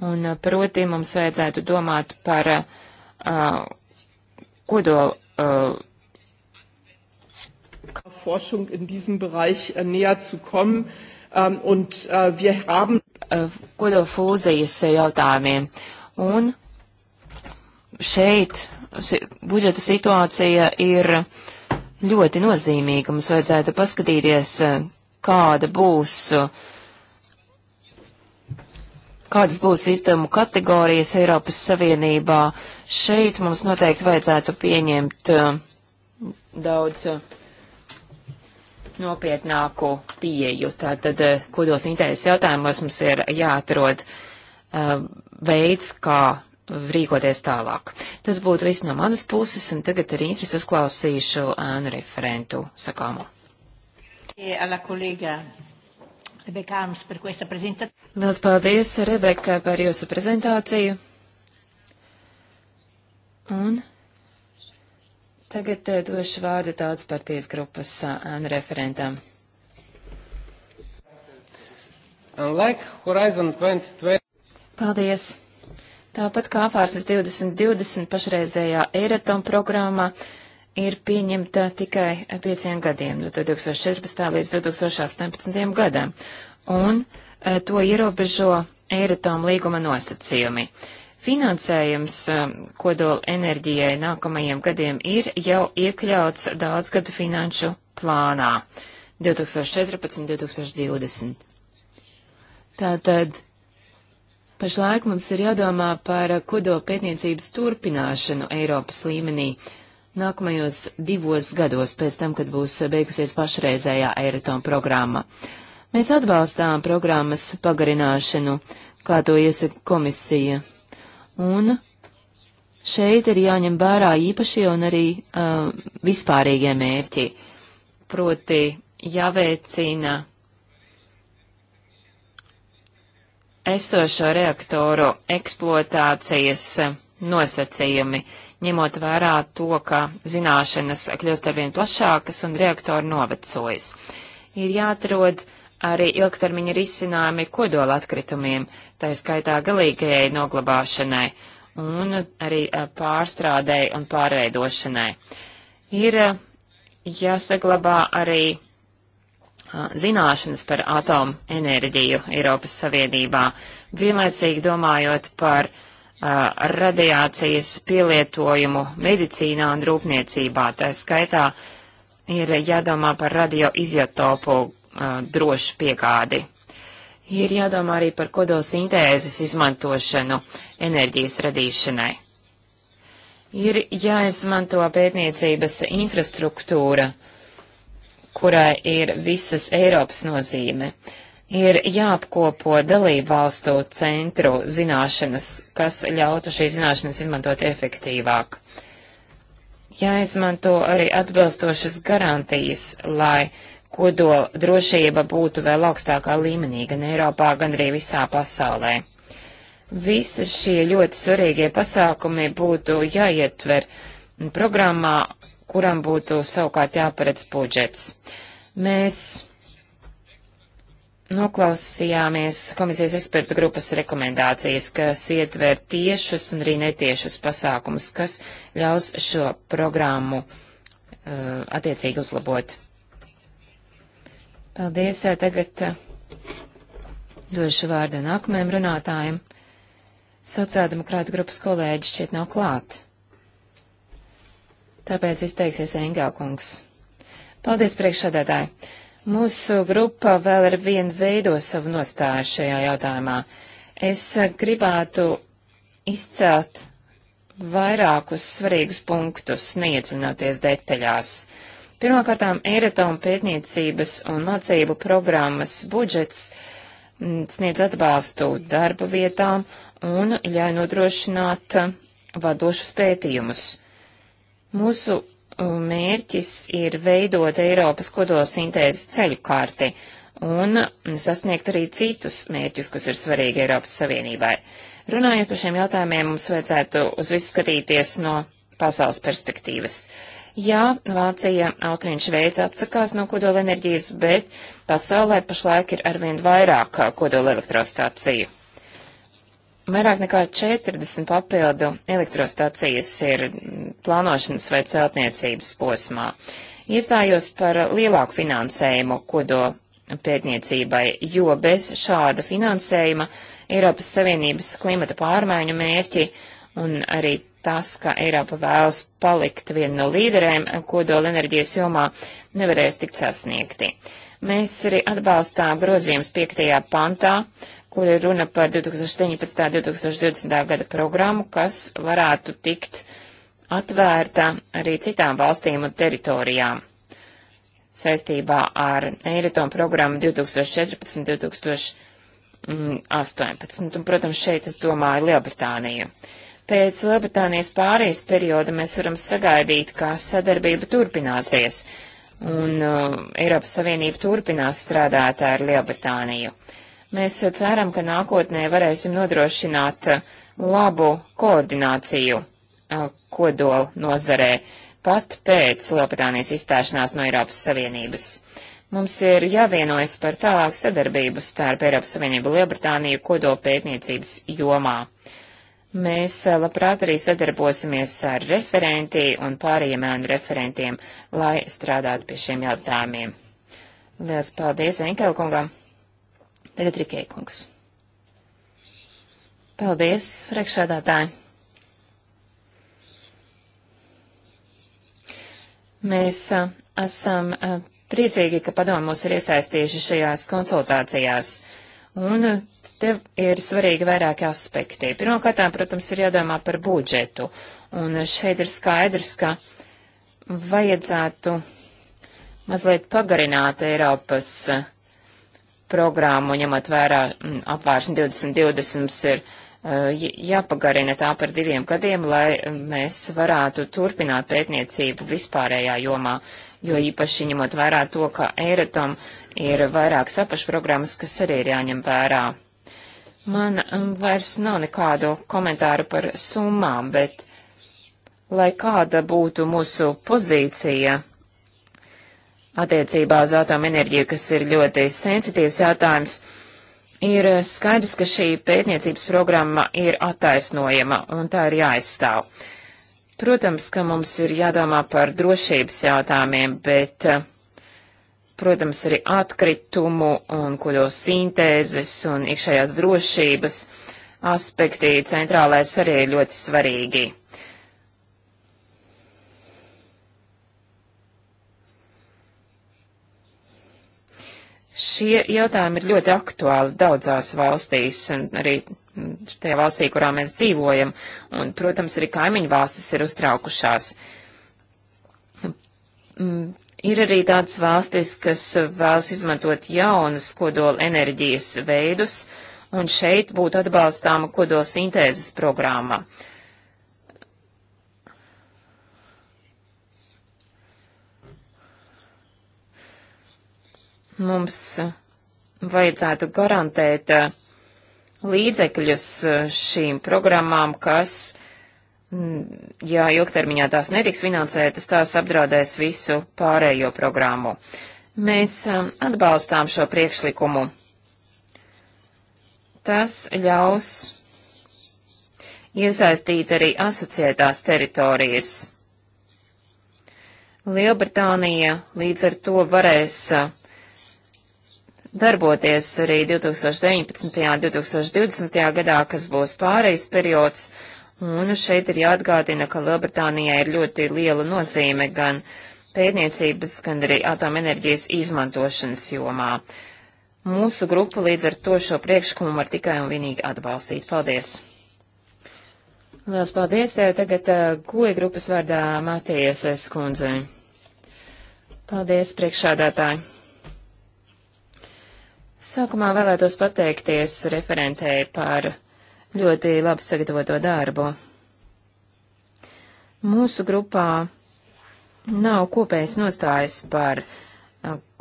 Un uh, proti mums vajadzētu domāt par uh, kodolu. Uh, Forschung in diesem Bereich uh, näher zu kommen. Um, und uh, wir haben uh, kodolfūzijas jautājumiem. Un šeit si budžeta situācija ir ļoti nozīmīga. Mums vajadzētu paskatīties, uh, kāda būs, kādas būs izdevumu kategorijas Eiropas Savienībā. Šeit mums noteikti vajadzētu pieņemt eh, daudz eh, nopietnāku pieju. Tātad, eh, kodos intereses jautājumos mums ir jāatrod uh, veids, kā rīkoties tālāk. Tas būtu viss no manas puses, un tagad arī interesi uzklausīšu ēnu referentu sakāmo. E Lielas paldies, Rebeka, par jūsu prezentāciju. Un tagad eh, došu vārdu tautas partijas grupas eh, ēnu referentam. Paldies! Tāpat kā apvārsis 2020 pašreizējā Eiratom programmā, ir pieņemta tikai pieciem gadiem, no 2014. līdz 2018. gadam, un e, to ierobežo Eiratoma līguma nosacījumi. Finansējums e, kodola enerģijai nākamajiem gadiem ir jau iekļauts daudzgadu finanšu plānā 2014-2020. Tātad pašlaik mums ir jādomā par kodola pētniecības turpināšanu Eiropas līmenī nākamajos divos gados pēc tam, kad būs beigusies pašreizējā Eiratona programma. Mēs atbalstām programmas pagarināšanu, kā to iesaka komisija. Un šeit ir jāņem vērā īpašie un arī uh, vispārīgie mērķi, proti jāveicina esošo reaktoru eksploatācijas nosacījumi, ņemot vērā to, ka zināšanas kļūst arvien plašākas un reaktori novecojas. Ir jāatrod arī ilgtermiņa risinājumi kodola atkritumiem, tā skaitā galīgajai noglabāšanai un arī pārstrādēji un pārveidošanai. Ir jāsaglabā arī zināšanas par atomu enerģiju Eiropas Savienībā, vienlaicīgi domājot par uh, radiācijas pielietojumu medicīnā un rūpniecībā. Tā skaitā ir jādomā par radioizotopu drošu piegādi. Ir jādomā arī par kodolsintēzes izmantošanu enerģijas radīšanai. Ir jāizmanto pētniecības infrastruktūra, kurai ir visas Eiropas nozīme. Uh, ir jāapkopo dalību valstu centru zināšanas, kas ļautu šīs zināšanas izmantot efektīvāk. Jāizmanto arī atbilstošas garantijas, lai kodola drošība būtu vēl augstākā līmenī gan Eiropā, gan arī visā pasaulē. Visi šie ļoti svarīgie pasākumi būtu jāietver programmā, kuram būtu savukārt jāparedz budžets. Mēs Noklausījāmies komisijas ekspertu grupas rekomendācijas, kas ietver tiešus un arī netiešus pasākumus, kas ļaus šo programmu uh, attiecīgi uzlabot. Paldies, uh, tagad uh, došu vārdu nākamajam runātājiem. Sociāldemokrāta grupas kolēģis šķiet nav klāt. Tāpēc izteiksies Engēlkungs. Paldies, priekšsādētāji! Mūsu grupa vēl ar vienu veido savu nostāju šajā jautājumā. Es eh, gribētu izcelt vairākus svarīgus punktus, neiedzinoties detaļās. Pirmkārtām, Eiratoma pētniecības un mācību programmas budžets mm, sniedz atbalstu darba vietām un ļauj nodrošināt vadošus pētījumus. Mūsu mērķis ir veidot Eiropas kodolsintēzes ceļu karti un sasniegt arī citus mērķus, kas ir svarīgi Eiropas Savienībai. Runājot par šiem jautājumiem, mums vajadzētu uz visu skatīties no pasaules perspektīvas. Jā, Vācija, Austrija un Šveica atsakās no kodola enerģijas, bet pasaulē pašlaik ir arvien vairāk kodola elektrostāciju. Vairāk nekā 40 papildu elektrostacijas ir plānošanas vai celtniecības posmā. Iestājos par lielāku finansējumu kodola pētniecībai, jo bez šāda finansējuma Eiropas Savienības klimata pārmaiņu mērķi un arī tas, ka Eiropa vēlas palikt viena no līderēm kodola enerģijas jomā, nevarēs tikt sasniegti. Mēs arī atbalstām grozījums 5. pantā, uh, kur ir runa par 2017. 2020. gada programmu, kas varētu tikt atvērta arī citām valstīm un teritorijām saistībā ar Eiratomu programmu 2014-2018. Un, protams, šeit es domāju Lielbritāniju. Pēc Lielbritānijas pārējais perioda mēs varam sagaidīt, ka sadarbība turpināsies, un uh, Eiropas Savienība turpinās strādāt ar Lielbritāniju. Uh, Mēs ceram, ka nākotnē varēsim nodrošināt uh, labu koordināciju uh, kodolu nozarē pat pēc Lielbritānijas izstāšanās no Eiropas Savienības. Mums ir jāvienojas par tālāku sadarbību starp Eiropas Savienību Lielbritāniju kodola pētniecības jomā. Mēs uh, labprāt arī sadarbosimies ar referenti un pārējiem ēnu referentiem, lai strādātu pie šiem jautājumiem. Lielas paldies Enkelkungam! Tagad Rikēkungs. Paldies, priekšsēdētāji. Mēs a, esam a, priecīgi, ka padomus ir iesaistījuši šajās konsultācijās. Un te ir svarīgi vairāki aspekti. Pirmkārt, protams, ir jādomā par budžetu. Un šeit ir skaidrs, ka vajadzētu mazliet pagarināt Eiropas uh, programmu, ņemot vērā mm, apvārsni 2020 ir eh, jāpagarina tā par diviem gadiem, lai mm, mēs varētu turpināt pētniecību vispārējā jomā, jo īpaši ņemot vērā to, ka Eiratom ir vairākas apašprogrammas, kas arī ir jāņem vērā. Man mm, vairs nav nekādu komentāru par summām, bet lai kāda būtu mūsu pozīcija attiecībā uz atomenerģiju, kas ir ļoti sensitīvs jautājums, ir skaidrs, ka šī pētniecības programma ir attaisnojama un tā ir jāizstāv. Protams, ka mums ir jādomā par drošības jautājumiem, bet, protams, arī atkritumu un kuļo sintēzes un iekšējās drošības aspekti centrālais arī ir ļoti svarīgi. Šie jautājumi ir ļoti aktuāli daudzās valstīs un arī tajā valstī, kurā mēs dzīvojam, un, protams, arī kaimiņu valstis ir uztraukušās. Mm, ir arī tādas valstis, kas vēlas izmantot jaunas kodola enerģijas veidus, un šeit būtu atbalstāma kodola sintēzes programma. Uh, Mums vajadzētu garantēt eh, līdzekļus eh, šīm programmām, kas, mm, ja ilgtermiņā tās netiks finansētas, tās apdraudēs visu pārējo programmu. Mēs eh, atbalstām šo priekšlikumu. Tas ļaus iesaistīt arī asociētās teritorijas. Lielbritānija līdz ar to varēs uh, darboties arī 2019. un 2020. gadā, kas būs pārejas periods, un šeit ir jāatgādina, ka Lielbritānijā ir ļoti liela nozīme gan pētniecības, gan arī atomenerģijas izmantošanas jomā. Mūsu grupa līdz ar to šo priekšlikumu var tikai un vienīgi atbalstīt. Paldies! Lielas paldies! Eh, tagad eh, goja grupas vārdā Matijas Skundze. Paldies, priekšādātāji! Sākumā vēlētos pateikties referentēji par ļoti labi sagatavoto darbu. Mūsu grupā nav kopējas nostājas par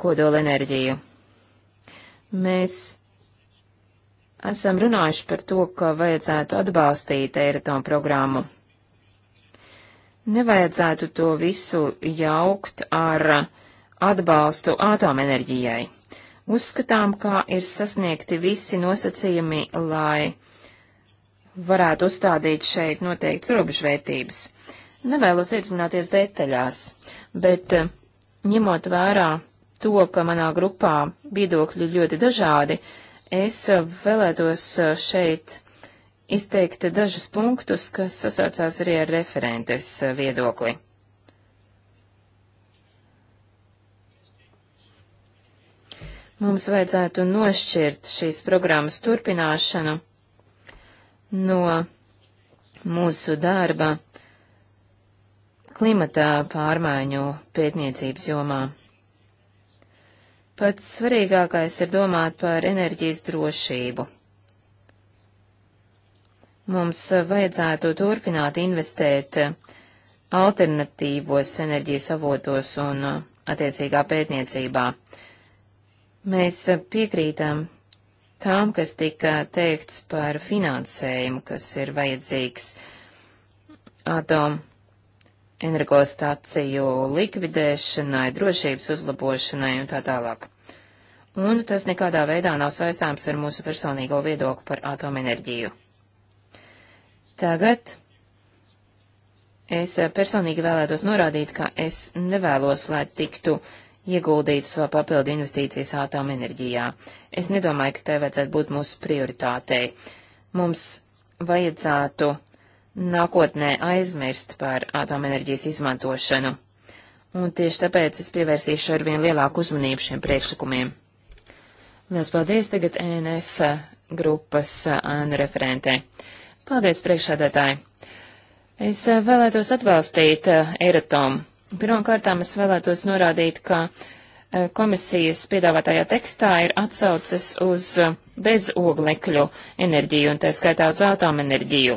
kodolenerģiju. Mēs esam runājuši par to, ka vajadzētu atbalstīt Eiratom programmu. Nevajadzētu to visu jaukt ar atbalstu atomenerģijai. Uzskatām, ka ir sasniegti visi nosacījumi, lai varētu uzstādīt šeit noteikts robežvērtības. Nevēlos iedziļināties detaļās, bet eh, ņemot vērā to, ka manā grupā viedokļi ļoti dažādi, es eh, vēlētos eh, šeit izteikt dažus punktus, kas sasaucās arī ar referentes viedokli. Mums vajadzētu nošķirt šīs programmas turpināšanu no mūsu darba klimata pārmaiņu pētniecības jomā. Pats svarīgākais ir domāt par enerģijas drošību. Mums vajadzētu turpināt investēt alternatīvos enerģijas avotos un attiecīgā pētniecībā. Mēs piekrītam tām, kas tika teikts par finansējumu, kas ir vajadzīgs atom energostaciju likvidēšanai, drošības uzlabošanai un tā tālāk. Un tas nekādā veidā nav saistāms ar mūsu personīgo viedokli par atomenerģiju. Tagad es personīgi vēlētos norādīt, ka es nevēlos, lai tiktu uh, ieguldītas vēl papildu investīcijas atomenerģijā. Es nedomāju, ka tai vajadzētu būt mūsu prioritātei. Mums vajadzētu nākotnē aizmirst par atomenerģijas izmantošanu. Un tieši tāpēc es pievērsīšu ar vien lielāku uzmanību šiem priekšlikumiem. Lielas paldies tagad ENF grupas ANU referentē. Paldies priekšsādātāji. Es vēlētos atbalstīt Eiratomu Pirmkārtām es vēlētos norādīt, ka e, komisijas piedāvātajā tekstā ir atsauces uz e, bezoglekļu enerģiju un tā skaitā uz atomenerģiju.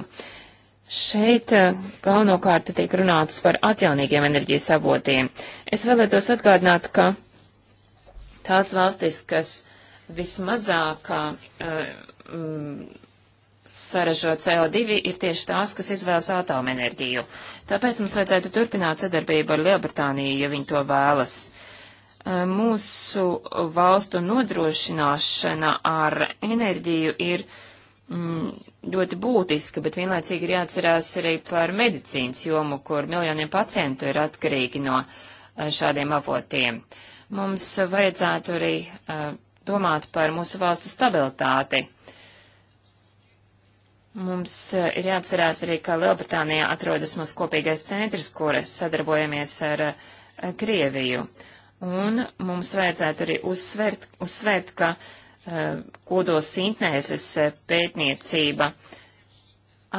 Šeit e, galvenokārt tiek runāts par atjaunīgiem enerģijas avotiem. Es vēlētos atgādināt, ka tās valstis, kas vismazāk uh, saražo CO2, ir tieši tās, kas izvēlas atomenerģiju. Tāpēc mums vajadzētu turpināt sadarbību ar Lielbritāniju, ja viņi to vēlas. Mūsu valstu nodrošināšana ar enerģiju ir mm, ļoti būtiska, bet vienlaicīgi ir jāatcerās arī par medicīnas jomu, kur miljoniem pacientu ir atkarīgi no šādiem avotiem. Mums vajadzētu arī uh, domāt par mūsu valstu stabilitāti. Uh, Mums eh, ir jāatcerās arī, ka Lielbritānijā atrodas mūsu kopīgais centrs, kuras sadarbojamies ar eh, Krieviju. Un mums vajadzētu arī uzsvērt, uzsvērt ka eh, kodos sintēzes pētniecība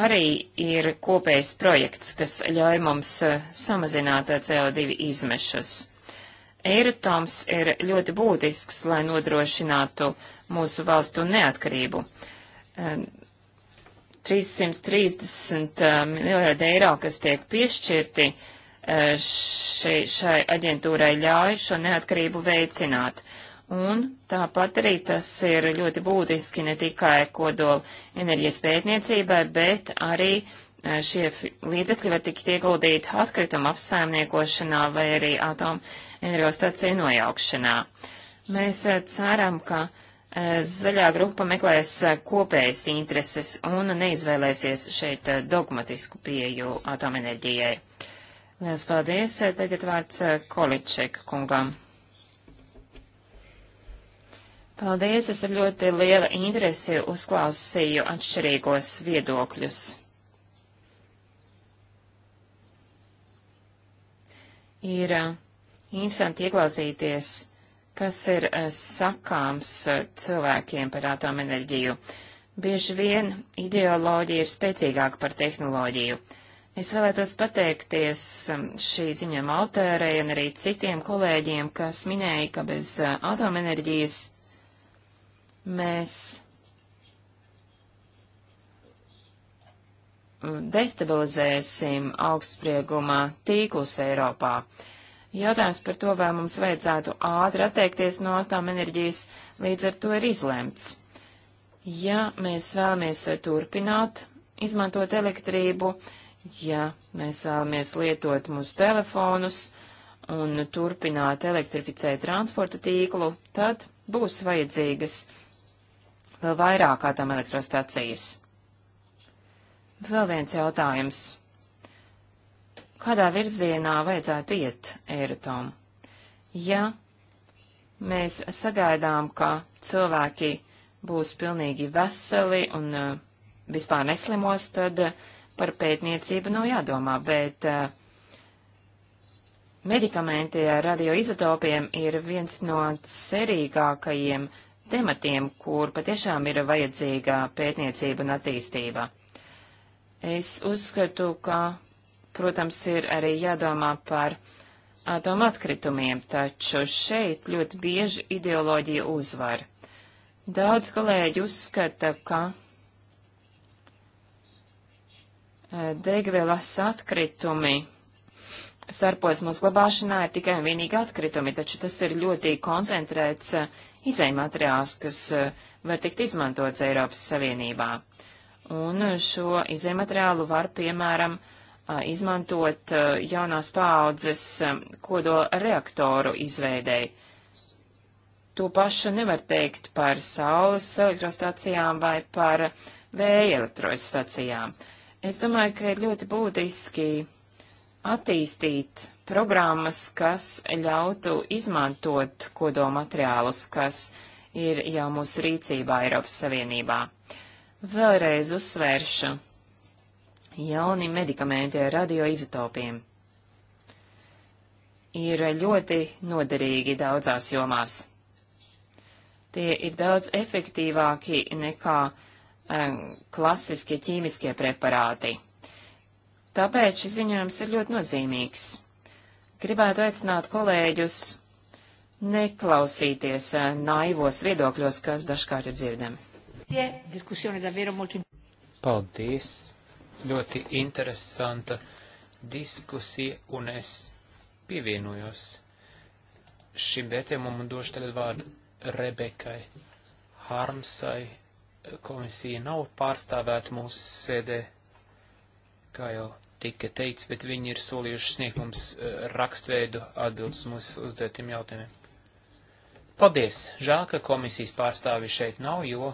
arī ir kopējs projekts, kas ļauj mums samazināt CO2 izmešus. Eiratoms ir ļoti būtisks, lai nodrošinātu mūsu valstu neatkarību 330 eh, miljārdi eiro, kas tiek piešķirti eh, šai, šai aģentūrai, ļauj šo neatkarību veicināt. Un tāpat arī tas ir ļoti būtiski ne tikai kodola enerģijas pētniecībai, bet arī eh, šie līdzekļi var tikt ieguldīti atkrituma apsaimniekošanā vai arī atomu energostaciju nojaukšanā. Mēs ceram, ka uh, Zaļā grupa meklēs eh, kopējas intereses un neizvēlēsies šeit eh, dogmatisku pieju atomenerģijai. Lielas paldies. Eh, Tagad vārds Količek kungam. Paldies, es ar ļoti liela interesi uzklausīju atšķirīgos viedokļus. Ir interesanti ieklausīties kas ir eh, sakāms eh, cilvēkiem par atomenerģiju. Bieži vien ideoloģija ir spēcīgāka par tehnoloģiju. Es vēlētos pateikties eh, šī ziņojuma autorei un arī citiem kolēģiem, kas minēja, ka bez atomenerģijas mēs destabilizēsim augstsprieguma tīklus Eiropā. Uh, Jautājums par to, vai mums vajadzētu ātri atteikties no atomenerģijas, līdz ar to ir izlemts. Ja mēs vēlamies turpināt izmantot elektrību, ja mēs vēlamies lietot mūsu telefonus un turpināt elektrificēt transporta tīklu, tad būs vajadzīgas vēl vairāk atomelektrostacijas. Vēl viens jautājums kādā virzienā vajadzētu iet Eirotom. Ja mēs sagaidām, ka cilvēki būs pilnīgi veseli un uh, vispār neslimos, tad uh, par pētniecību nav jādomā, bet uh, medikamenti ar radioizotopiem ir viens no cerīgākajiem tematiem, kur patiešām ir vajadzīga pētniecība un attīstība. Es uzskatu, ka Protams, ir arī jādomā par atomu atkritumiem, taču šeit ļoti bieži ideoloģija uzvar. Daudz kolēģi uzskata, ka e, degvielas atkritumi starposmos glabāšanā ir tikai un vienīgi atkritumi, taču tas ir ļoti koncentrēts e, izējumateriāls, kas e, var tikt izmantots Eiropas Savienībā. Un šo izējumateriālu var, piemēram, uh, izmantot jaunās paaudzes kodola reaktoru izveidēji. To pašu nevar teikt par saules elektrostacijām vai par vēja elektrostacijām. Es domāju, ka ir ļoti būtiski attīstīt programmas, kas ļautu izmantot kodolmateriālus, kas ir jau mūsu rīcībā Eiropas Savienībā. Vēlreiz uzsvēršu, jauni medikamenti ar radioizotopiem ir ļoti noderīgi daudzās jomās. Tie ir daudz efektīvāki nekā um, klasiskie ķīmiskie preparāti. Tāpēc šis ziņojums ir ļoti nozīmīgs. Gribētu aicināt kolēģus neklausīties uh, naivos viedokļos, kas dažkārt ir dzirdami. Paldies! ļoti interesanta diskusija, un es pievienojos šim vērtējumam un došu tagad vārdu Rebekai Harmsai. Komisija nav pārstāvēta mūsu sēdē, kā jau tika teikts, bet viņi ir solījuši sniegt mums eh, rakstveidu atbildes mūsu uzdotiem jautājumiem. Paldies! Žēl, ka komisijas pārstāvi šeit nav, jo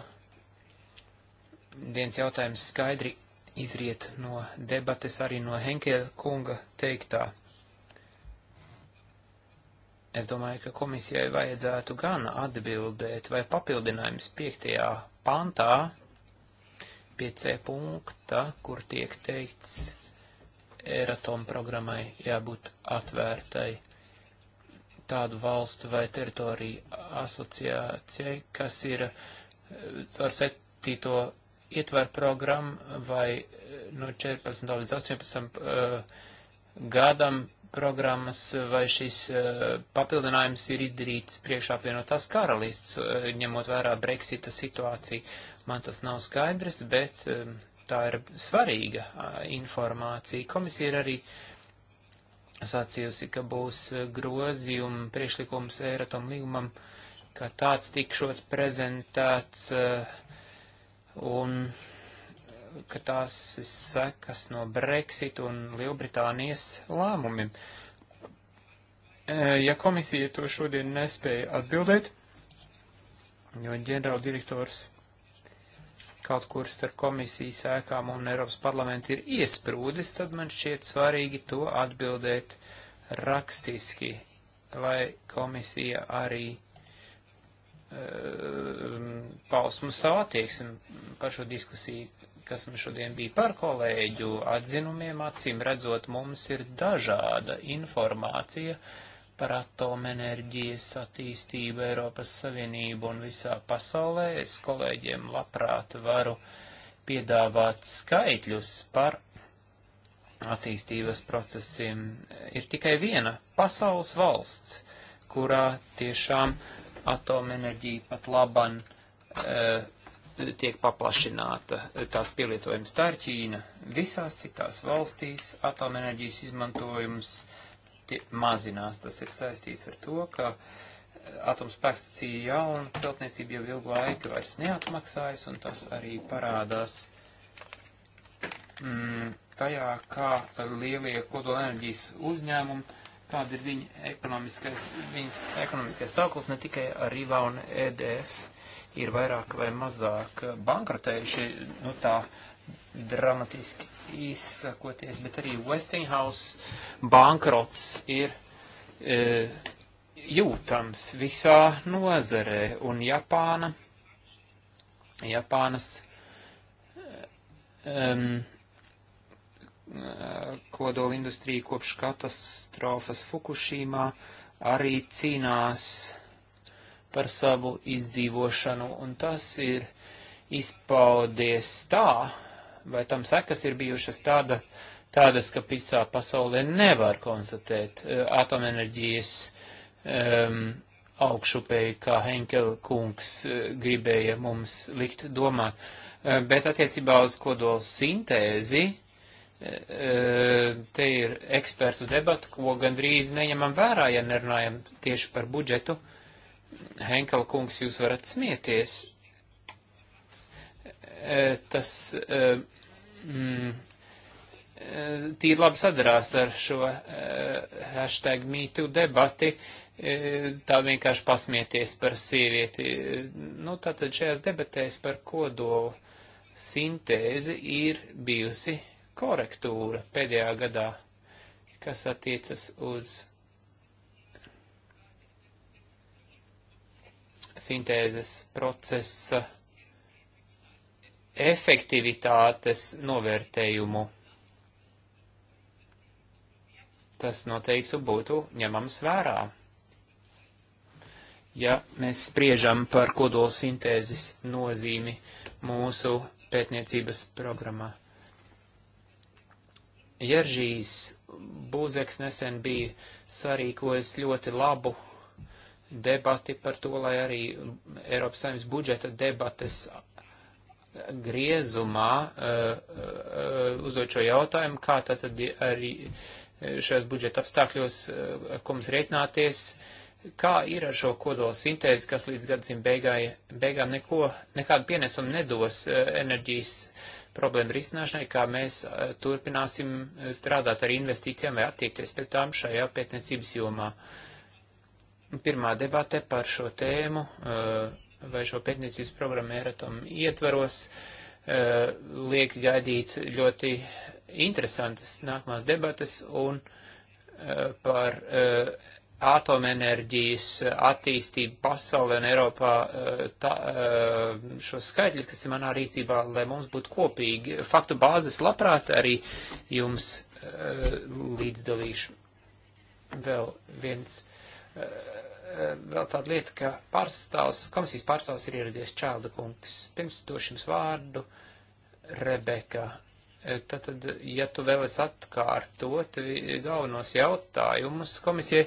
viens jautājums skaidri izriet no debates arī no Henkela kunga teiktā. Es domāju, ka komisijai vajadzētu gan atbildēt vai papildinājums piektajā pantā pie C punkta, kur tiek teikts Eratom programmai jābūt atvērtai tādu valstu vai teritoriju asociācijai, kas ir eh, caur septīto ietver programmu vai eh, no 14. līdz 18. Eh, gadam programmas vai šis eh, papildinājums ir izdarīts priekšā apvienotās karalists, ņemot vērā Brexita situāciju. Man tas nav skaidrs, bet tā ir svarīga informācija. Komisija ir arī sacījusi, ka būs grozījuma priekšlikums Eiratom līgumam, ka tāds tikšot prezentēts uh, un eh, ka tās ir sekas no Brexit un Lielbritānijas lēmumiem. Eh, ja komisija to šodien nespēja atbildēt, jo ģenerāldirektors kaut kur starp komisijas ēkām un Eiropas parlamentu ir iesprūdis, tad man šķiet svarīgi to atbildēt rakstiski, lai komisija arī Eh, um, paust mums savu attieksmi par šo diskusiju, kas mums šodien bija par kolēģu atzinumiem, acīm redzot, mums ir dažāda informācija par atomenerģijas attīstību Eiropas Savienību un visā pasaulē. Es kolēģiem labprāt varu piedāvāt skaitļus par attīstības procesiem. Ir tikai viena pasaules valsts, kurā tiešām uh, atomenerģija pat laban e, tiek paplašināta tās pielietojums. Tā ir Ķīna. Visās citās valstīs atomenerģijas izmantojums tie, mazinās. Tas ir saistīts ar to, ka atomspēkstacija jauna celtniecība jau ilgu laiku vairs neatmaksājas, un tas arī parādās mm, tajā, kā lielie kodolenerģijas uzņēmumi kāda ir viņa ekonomiskais, viņa ekonomiskais stāvoklis, ne tikai ar IVA un EDF ir vairāk vai mazāk bankrotējuši, nu tā dramatiski izsakoties, bet arī Westinghouse bankrots ir e, jūtams visā nozarē, un Japāna, Japānas um, kodola industrija kopš katastrofas Fukushīmā arī cīnās par savu izdzīvošanu, un tas ir izpaudies tā, vai tam sekas ir bijušas tāda, tādas, ka visā pasaulē nevar konstatēt eh, atomenerģijas um, augšupēji, kā Henkel kungs eh, gribēja mums likt domāt. Eh, bet attiecībā uz kodola sintēzi, uh, E, e, te ir ekspertu debata, ko gandrīz neņemam vērā, ja nerunājam tieši par budžetu. Henkel kungs, jūs varat smieties. E, tas mm, tīri labi sadarās ar šo hashtag mītu debati. Tā vienkārši pasmieties par sievieti. Nu, tātad šajās debatēs par kodolu sintēzi ir bijusi korektūra pēdējā gadā, kas attiecas uz sintēzes procesa efektivitātes novērtējumu. Tas noteikti būtu ņemams vērā. Ja mēs spriežam par kodolsintēzes nozīmi mūsu pētniecības programmā. Jeržīs Būzeks nesen bija sarīkojis ļoti labu debati par to, lai arī Eiropas saimnes budžeta debates griezumā uh, uh, uzdot šo jautājumu, kā tad arī šajos budžeta apstākļos, uh, ko mums rēķināties, kā ir ar šo kodola sintēzi, kas līdz gadsim beigām neko, nekādu pienesumu nedos enerģijas problēmu risināšanai, kā mēs eh, turpināsim eh, strādāt ar investīcijām vai attiekties pie tām šajā pētniecības jomā. Pirmā debate par šo tēmu eh, vai šo pētniecības programmu Eratom ietvaros liek gaidīt ļoti interesantas nākamās debatas un par atomenerģijas attīstību pasaulē un Eiropā eh, tā, eh, šo skaitļu, kas ir manā rīcībā, lai mums būtu kopīgi. Faktu bāzes labprāt arī jums eh, līdzdalīšu. Vēl viens, vēl tāda lieta, ka pārstāvs, komisijas pārstāvs ir ieradies Čālda kungs. Pirms došu jums vārdu, Rebeka Tad, ja tu vēlies atkārtot galvenos jautājumus komisijai,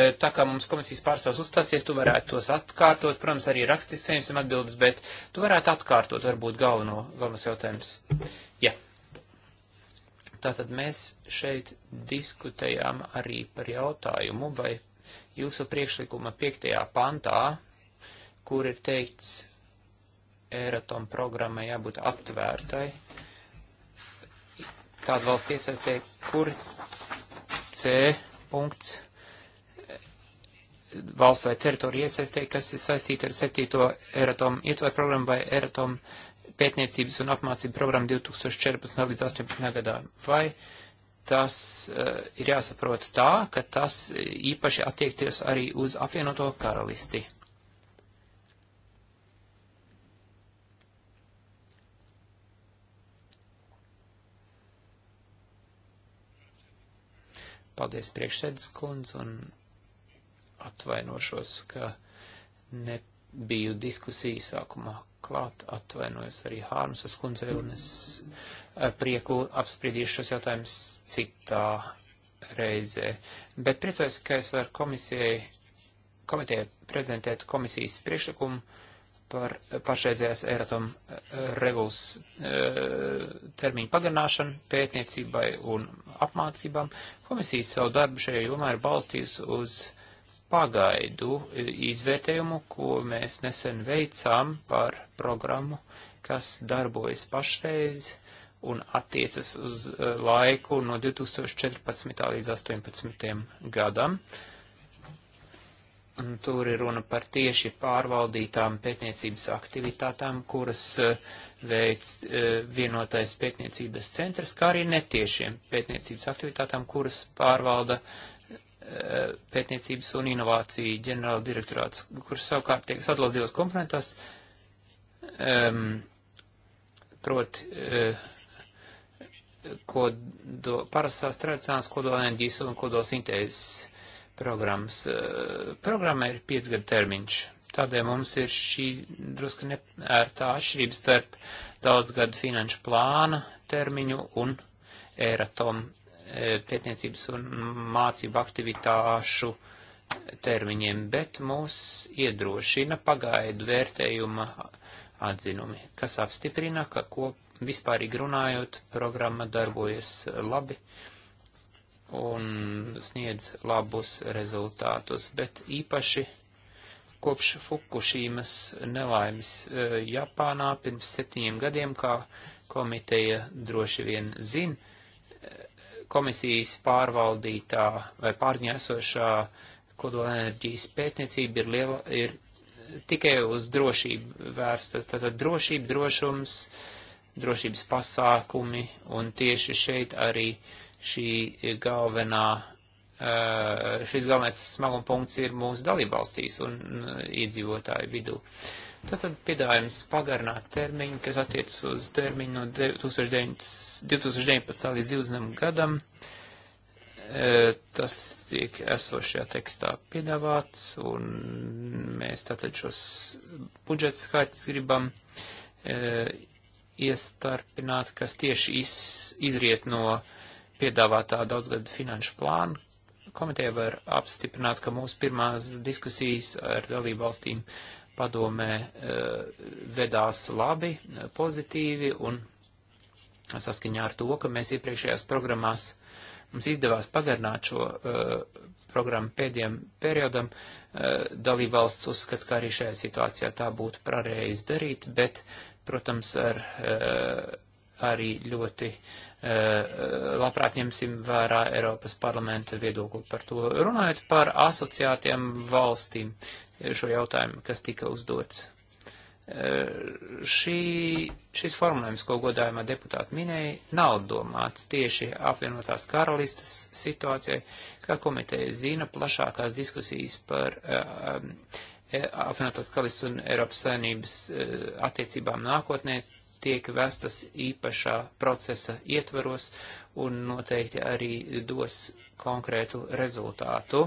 e, tā kā mums komisijas pārstāvs uzstāsies, tu varētu tos atkārtot, protams, arī rakstiski saņemsim atbildes, bet tu varētu atkārtot varbūt galveno, galvenos jautājumus. Jā. Tātad mēs šeit diskutējām arī par jautājumu, vai jūsu priekšlikuma piektajā pantā, kur ir teikts, Eratom programmai jābūt aptvērtai tādu valstu iesaistē, kur C punkts eh, valsts vai teritorija iesaistē, kas ir saistīta ar 7. eratom ietvaru programmu vai eratom pētniecības un apmācību programmu 2014. līdz 2018. gadā. Vai tas uh, ir jāsaprot tā, ka tas eh, īpaši attiekties arī uz apvienoto karalisti? Paldies priekšsēdus kundz un atvainošos, ka nebiju diskusiju sākumā klāt. Atvainojos arī Hārmsas kundzei un es eh, prieku apspriedīšu šos jautājumus citā reizē. Bet priecājos, ka es varu komisijai, komitē prezentēt komisijas priekšlikumu par pašreizējās Eiratom eh, regulas eh, termiņu pagarināšanu pētniecībai un apmācībām. Komisija savu darbu šajā jomā ir balstījusi uz pagaidu eh, izvērtējumu, ko mēs nesen veicām par programmu, kas darbojas pašreiz un attiecas uz laiku no 2014. līdz 2018. gadam. Uh, Un tur ir runa par tieši pārvaldītām pētniecības aktivitātām, kuras eh, veic eh, vienotais pētniecības centrs, kā arī netiešiem pētniecības aktivitātām, kuras pārvalda eh, pētniecības un inovāciju ģenerāla direktorāts, kurš savukārt tiek sadalās divos komponentās, um, ehm, proti, uh, kod, parastās tradicionālās kodolenerģijas un kodolsintēzes programmas. Eh, programma ir 5 gadu termiņš. Tādēļ mums ir šī drusku neērtā atšķirība starp daudzgadu finanšu plāna termiņu un Eiratom eh, pētniecības un mācību aktivitāšu termiņiem, bet mūs iedrošina pagaidu vērtējuma atzinumi, kas apstiprina, ka ko vispārīgi runājot, programma darbojas labi. Uh, un sniedz labus rezultātus, bet īpaši kopš Fukušīmas nelaimes eh, Japānā pirms septiņiem gadiem, kā komiteja droši vien zina, eh, komisijas pārvaldītā vai pārņēsošā kodolenerģijas pētniecība ir, liela, ir tikai uz drošību vērsta. Tātad drošība, drošums, drošības pasākumi un tieši šeit arī uh, šī galvenā, eh, šis galvenais smaguma punkts ir mūsu dalībvalstīs un eh, iedzīvotāju vidū. Tātad piedāvājums pagarināt termiņu, kas attiec uz termiņu no 2019. līdz 2020. gadam. Eh, tas tiek esošajā tekstā piedāvāts, un mēs tātad šos budžeta skaitļus gribam iestarpināt, kas tieši iz, izriet no uh, piedāvātā daudzgada finanšu plāna komiteja var apstiprināt, ka mūsu pirmās diskusijas ar dalību valstīm padomē eh, vedās labi, pozitīvi un saskaņā ar to, ka mēs iepriekšējās programmās mums izdevās pagarināt šo uh, programmu pēdējiem periodam. Uh, eh, dalībvalsts uzskata, ka arī šajā situācijā tā būtu pareizi darīt, bet, protams, ar, uh, arī ļoti labprāt ņemsim vērā Eiropas parlamenta viedokli par to. Runājot par asociātiem valstīm, šo jautājumu, kas tika uzdots. Šī, šis formulējums, ko godājumā deputāti minēja, nav domāts tieši apvienotās karalistas situācijai, kā komiteja zina plašākās diskusijas par um, e, apvienotās karalistas un Eiropas saimnības uh, attiecībām nākotnē tiek vestas īpašā procesa ietvaros un noteikti arī dos konkrētu rezultātu.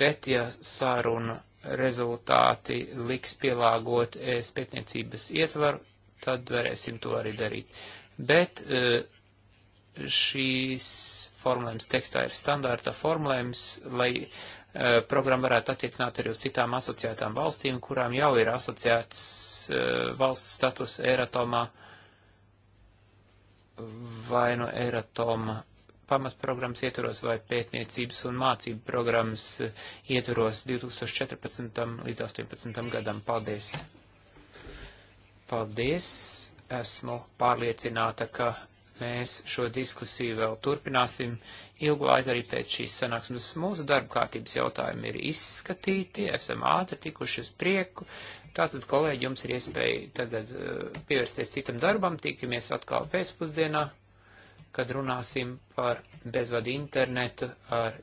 Bet, ja sāruna rezultāti liks pielāgot ēst eh, pētniecības ietvaru, tad varēsim to arī darīt. Bet eh, šīs formulējums tekstā ir standārta formulējums, lai Eh, programma varētu attiecināt arī uz citām asociētām valstīm, kurām jau ir asociēts eh, valsts status Eiratomā vai no nu Eiratoma pamatprogrammas ietvaros vai pētniecības un mācību programmas eh, ietvaros 2014. līdz 2018. gadam. Paldies! Paldies! Esmu pārliecināta, ka mēs šo diskusiju vēl turpināsim ilgu laiku arī pēc šīs sanāksmes. Mūsu darba kārtības jautājumi ir izskatīti, esam ātri tikuši uz prieku. Tātad, kolēģi, jums ir iespēja tagad eh, pievērsties citam darbam, tiekamies atkal pēcpusdienā, kad runāsim par bezvadu internetu ar